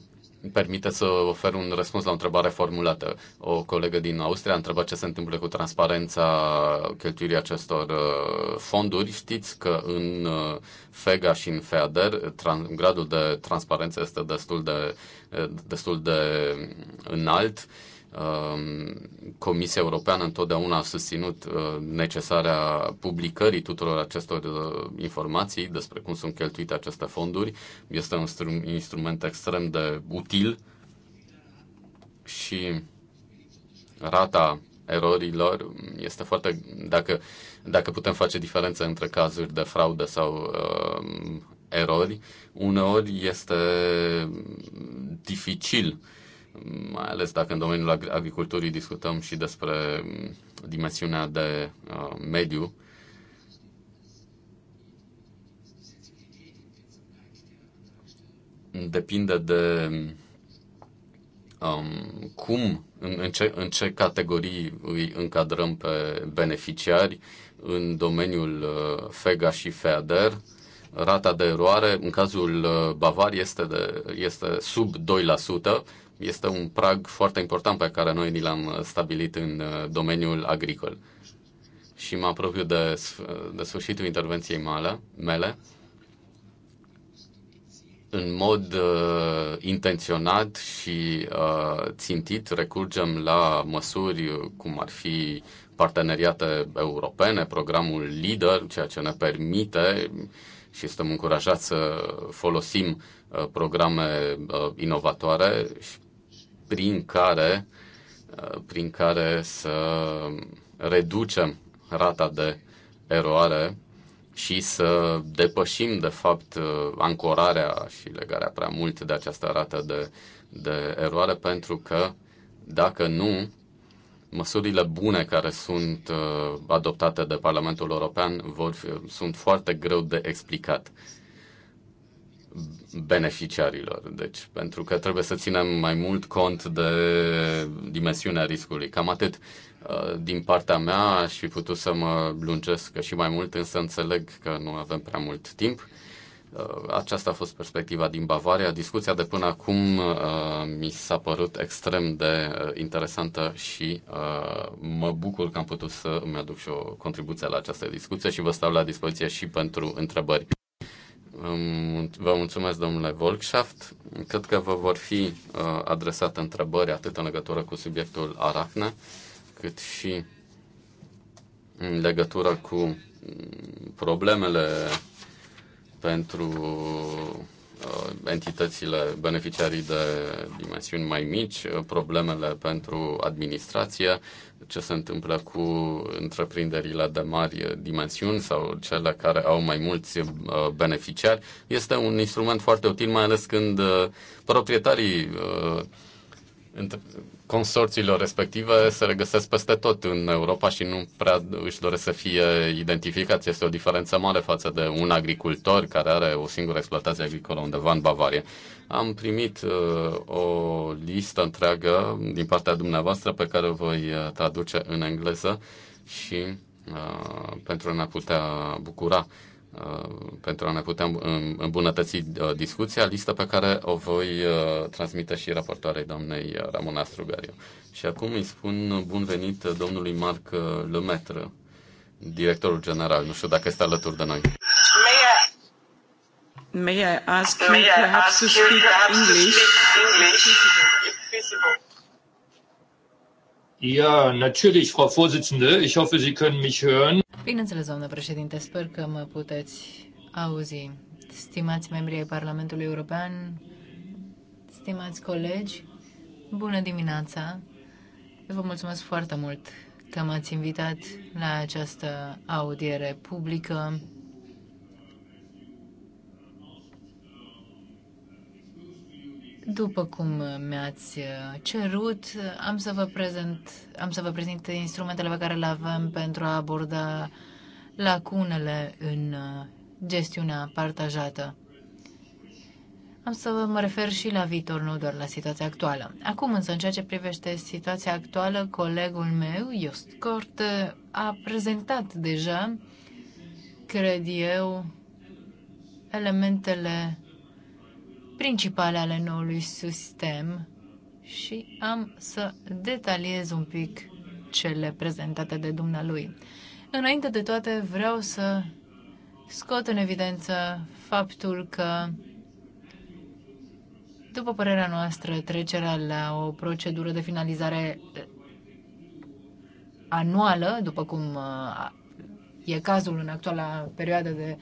D: permite să ofer un răspuns la o întrebare formulată. O colegă din Austria a întrebat ce se întâmplă cu transparența cheltuirii acestor uh, fonduri. Știți că în FEGA și în FEADER gradul de transparență este destul de, destul de înalt. Um, Comisia Europeană întotdeauna a susținut uh, necesarea publicării tuturor acestor uh, informații despre cum sunt cheltuite aceste fonduri. Este un instrument extrem de util și rata erorilor este foarte... Dacă, dacă putem face diferență între cazuri de fraudă sau uh, erori, uneori este dificil uh, mai ales dacă în domeniul agriculturii discutăm și despre mm, dimensiunea de uh, mediu. Depinde de um, cum, în, în, ce, în ce categorii îi încadrăm pe beneficiari în domeniul uh, FEGA și FEADER rata de eroare în cazul uh, Bavar este, de, este sub este un prag foarte important pe care noi ni l-am uh, stabilit în uh, domeniul agricol. Și mă apropiu de, uh, de sfârșitul intervenției mele, mele în mod uh, intenționat și uh, țintit recurgem la măsuri cum ar fi parteneriate europene, programul LEADER, ceea ce ne permite și suntem încurajați să folosim uh, programe uh, inovatoare și prin care, uh, prin care să reducem rata de eroare și să depășim, de fapt, uh, ancorarea și legarea prea mult de această rată de, de eroare, pentru că, dacă nu, măsurile bune care sunt uh, adoptate de Parlamentul European vor, sunt foarte greu de explicat beneficiarilor. Deci, pentru că trebuie să ținem mai mult cont de dimensiunea riscului. Cam atât uh, din partea mea aș fi putut să mă lungesc și mai mult, însă înțeleg că nu avem prea mult timp. Uh, aceasta a fost perspectiva din Bavaria. Discuția de până acum uh, mi s-a părut extrem de interesantă și mă bucur că am putut să îmi aduc și o contribuție la această discuție și vă stau la dispoziție și pentru întrebări. Vă mulțumesc, domnule Volkshaft. Cred că vă vor fi uh, adresate întrebări atât în legătură cu subiectul arachne, cât și în legătură cu mm, problemele pentru uh, entitățile beneficiarii de dimensiuni mai mici, uh, problemele pentru administrație, ce se întâmplă cu întreprinderile de mari dimensiuni sau cele care au mai mulți uh, beneficiari. Este un instrument foarte util, mai ales când uh, proprietarii uh, consorțiilor respective se regăsesc peste tot în Europa și nu prea își doresc să fie identificați. Este o diferență mare față de un agricultor care are o singură exploatație agricolă undeva în Bavaria. Am primit uh, o listă întreagă din partea dumneavoastră pe care o voi uh, traduce în engleză și uh, pentru a ne putea bucura Uh, pentru a ne putea îmbunătăți uh, discuția, listă pe care o voi uh, transmite și raportoarei doamnei Ramona Strugariu. Și acum îi spun bun venit domnului Marc Lemaitre, directorul general. Nu știu dacă este alături de noi.
E: May I ask you perhaps to speak English?
F: Ja, natürlich, Frau Vorsitzende. Ich hoffe, Sie können mich hören.
A: Bineînțeles, doamnă președinte, sper că mă puteți auzi. Stimați membrii ai Parlamentului European, stimați colegi, bună dimineața! Vă mulțumesc foarte mult că m-ați invitat la această audiere publică După cum mi-ați uh, cerut, am să vă prezent, am să vă prezint instrumentele pe care le avem pentru a aborda lacunele în uh, gestiunea partajată. Am să mă refer și la viitor, nu doar la situația actuală. Acum însă, în ceea ce privește situația actuală, colegul meu, Iost Cort, uh, a prezentat deja, cred eu, elementele principale ale noului sistem și am să detaliez un pic cele prezentate de dumnealui. Înainte de toate, vreau să scot în evidență faptul că, după părerea noastră, trecerea la o procedură de finalizare uh, anuală, după cum uh, e cazul în actuala perioadă de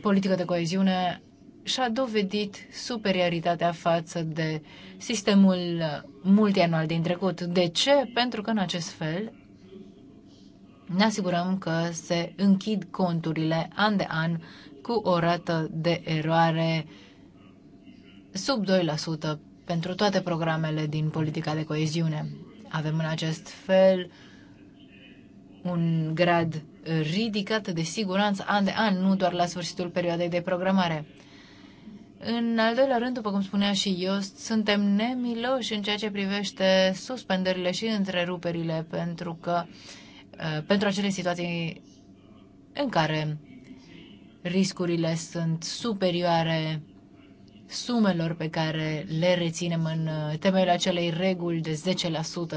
A: politică de coeziune, și-a dovedit superioritatea față de sistemul multianual din trecut. De ce? Pentru că în acest fel ne asigurăm că se închid conturile an de an cu o rată de eroare sub 2% pentru toate programele din politica de coeziune. Avem în acest fel un grad ridicat de siguranță an de an, nu doar la sfârșitul perioadei de programare. În al doilea rând, după cum spunea și eu, suntem nemiloși în ceea ce privește suspendările și întreruperile pentru că ă, pentru acele situații în care riscurile sunt superioare sumelor pe care le reținem în ă, temeiul acelei reguli de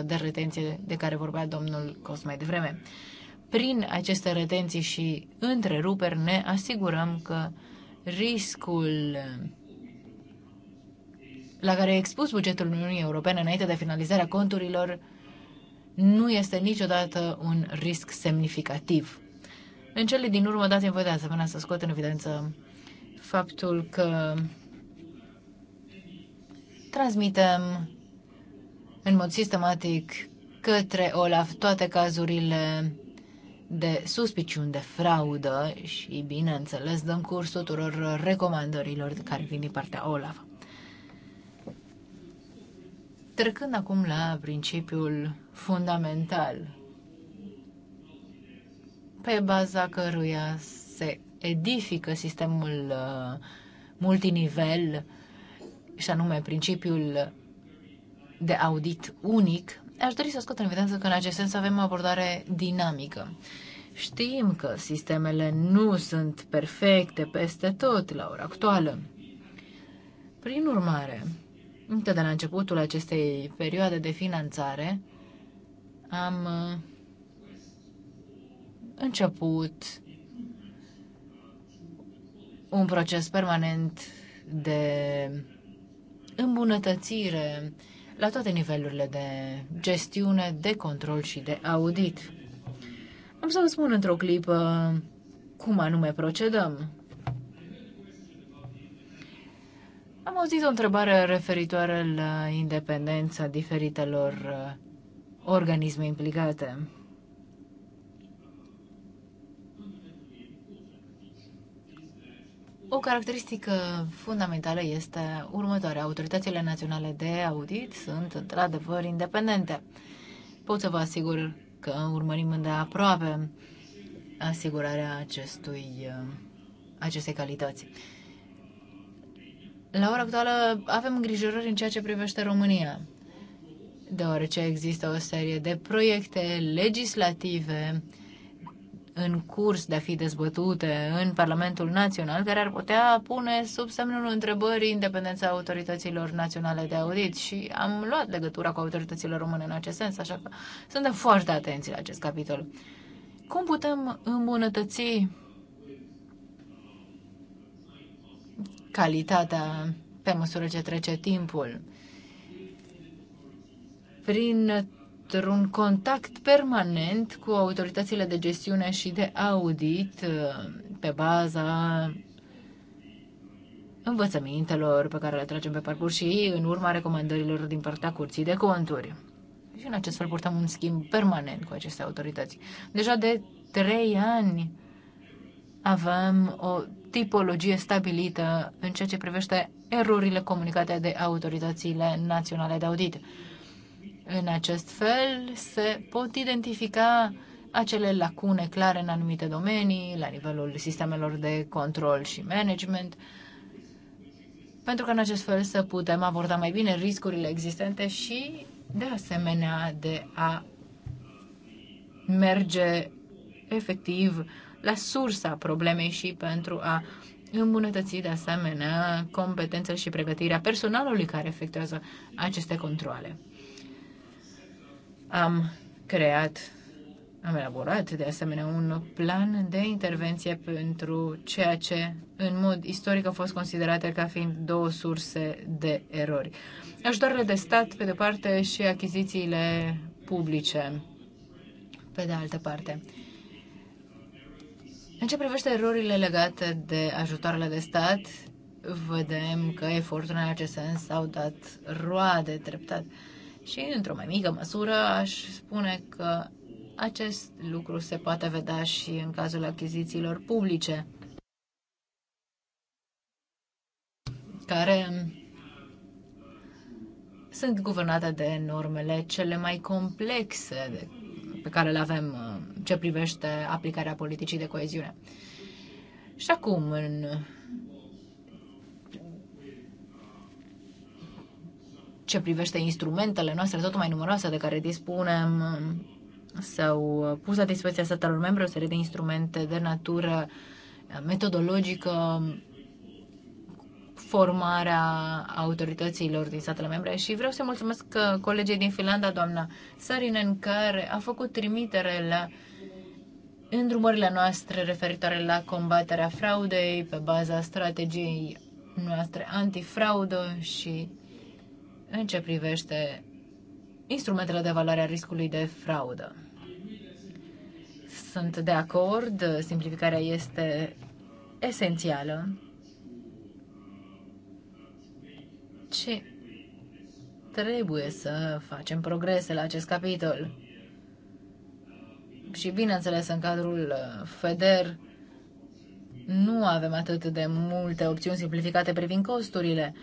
A: 10% de retenție de care vorbea domnul Cos mai devreme. Prin aceste retenții și întreruperi ne asigurăm că uh, riscul la care e expus bugetul Uniunii Europene înainte de finalizarea conturilor nu este niciodată un risc semnificativ. În cele din urmă, dați-mi voi de asemenea să scot în evidență faptul că transmitem în mod sistematic către Olaf toate cazurile de suspiciuni de fraudă și, bineînțeles, dăm curs tuturor recomandărilor care vin din partea OLAF. Trecând acum la principiul fundamental pe baza căruia se edifică sistemul uh, multinivel și anume principiul de audit unic, Aș dori să scot în evidență că în acest sens avem o abordare dinamică. Știm că sistemele nu sunt perfecte peste tot la ora actuală. Prin urmare, încă de la începutul acestei perioade de finanțare, am uh, început un proces permanent de îmbunătățire la toate nivelurile de gestiune, de control și de audit. Am să vă spun într-o clipă cum anume procedăm. Am auzit o întrebare referitoare la independența diferitelor uh, organisme implicate. O caracteristică fundamentală este următoarea. Autoritățile naționale de audit sunt într-adevăr independente. Pot să vă asigur că urmărim îndeaproape asigurarea acestui, uh, acestei calități. La ora actuală avem îngrijorări în ceea ce privește România, deoarece există o serie de proiecte legislative uh, în curs de a fi dezbătute în Parlamentul Național, care ar putea pune sub semnul întrebării independența autorităților naționale de audit și am luat legătura cu autoritățile române în acest sens, așa că suntem foarte atenți la acest capitol. Cum putem îmbunătăți calitatea pe măsură ce trece timpul? Prin într-un contact permanent cu autoritățile de gestiune și de audit uh, pe baza învățămintelor pe care le tragem pe parcurs și în urma recomandărilor din partea curții de conturi. Și în acest fel purtăm un schimb permanent cu aceste autorități. Deja de trei ani avem o tipologie stabilită în ceea ce privește erorile comunicate de autoritățile naționale de audit. În acest fel se pot identifica acele lacune clare în anumite domenii, la nivelul sistemelor de control și management, pentru că în acest fel să putem aborda mai bine riscurile existente și, de asemenea, de a merge efectiv la sursa problemei și pentru a îmbunătăți, de asemenea, competențele și pregătirea personalului care efectuează aceste controle. Am creat, am elaborat de asemenea un plan de intervenție pentru ceea ce în mod istoric au fost considerate ca fiind două surse de erori. Ajutoarele de stat, pe de parte, și achizițiile publice, pe de altă parte. În ce privește erorile legate de ajutoarele de stat, vedem că eforturile în acest sens au dat roade treptat. Și, într-o mai mică măsură, aș spune că acest lucru se poate vedea și în cazul achizițiilor publice, care sunt guvernate de normele cele mai complexe pe care le avem uh, ce privește aplicarea politicii de coeziune. Și acum, în ce privește instrumentele noastre tot mai numeroase de care dispunem, um, sau uh, pus la dispoziția statelor membre o serie de instrumente de natură uh, metodologică, um, formarea autorităților din statele membre și vreau să mulțumesc uh, colegii din Finlanda, doamna Sarinen, care a făcut trimitere la îndrumările noastre referitoare la combaterea fraudei pe baza strategiei noastre antifraudă și în ce privește instrumentele de evaluare a riscului de fraudă. Sunt de acord, simplificarea este esențială și trebuie să facem progrese la acest capitol. Și bineînțeles, în cadrul uh, FEDER nu avem atât de multe opțiuni simplificate privind costurile.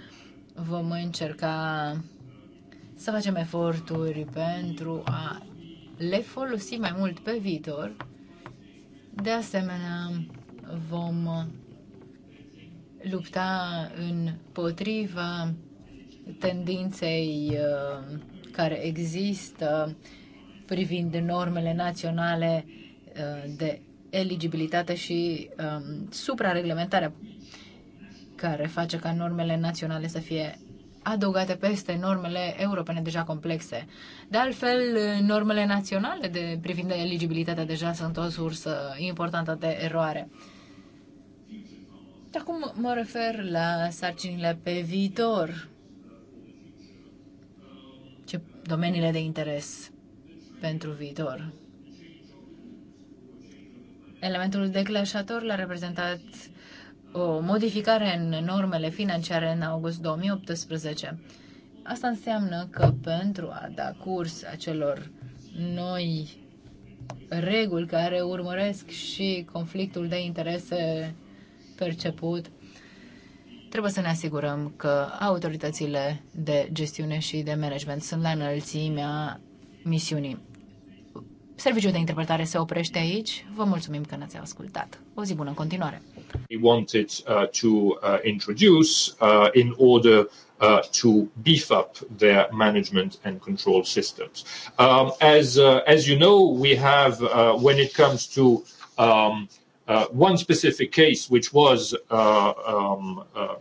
A: Vom încerca să facem eforturi pentru a le folosi mai mult pe viitor. De asemenea, vom lupta împotriva tendinței uh, care există privind normele naționale uh, de eligibilitate și um, suprareglementarea care face ca normele naționale să fie adăugate peste normele europene deja complexe. De altfel, normele naționale de privind de eligibilitatea deja sunt o sursă importantă de eroare. Acum mă refer la sarcinile pe viitor. Ce domeniile de interes pentru viitor? Elementul declanșator l-a reprezentat o modificare în normele financiare în august 2018. Asta înseamnă că pentru a da curs acelor noi reguli care urmăresc și conflictul de interese perceput, trebuie să ne asigurăm că autoritățile de gestiune și de management sunt la înălțimea misiunii. Serviciul de interpretare se oprește aici. Vă mulțumim că ne-ați ascultat. O zi bună în continuare!
F: he wanted uh, to uh, introduce uh, in order uh, to beef up their management and control systems. Um, as, uh, as you know, we have, uh, when it comes to um, uh, one specific case, which was uh, um, uh,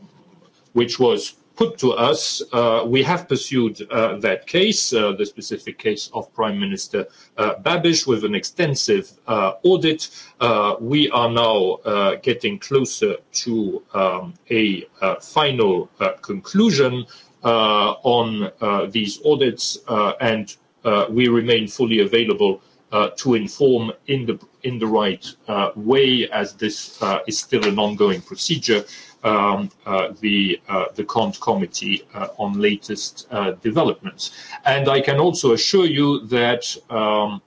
F: which was put to us, uh, we have pursued uh, that case, uh, the specific case of Prime Minister uh, Babish, with an extensive uh, audit. Uh, we are now uh, getting closer to um, a uh, final uh, conclusion uh, on uh, these audits, uh, and uh, we remain fully available uh, to inform in the in the right uh, way, as this uh, is still an ongoing procedure um, uh, the uh, the Cont Committee uh, on latest uh, developments. And I can also assure you that um,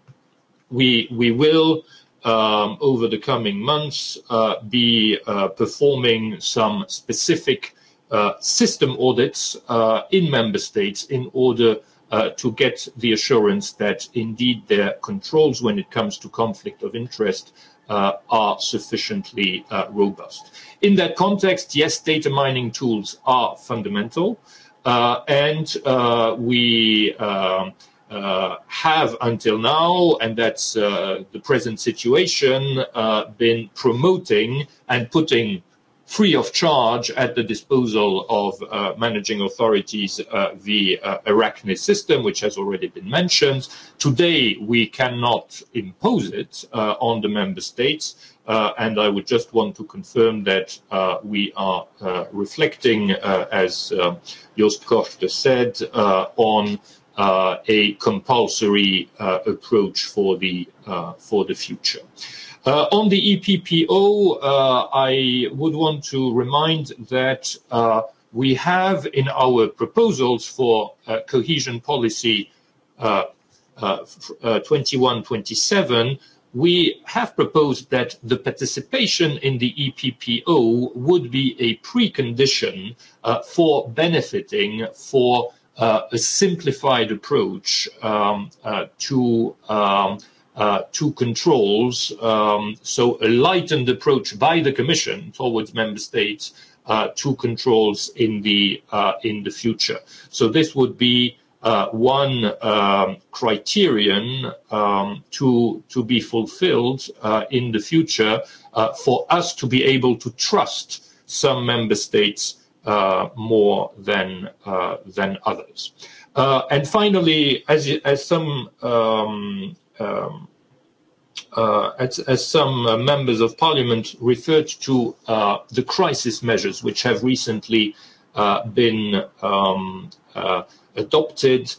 F: we we will. Um, over the coming months, uh, be uh, performing some specific uh, system audits uh, in member states in order uh, to get the assurance that indeed their controls when it comes to conflict of interest uh, are sufficiently uh, robust. In that context, yes, data mining tools are fundamental, uh, and uh, we uh, uh, have until now, and that's uh, the present situation, uh, been promoting and putting free of charge at the disposal of uh, managing authorities uh, the uh, arachne system, which has already been mentioned. Today, we cannot impose it uh, on the member states. Uh, and I would just want to confirm that uh, we are uh, reflecting, uh, as uh, jost Koster said, uh, on uh, a compulsory uh, approach for the, uh, for the future. Uh, Uh, on the EPPO, uh, I would want to remind that uh, we have in our proposals for uh, cohesion policy uh, uh, uh, 21-27, we have proposed that the participation in the EPPO would be a precondition uh, for benefiting for uh, a simplified approach um, uh, to um, uh, to controls. Um, so a lightened approach by the Commission towards member states uh, to controls in the uh, in the future. So this would be uh, one um, criterion um, to to be fulfilled uh, in the future uh, for us to be able to trust some member states uh, more than uh, than others. Uh, and finally, as as some um, um, uh, as, as, some uh, members of parliament referred to uh, the crisis measures which have recently uh, been um, uh, adopted,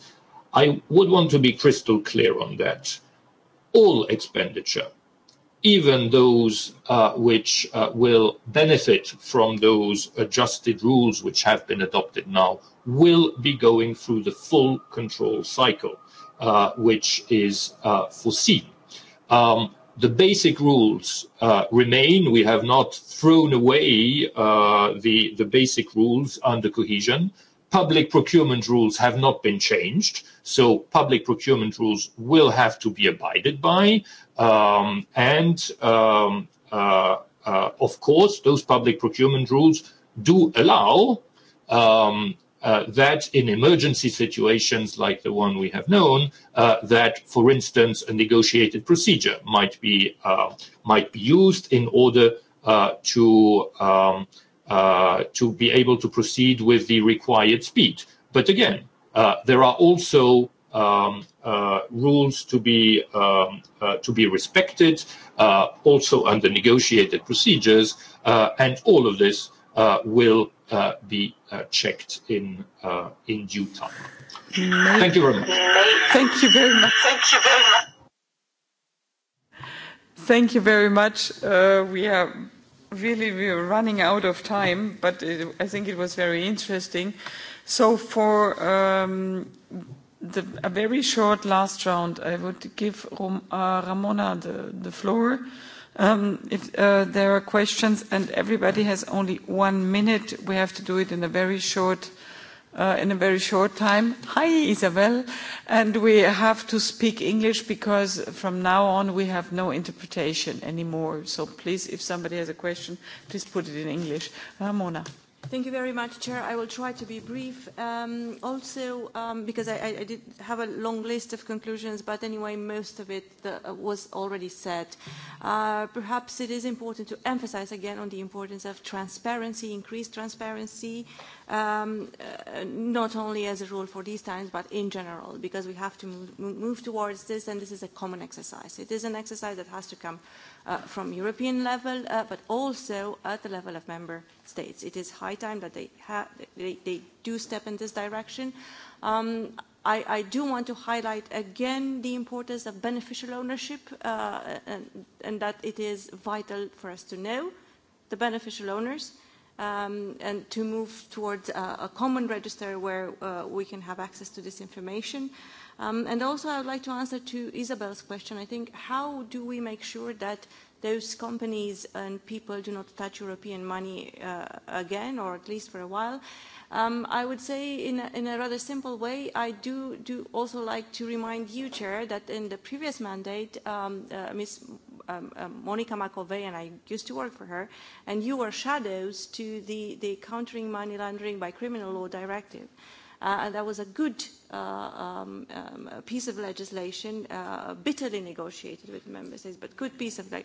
F: I would want to be crystal clear on that. All expenditure, even those uh, which will benefit from those adjusted rules which have been adopted now, will be going through the full control cycle Uh, which is uh, foreseen. Um, the basic rules uh, remain. We have not thrown away uh, the, the basic rules under cohesion. Public procurement rules have not been changed, so public procurement rules will have to be abided by. Um, and um, uh, uh of course, those public procurement rules do allow um, Uh, that in emergency situations like the one we have known, uh, that, for instance, a negotiated procedure might be uh, might be used in order to um, to be able to proceed with the required speed. But again, there are also um, uh, rules to be um, uh, to be respected, uh, also under negotiated procedures, and all of this will Uh, be uh, checked in uh, in due time.
J: Thank
F: you very much.
E: Thank you very much. Thank you very much. Thank you very much. Uh, we are really we are running out of time, but it, I think it was very interesting. So for um, the, a very short last round, I would give Rom, uh, Ramona the, the floor. Um, uh, there are questions, and everybody has only one minute. We have to do it in a very short, uh, in a very short time. Hi, Isabel, and we have to speak English because from now on we have no interpretation anymore. So please, if somebody has a question, please put it in English. Ramona. Uh,
B: Thank you very much, Chair. I will try to be brief. Um, also, um, because I, I did have a long list of conclusions, but anyway, most of it the, uh, was already said. Uh, perhaps it is important to emphasize again on the importance of transparency, increased transparency, um, uh, not only as a rule for these times, but in general, because we have to move, move towards this, and this is a common exercise. It is an exercise that has to come uh, from European level, uh, but also at the level of member states. It is high time that they, ha they, they do step in this direction. Um, I, I do want to highlight again the importance of beneficial ownership uh, and, and that it is vital for us to know the beneficial owners um, and to move towards uh, a common register where uh, we can have access to this information. Uh, Um, and also I would like to answer to Isabel's question. I think how do we make sure that those companies and people do not touch European money uh, again, or at least for a while? Um, I would say in a, in a rather simple way, I do, do also like to remind you, Chair, that in the previous mandate, um, uh, Ms. Um, um, Monica McAvey, and I used to work for her, and you were shadows to the, the Countering Money Laundering by Criminal Law Directive. Uh, and that was a good uh, um, um, piece of legislation, uh, bitterly negotiated with member states, but good piece of le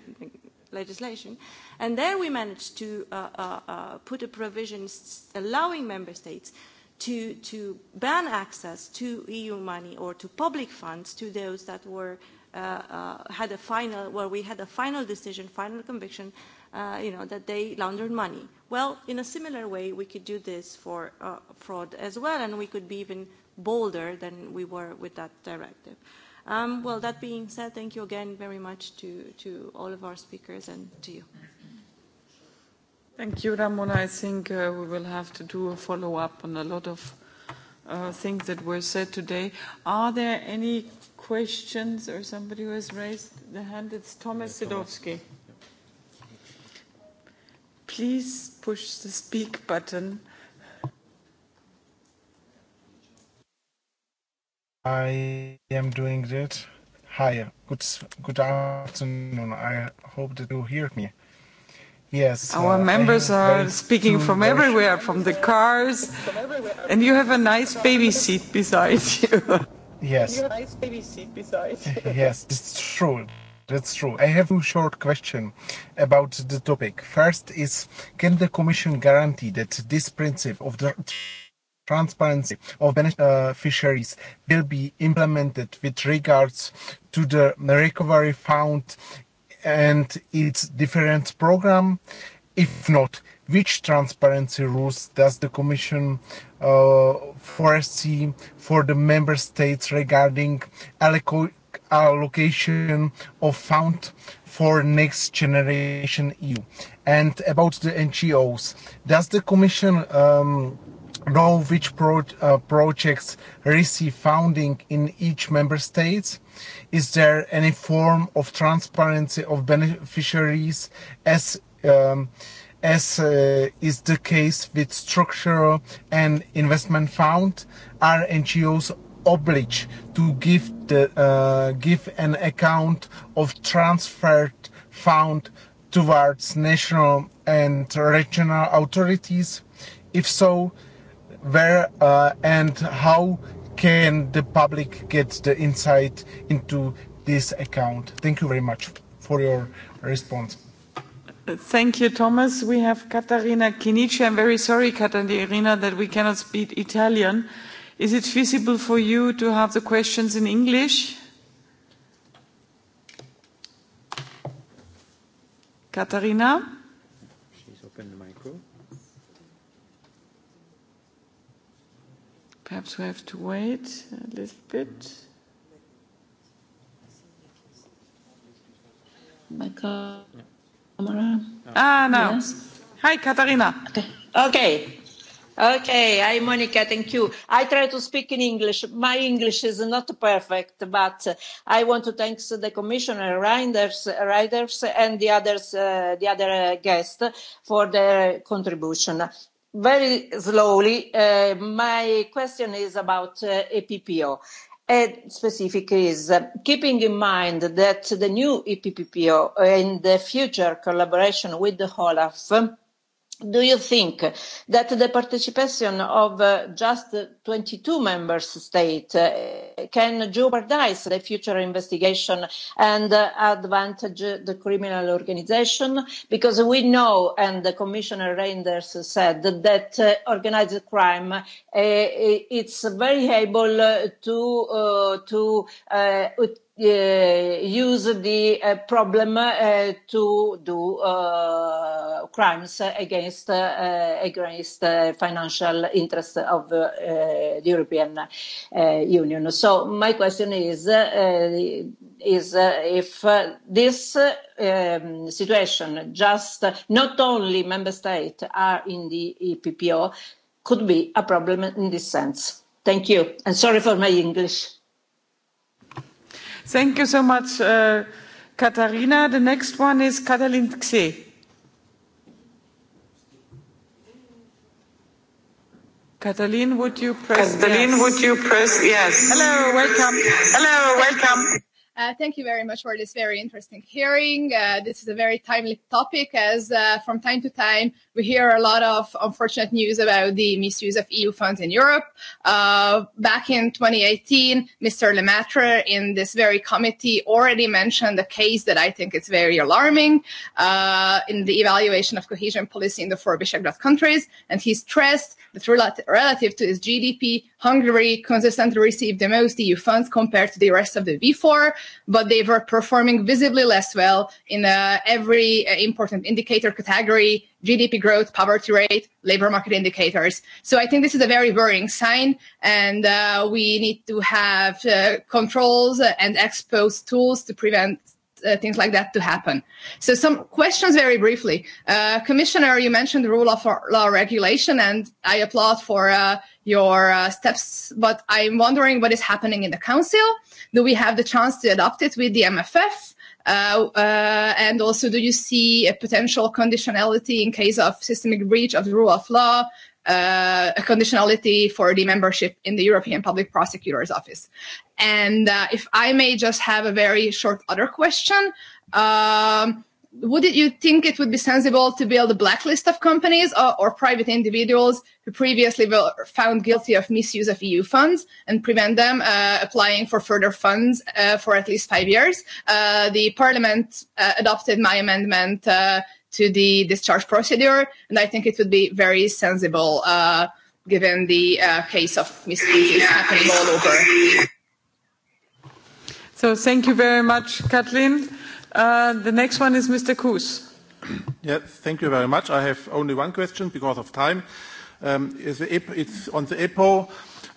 B: legislation. And there we managed to uh, uh, uh, put a provision allowing member states to, to ban access to EU money or to public funds to those that were uh, uh, had a final, where well, we had a final decision, final conviction uh, you know, that they laundered money. Well, in a similar way, we could do this for uh, fraud as well, and we could be even bolder than we were with that directive. Um, well, that being said, thank you again very much to, to
E: all of our speakers and to you. Thank you, Ramona. I think uh, we will have to do a follow-up on a lot of uh, things that were said today. Are there any questions or somebody who has raised the hand? It's Thomas Sidowski. Thomas. Please push the speak button.
K: I am doing it. Hi, good, good afternoon. I hope that you hear me. Yes. Our uh, members are speaking from
E: everywhere, from the cars, and you have a nice baby seat beside you. Yes. You have a nice baby seat beside you. yes,
K: it's true. That's true. I have two short question about the topic. First is, can the Commission guarantee that this principle of the transparency of beneficiaries will be implemented with regards to the recovery fund and its different program? If not, which transparency rules does the Commission uh, foresee for the member states regarding allocation? allocation of fund for next generation EU. And about the NGOs, does the Commission um, know which pro uh, projects receive funding in each member state? Is there any form of transparency of beneficiaries as um, as uh, is the case with structural and investment fund? Are NGOs obliged to give the uh, give an account of transferred fund towards national and regional authorities? If so, where uh, and how can the public get the insight into this account? Thank you very much for your response.
E: Thank you, Thomas. We have Katarina Kinici. I'm very sorry, Katarina, that we cannot speak Italian. Is it feasible for you to have the questions in English? Katarina?
H: She's opened the micro.
E: Perhaps we have to wait a little bit. My
I: camera.
E: Ah, now. Yes. Hi, Katarina. Okay. okay.
L: Okay, hi Monica, thank you. I try to speak in English. My English is not perfect, but I want to thank the Commissioner Reinders, Reinders and the others, uh, the other guests for their contribution. Very slowly, uh, my question is about uh, EPPO. And specific is uh, keeping in mind that the new EPPPO and the future collaboration with the OLAF do you think that the participation of uh, just 22 member states uh, can jeopardize the future investigation and uh, advantage the criminal organization? Because we know, and the Commissioner Reinders said, that uh, organized crime, uh, it's very able to, uh, to uh, Uh, use the uh, problem uh, to do crimes against against financial interests of the European Union. So my question is is if this um, situation just not only member states are in the EPPO could be a problem in this sense. Thank you, and sorry for my English.
E: Thank you so much, uh, Katarina. The next one is Katalin Xe. Katalin, would you press Katalin, yes? would you press yes? Hello,
C: welcome. Hello,
M: welcome. Uh, thank you very much for this very interesting hearing. Uh, this is a very timely topic as uh, from time to time we hear a lot of unfortunate news about the misuse of EU funds in Europe. Uh, back in 2018, Mr. Lemaitre in this very committee already mentioned a case that I think is very alarming uh, in the evaluation of cohesion policy in the four Bishek countries. And he stressed that relative to its GDP, Hungary consistently received the most EU funds compared to the rest of the V4, but they were performing visibly less well in uh, every uh, important indicator category, GDP growth, poverty rate, labor market indicators. So I think this is a very worrying sign, and uh, we need to have uh, controls and exposed tools to prevent uh, things like that to happen. So some questions very briefly. Uh, Commissioner, you mentioned the rule of law regulation and I applaud for uh, your uh, steps, but I'm wondering what is happening in the council. Do we have the chance to adopt it with the MFF? Uh, uh, and also, do you see a potential conditionality in case of systemic breach of the rule of law uh, a conditionality for the membership in the European Public Prosecutor's Office. And uh, if I may just have a very short other question, um, would it, you think it would be sensible to build a blacklist of companies or, or private individuals who previously were found guilty of misuse of EU funds and prevent them uh, applying for further funds uh, for at least five years? Uh, the Parliament uh, adopted my amendment. Uh, to the discharge procedure. And I think it would be very sensible uh, given the uh, case of misuses happening all over. So thank you very much, Kathleen. Uh, the next one
E: is Mr. Kuz. Yeah, thank you very much. I have only one question because of time.
K: Um, is the, it's on the EPO.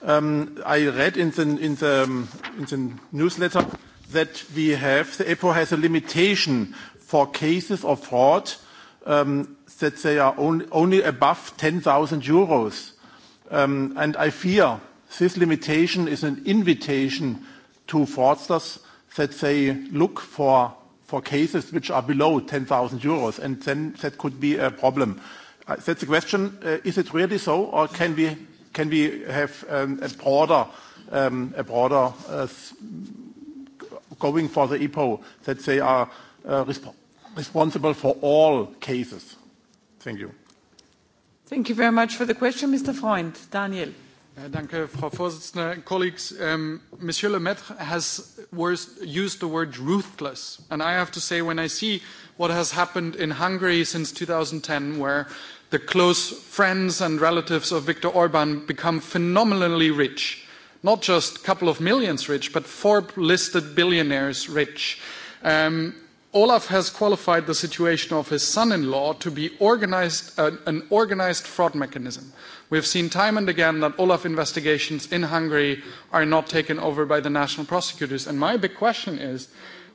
K: Um, I read in the, in, the, in the newsletter that we have, the EPO has a limitation for cases of fraud Um, that they are only above 10,000 euros. Um, and I fear this limitation is an invitation to fraudsters that they look for, for cases which are below 10,000 euros, and then that could be a problem. Uh, that's the question. Uh, is it really so, or can we, can we have um, a broader, a broader uh, going for the EPO, that they are responsible for all cases. Thank you.
J: Thank you very much for the question, Mr. Freund. Daniel. Thank danke, Frau Vorsitzende. Colleagues, um, Monsieur Le Maître has used the word ruthless. And I have to say, when I see what has happened in Hungary since 2010, where the close friends and relatives of Viktor Orban become phenomenally rich, not just a couple of millions rich, but four listed billionaires rich, um, Olaf has qualified the situation of his son-in-law to be organized, uh, an organized fraud mechanism. We have seen time and again that Olaf investigations in Hungary are not taken over by the national prosecutors. And my big question is,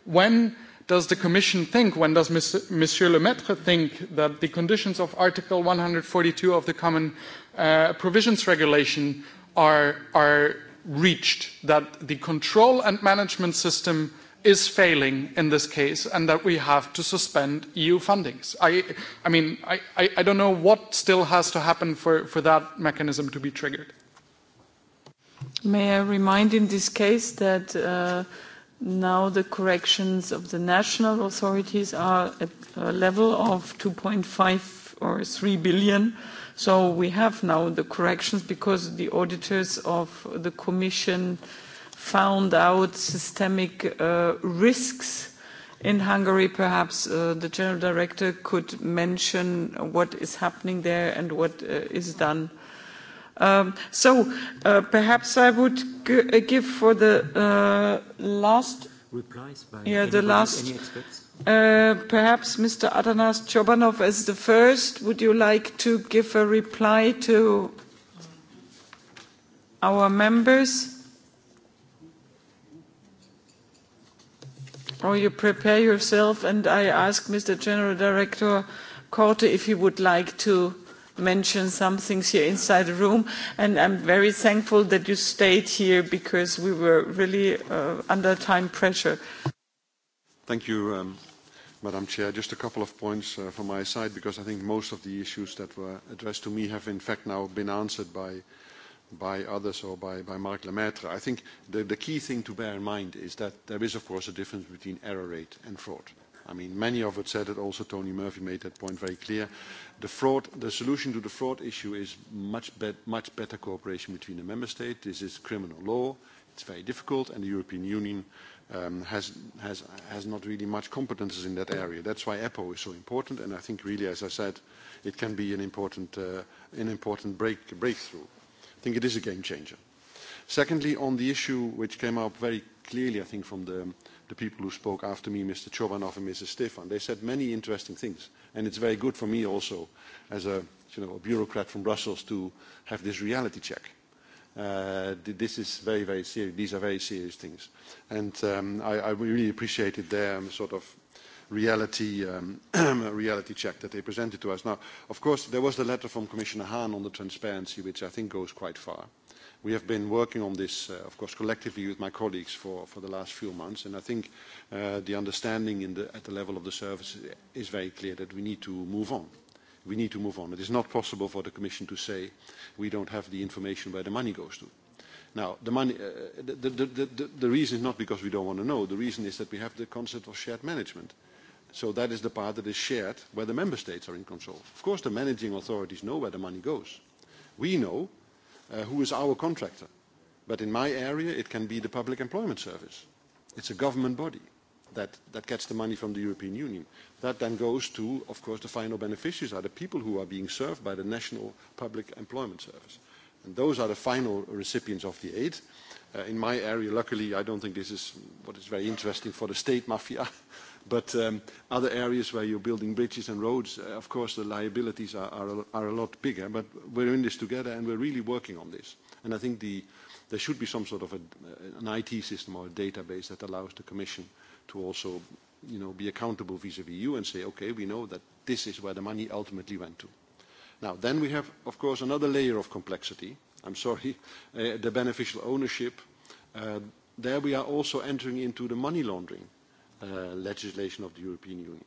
J: when does the Commission think, when does Monsieur Le Maître think that the conditions of Article 142 of the Common uh, Provisions Regulation are, are reached, that the control and management system – is failing in this case and that we have to suspend EU fundings. I, I mean, I, I, I don't know what still has to happen for, for that mechanism to be triggered.
E: May I remind in this case that uh, now the corrections of the national authorities are at a level of 2.5 or 3 billion. So we have now the corrections because the auditors of the Commission found out systemic uh, risks in Hungary. Perhaps uh, the General Director could mention what is happening there and what uh, is done. Um, so uh, perhaps I would uh, give for the last replies by yeah, the last, any Uh, perhaps Mr. Adanas Chobanov as the first. Would you like to give a reply to our members? or oh, you prepare yourself, and I ask Mr. General Director Korte if he would like to mention some things here inside the room. And I'm very thankful that you stayed here because we were really uh, under time
N: pressure. Thank you, um, Madam Chair. Just a couple of points uh, from my side because I think most of the issues that were addressed to me have in fact now been answered by by others or by, by Marc Lemaitre. I think the, the key thing to bear in mind is that there is, of course, a difference between error rate and fraud. I mean, many of us said it, also Tony Murphy made that point very clear. The fraud, the solution to the fraud issue is much, be much better cooperation between the member states. This is criminal law. It's very difficult, and the European Union um, has, has, has not really much competences in that area. That's why EPO is so important, and I think really, as I said, it can be an important, uh, an important break, breakthrough. I think it is a game changer. Secondly, on the issue which came up very clearly, I think, from the, the people who spoke after me, Mr. Chobanov and Mrs. Stefan, they said many interesting things. And it's very good for me also, as a, you know, a bureaucrat from Brussels, to have this reality check. Uh, this is very, very serious. These are very serious things. And um, I, I really appreciated their um, sort of reality, um, reality check that they presented to us. Now, of course, there was the letter from Commissioner Hahn on the transparency, which I think goes quite far. We have been working on this, uh, of course, collectively with my colleagues for, for the last few months, and I think uh, the understanding in the, at the level of the service is very clear that we need to move on. We need to move on. It is not possible for the Commission to say we don't have the information where the money goes to. Now, the, money, uh, the, the, the, the reason is not because we don't want to know. The reason is that we have the concept of shared management. Uh, So that is the part that is shared where the member states are in control. Of course, the managing authorities know where the money goes. We know uh, who is our contractor. But in my area, it can be the Public Employment Service. It's a government body that, that gets the money from the European Union. That then goes to, of course, the final beneficiaries are the people who are being served by the National Public Employment Service. And those are the final recipients of the aid. Uh, in my area, luckily, I don't think this is what is very interesting for the state mafia. But um, other areas where you're building bridges and roads, uh, of course, the liabilities are, a, lot bigger. But we're in this together, and we're really working on this. And I think there should be some sort of an IT system or a database that allows the Commission to also, you know, be accountable vis-à-vis you and say, okay, we know that this is where the money ultimately went to. Now, then we have, of course, another layer of complexity. I'm sorry, uh, the beneficial ownership. Uh, there we are also entering into the money laundering Uh, legislation of the European Union.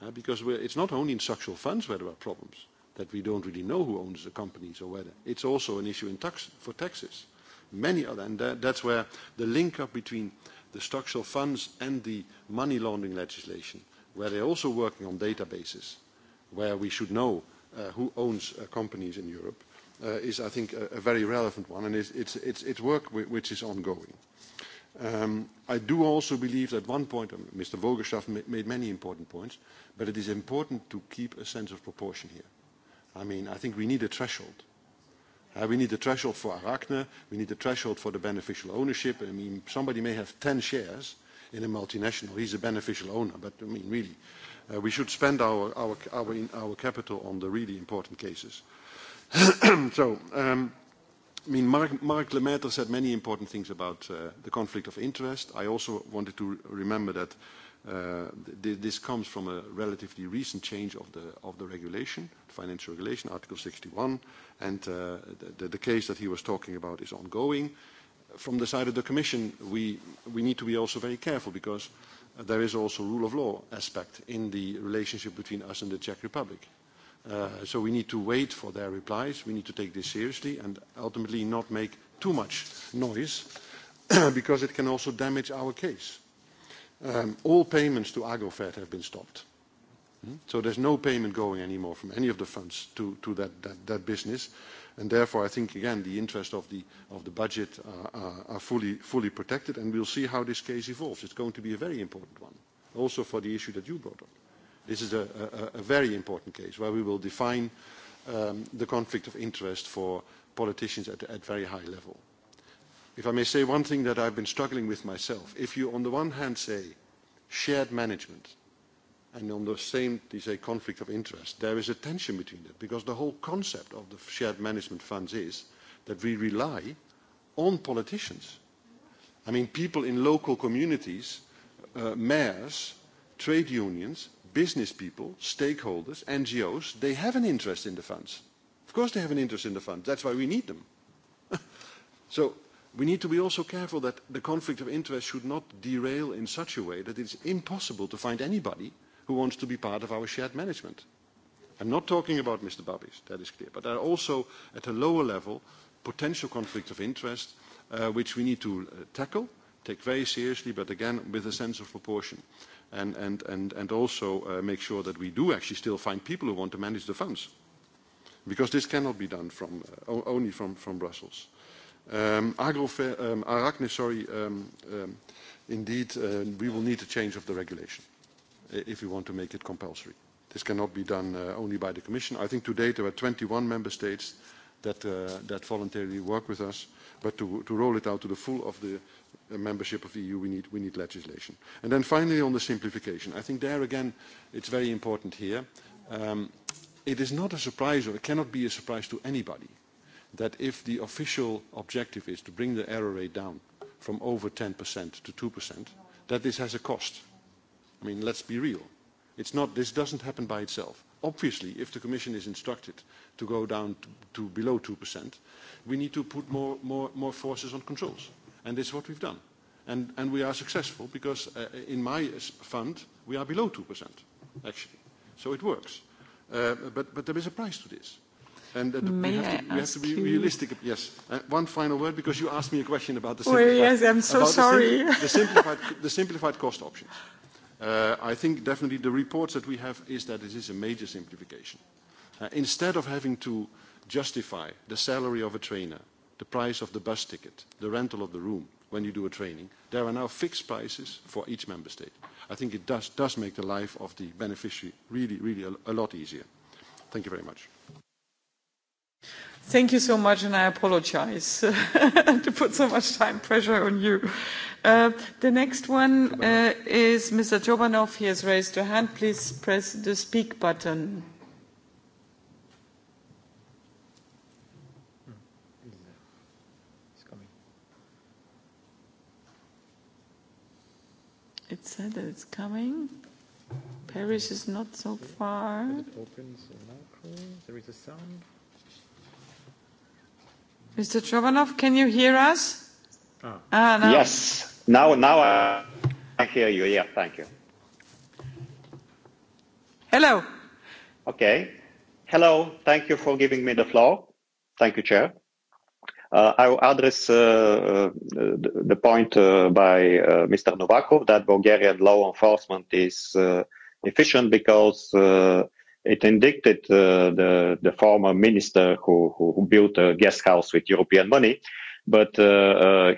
N: Uh, because we're, it's not only in structural funds where there are problems, that we don't really know who owns the companies or whether. It's also an issue in tax, for taxes. Many other, and that, that's where the link up between the structural funds and the money laundering legislation, where they're also working on databases, where we should know uh, who owns uh, companies in Europe, uh, is, I think, a, a very relevant one, and it's, it's, it's, it's work which is ongoing. Uh, Um, I do also believe that one point, Mr. Um, Vogelschaft made many important points, but it is important to keep a sense of proportion here. I mean, I think we need a threshold. Uh, we need a threshold for Arachne, we need a threshold for the beneficial ownership. I mean, somebody may have 10 shares in a multinational, he's a beneficial owner, but I mean, really, uh, we should spend our, our, our, our capital on the really important cases. so, um, I mean, Mark, Mark Lemaitre said many important things about uh, the conflict of interest. I also wanted to remember that uh, th this comes from a relatively recent change of the, of the regulation, the financial regulation, Article 61, and uh, the, the case that he was talking about is ongoing. From the side of the Commission, we, we need to be also very careful because there is also rule of law aspect in the relationship between us and the Czech Republic Uh, so we need to wait for their replies. We need to take this seriously and ultimately not make too much noise because it can also damage our case. Um, all payments to Agrofert have been stopped. Hmm? So there's no payment going anymore from any of the funds to, to that, that, that business. And therefore, I think, again, the interest of the, of the budget are, uh, are, uh, are fully, fully protected, and we'll see how this case evolves. It's going to be a very important one, also for the issue that you brought up. This is a, a, a very important case where we will define um, the conflict of interest for politicians at, at very high level. If I may say one thing that I've been struggling with myself, if you on the one hand say shared management and on the same you say conflict of interest, there is a tension between that because the whole concept of the shared management funds is that we rely on politicians. I mean, people in local communities, uh, mayors, trade unions business people, stakeholders, NGOs, they have an interest in the funds. Of course they have an interest in the funds. That's why we need them. so we need to be also careful that the conflict of interest should not derail in such a way that it's impossible to find anybody who wants to be part of our shared management. I'm not talking about Mr. Babis, that is clear, but there are also at a lower level potential conflicts of interest uh, which we need to uh, tackle, take very seriously, but again with a sense of proportion and, also uh, make sure that we do actually still find people who want to manage the funds. Because this cannot be done from, uh, only from, Brussels. Um, um, Arachne, sorry, um, indeed, uh, we will need a change of the regulation if we want to make it compulsory. This cannot be done only by the Commission. I think to date there are 21 member states that, voluntarily work with us, but to roll it out to the full of the membership of the EU, we need, we need legislation. And then finally on the simplification, I think there again it's very important here. Um, it is not a surprise, or it cannot be a surprise to anybody, that if the official objective is to bring the error rate down from over 10% to 2%, that this has a cost. I mean, let's be real. It's not, this doesn't happen by itself. Obviously, if the Commission is instructed to go down to, to below 2%, we need to put more, more, more forces on controls. And this is what we've done. And, and we are successful because uh, uh in my fund, we are below 2%, actually. So it works. Uh, but, but there is a price to this. And uh, May we, have I to, we have to be you... realistic. Yes. Uh, one final word, because you asked me a question about the simplified. Well, yes, I'm so sorry. The, sim the, simplified, the simplified cost options. Uh, I think definitely the reports that we have is that it is a major simplification. Uh, instead of having to justify the salary of a trainer, the price of the bus ticket, the rental of the room when you do a training. There are now fixed prices for each member state. I think it does, does make the life of the beneficiary really, really a, a lot easier. Thank you very much.
E: Thank you so much, and I apologize to put so much time pressure on you. Uh, the next one uh, is Mr. Jovanov. He has raised a hand. Please press the speak button. It said that it's coming. Paris is not so far.
K: There is a sound.
E: Mr. Trovanov, can you hear us? Ah. ah no.
G: Yes. Now, now uh, I hear you. Yeah, thank you. Hello. Okay. Hello. Thank you for giving me the floor. Thank you, Chair. Uh, I will address uh, the, uh, the, point uh, by uh, Mr. Novakov that Bulgarian law enforcement is efficient because it indicted the, the former minister who, who built a guest house with European money. But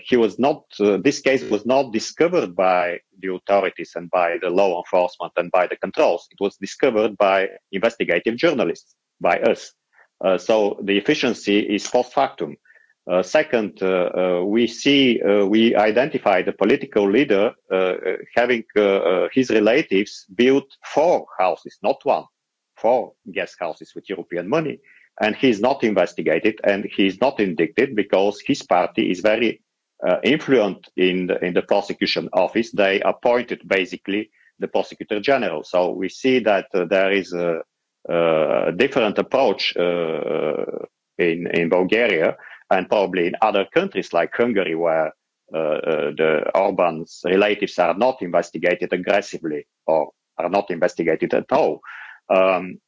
G: he was not, this case was not discovered by the authorities and by the law enforcement and by the controls. It was discovered by investigative journalists, by us. Uh, so the efficiency is post factum. Uh, second, uh, uh, we see, uh, we identify the political leader uh, uh, having his relatives build four houses, not one, four guest houses with European money. And he is not investigated and he is not indicted because his party is very influent in the, in the prosecution office. They appointed basically the prosecutor general. So we see that there is a, a different approach in, in Bulgaria and probably in other countries like Hungary, where uh, uh, the Orban's relatives are not investigated aggressively or are not investigated at all. Um,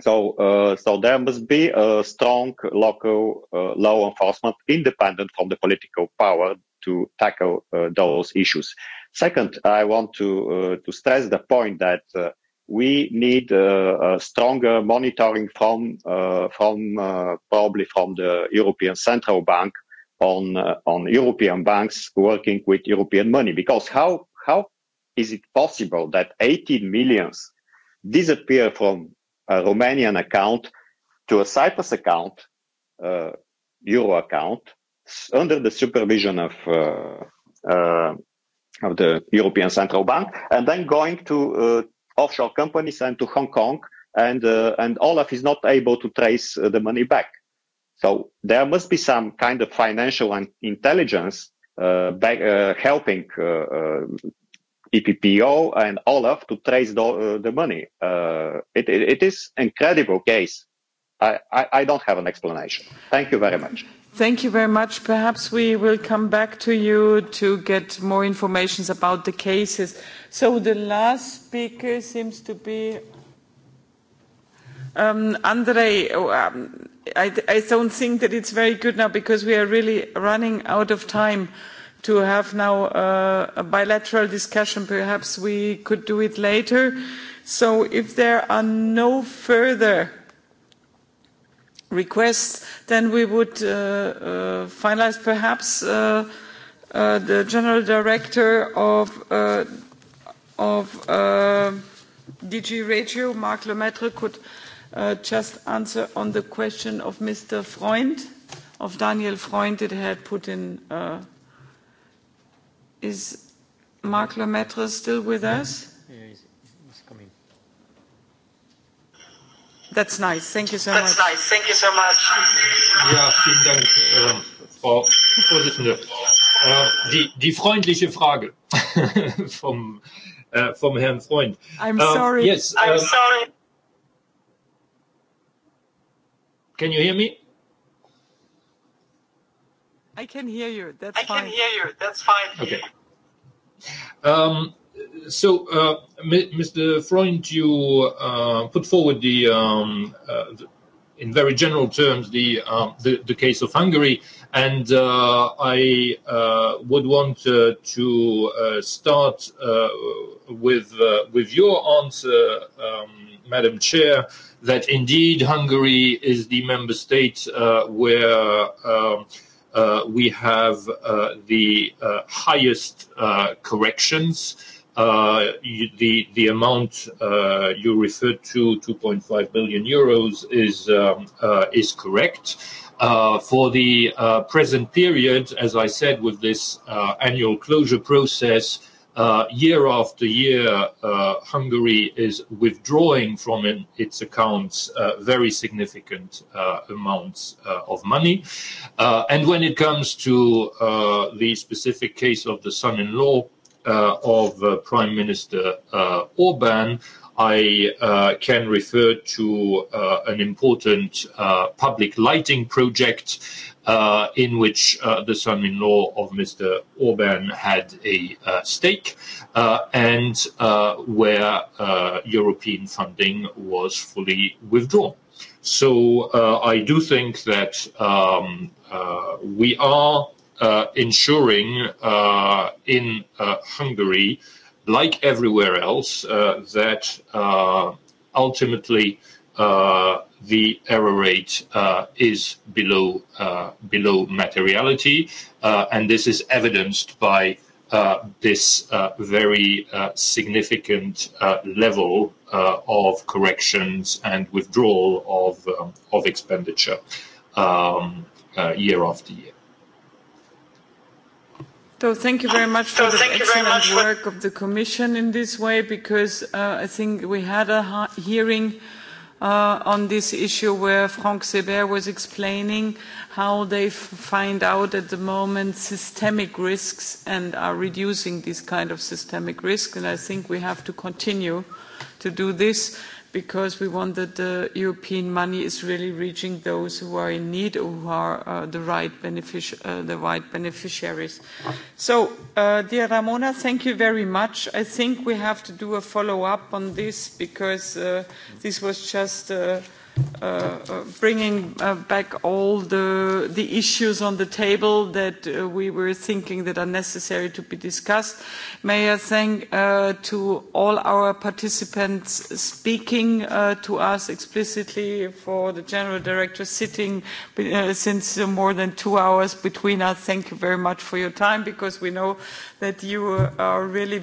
G: so, uh, so there must be a strong local uh, law enforcement independent from the political power to tackle uh, those issues. Second, I want to uh, to stress the point that uh, we need a, uh, a stronger monitoring from uh, from uh, probably from the European Central Bank on uh, on European banks working with European money because how how is it possible that 18 millions disappear from a Romanian account to a Cyprus account, uh, euro account, under the supervision of uh, uh, of the European Central Bank, and then going to uh, offshore company sent to Hong Kong, and uh, and Olaf is not able to trace uh, the money back. So there must be some kind of financial and intelligence uh, back, uh, helping. uh, uh, EPPO and Olaf to trace the, uh, the money. Uh, it, it, it is incredible case. I, I, I don't have an explanation. Thank you very much.
E: Thank you very much. Perhaps we will come back to you to get more information about the cases. So the last speaker seems to be um, Andrei. Oh, um, I, I don't think that it's very good now because we are really running out of time to have now uh, a bilateral discussion. Perhaps we could do it later. So if there are no further requests, then we would uh, uh, finalize perhaps uh, uh, the general director of, uh, of uh, DG Regio, Marc Lemaitre, could uh, just answer on the question of Mr. Freund, of Daniel Freund that had put in. Uh, is Marc Lemaitre still with us? Yeah, That's nice. Thank you so That's much. That's nice. Thank you so much.
F: Ja, vielen Dank, äh, Frau Vorsitzende. Äh, die, die freundliche Frage vom, äh, vom Herrn Freund. I'm uh, sorry. Yes, I'm um, sorry. Can you hear me?
E: I can hear you. That's I fine. I can hear you. That's fine.
F: Okay. Um, so, uh, Mr. Freund, you uh, put forward the, um, uh, the, in very general terms, the, um, the, the case of Hungary, and uh, I uh, would want uh, to uh, start uh, with uh, with your answer, um, Madam Chair, that indeed Hungary is the member state uh, where. Um, uh, we have uh, the uh, highest uh, corrections uh, Uh, you, the the amount uh, you referred to, 2.5 billion euros, is um, uh, is correct. Uh, for the uh, present period, as I said, with this uh, annual closure process, year after year, Hungary is withdrawing from in, its accounts very significant amounts of money. And When it comes to the specific case of the son-in-law, uh, of uh, Prime Minister uh, Orban, I uh, can refer to uh, an important uh, public lighting project uh, in which uh, the son-in-law of Mr. Orban had a uh, stake uh, and uh, where uh, European funding was fully withdrawn. So uh, I do think that um, uh, we are Uh, ensuring uh, in uh, Hungary, like everywhere else, that ultimately the error rate uh, is below uh, below materiality, uh, and this is evidenced by this very significant level of corrections and withdrawal of um, of expenditure um, year after year.
E: So thank you very much for so the excellent work of the Commission in this way, because uh, I think we had a hearing uh, on this issue where Franck Seber was explaining how they find out at the moment systemic risks and are reducing these kind of systemic risks. And I think we have to continue to do this because we want that the European money is really reaching those who are in need or who are uh, the, right uh, the, right beneficiaries. So, uh, dear Ramona, thank you very much. I think we have to do a follow-up on this because uh, this was just uh, Uh, uh, bringing uh, back all the, the issues on the table that uh, we were thinking that are necessary to be discussed. May I thank uh, to all our participants speaking to us explicitly for the General Director sitting since more than two hours between us. Thank you very much for your time because we know that you are really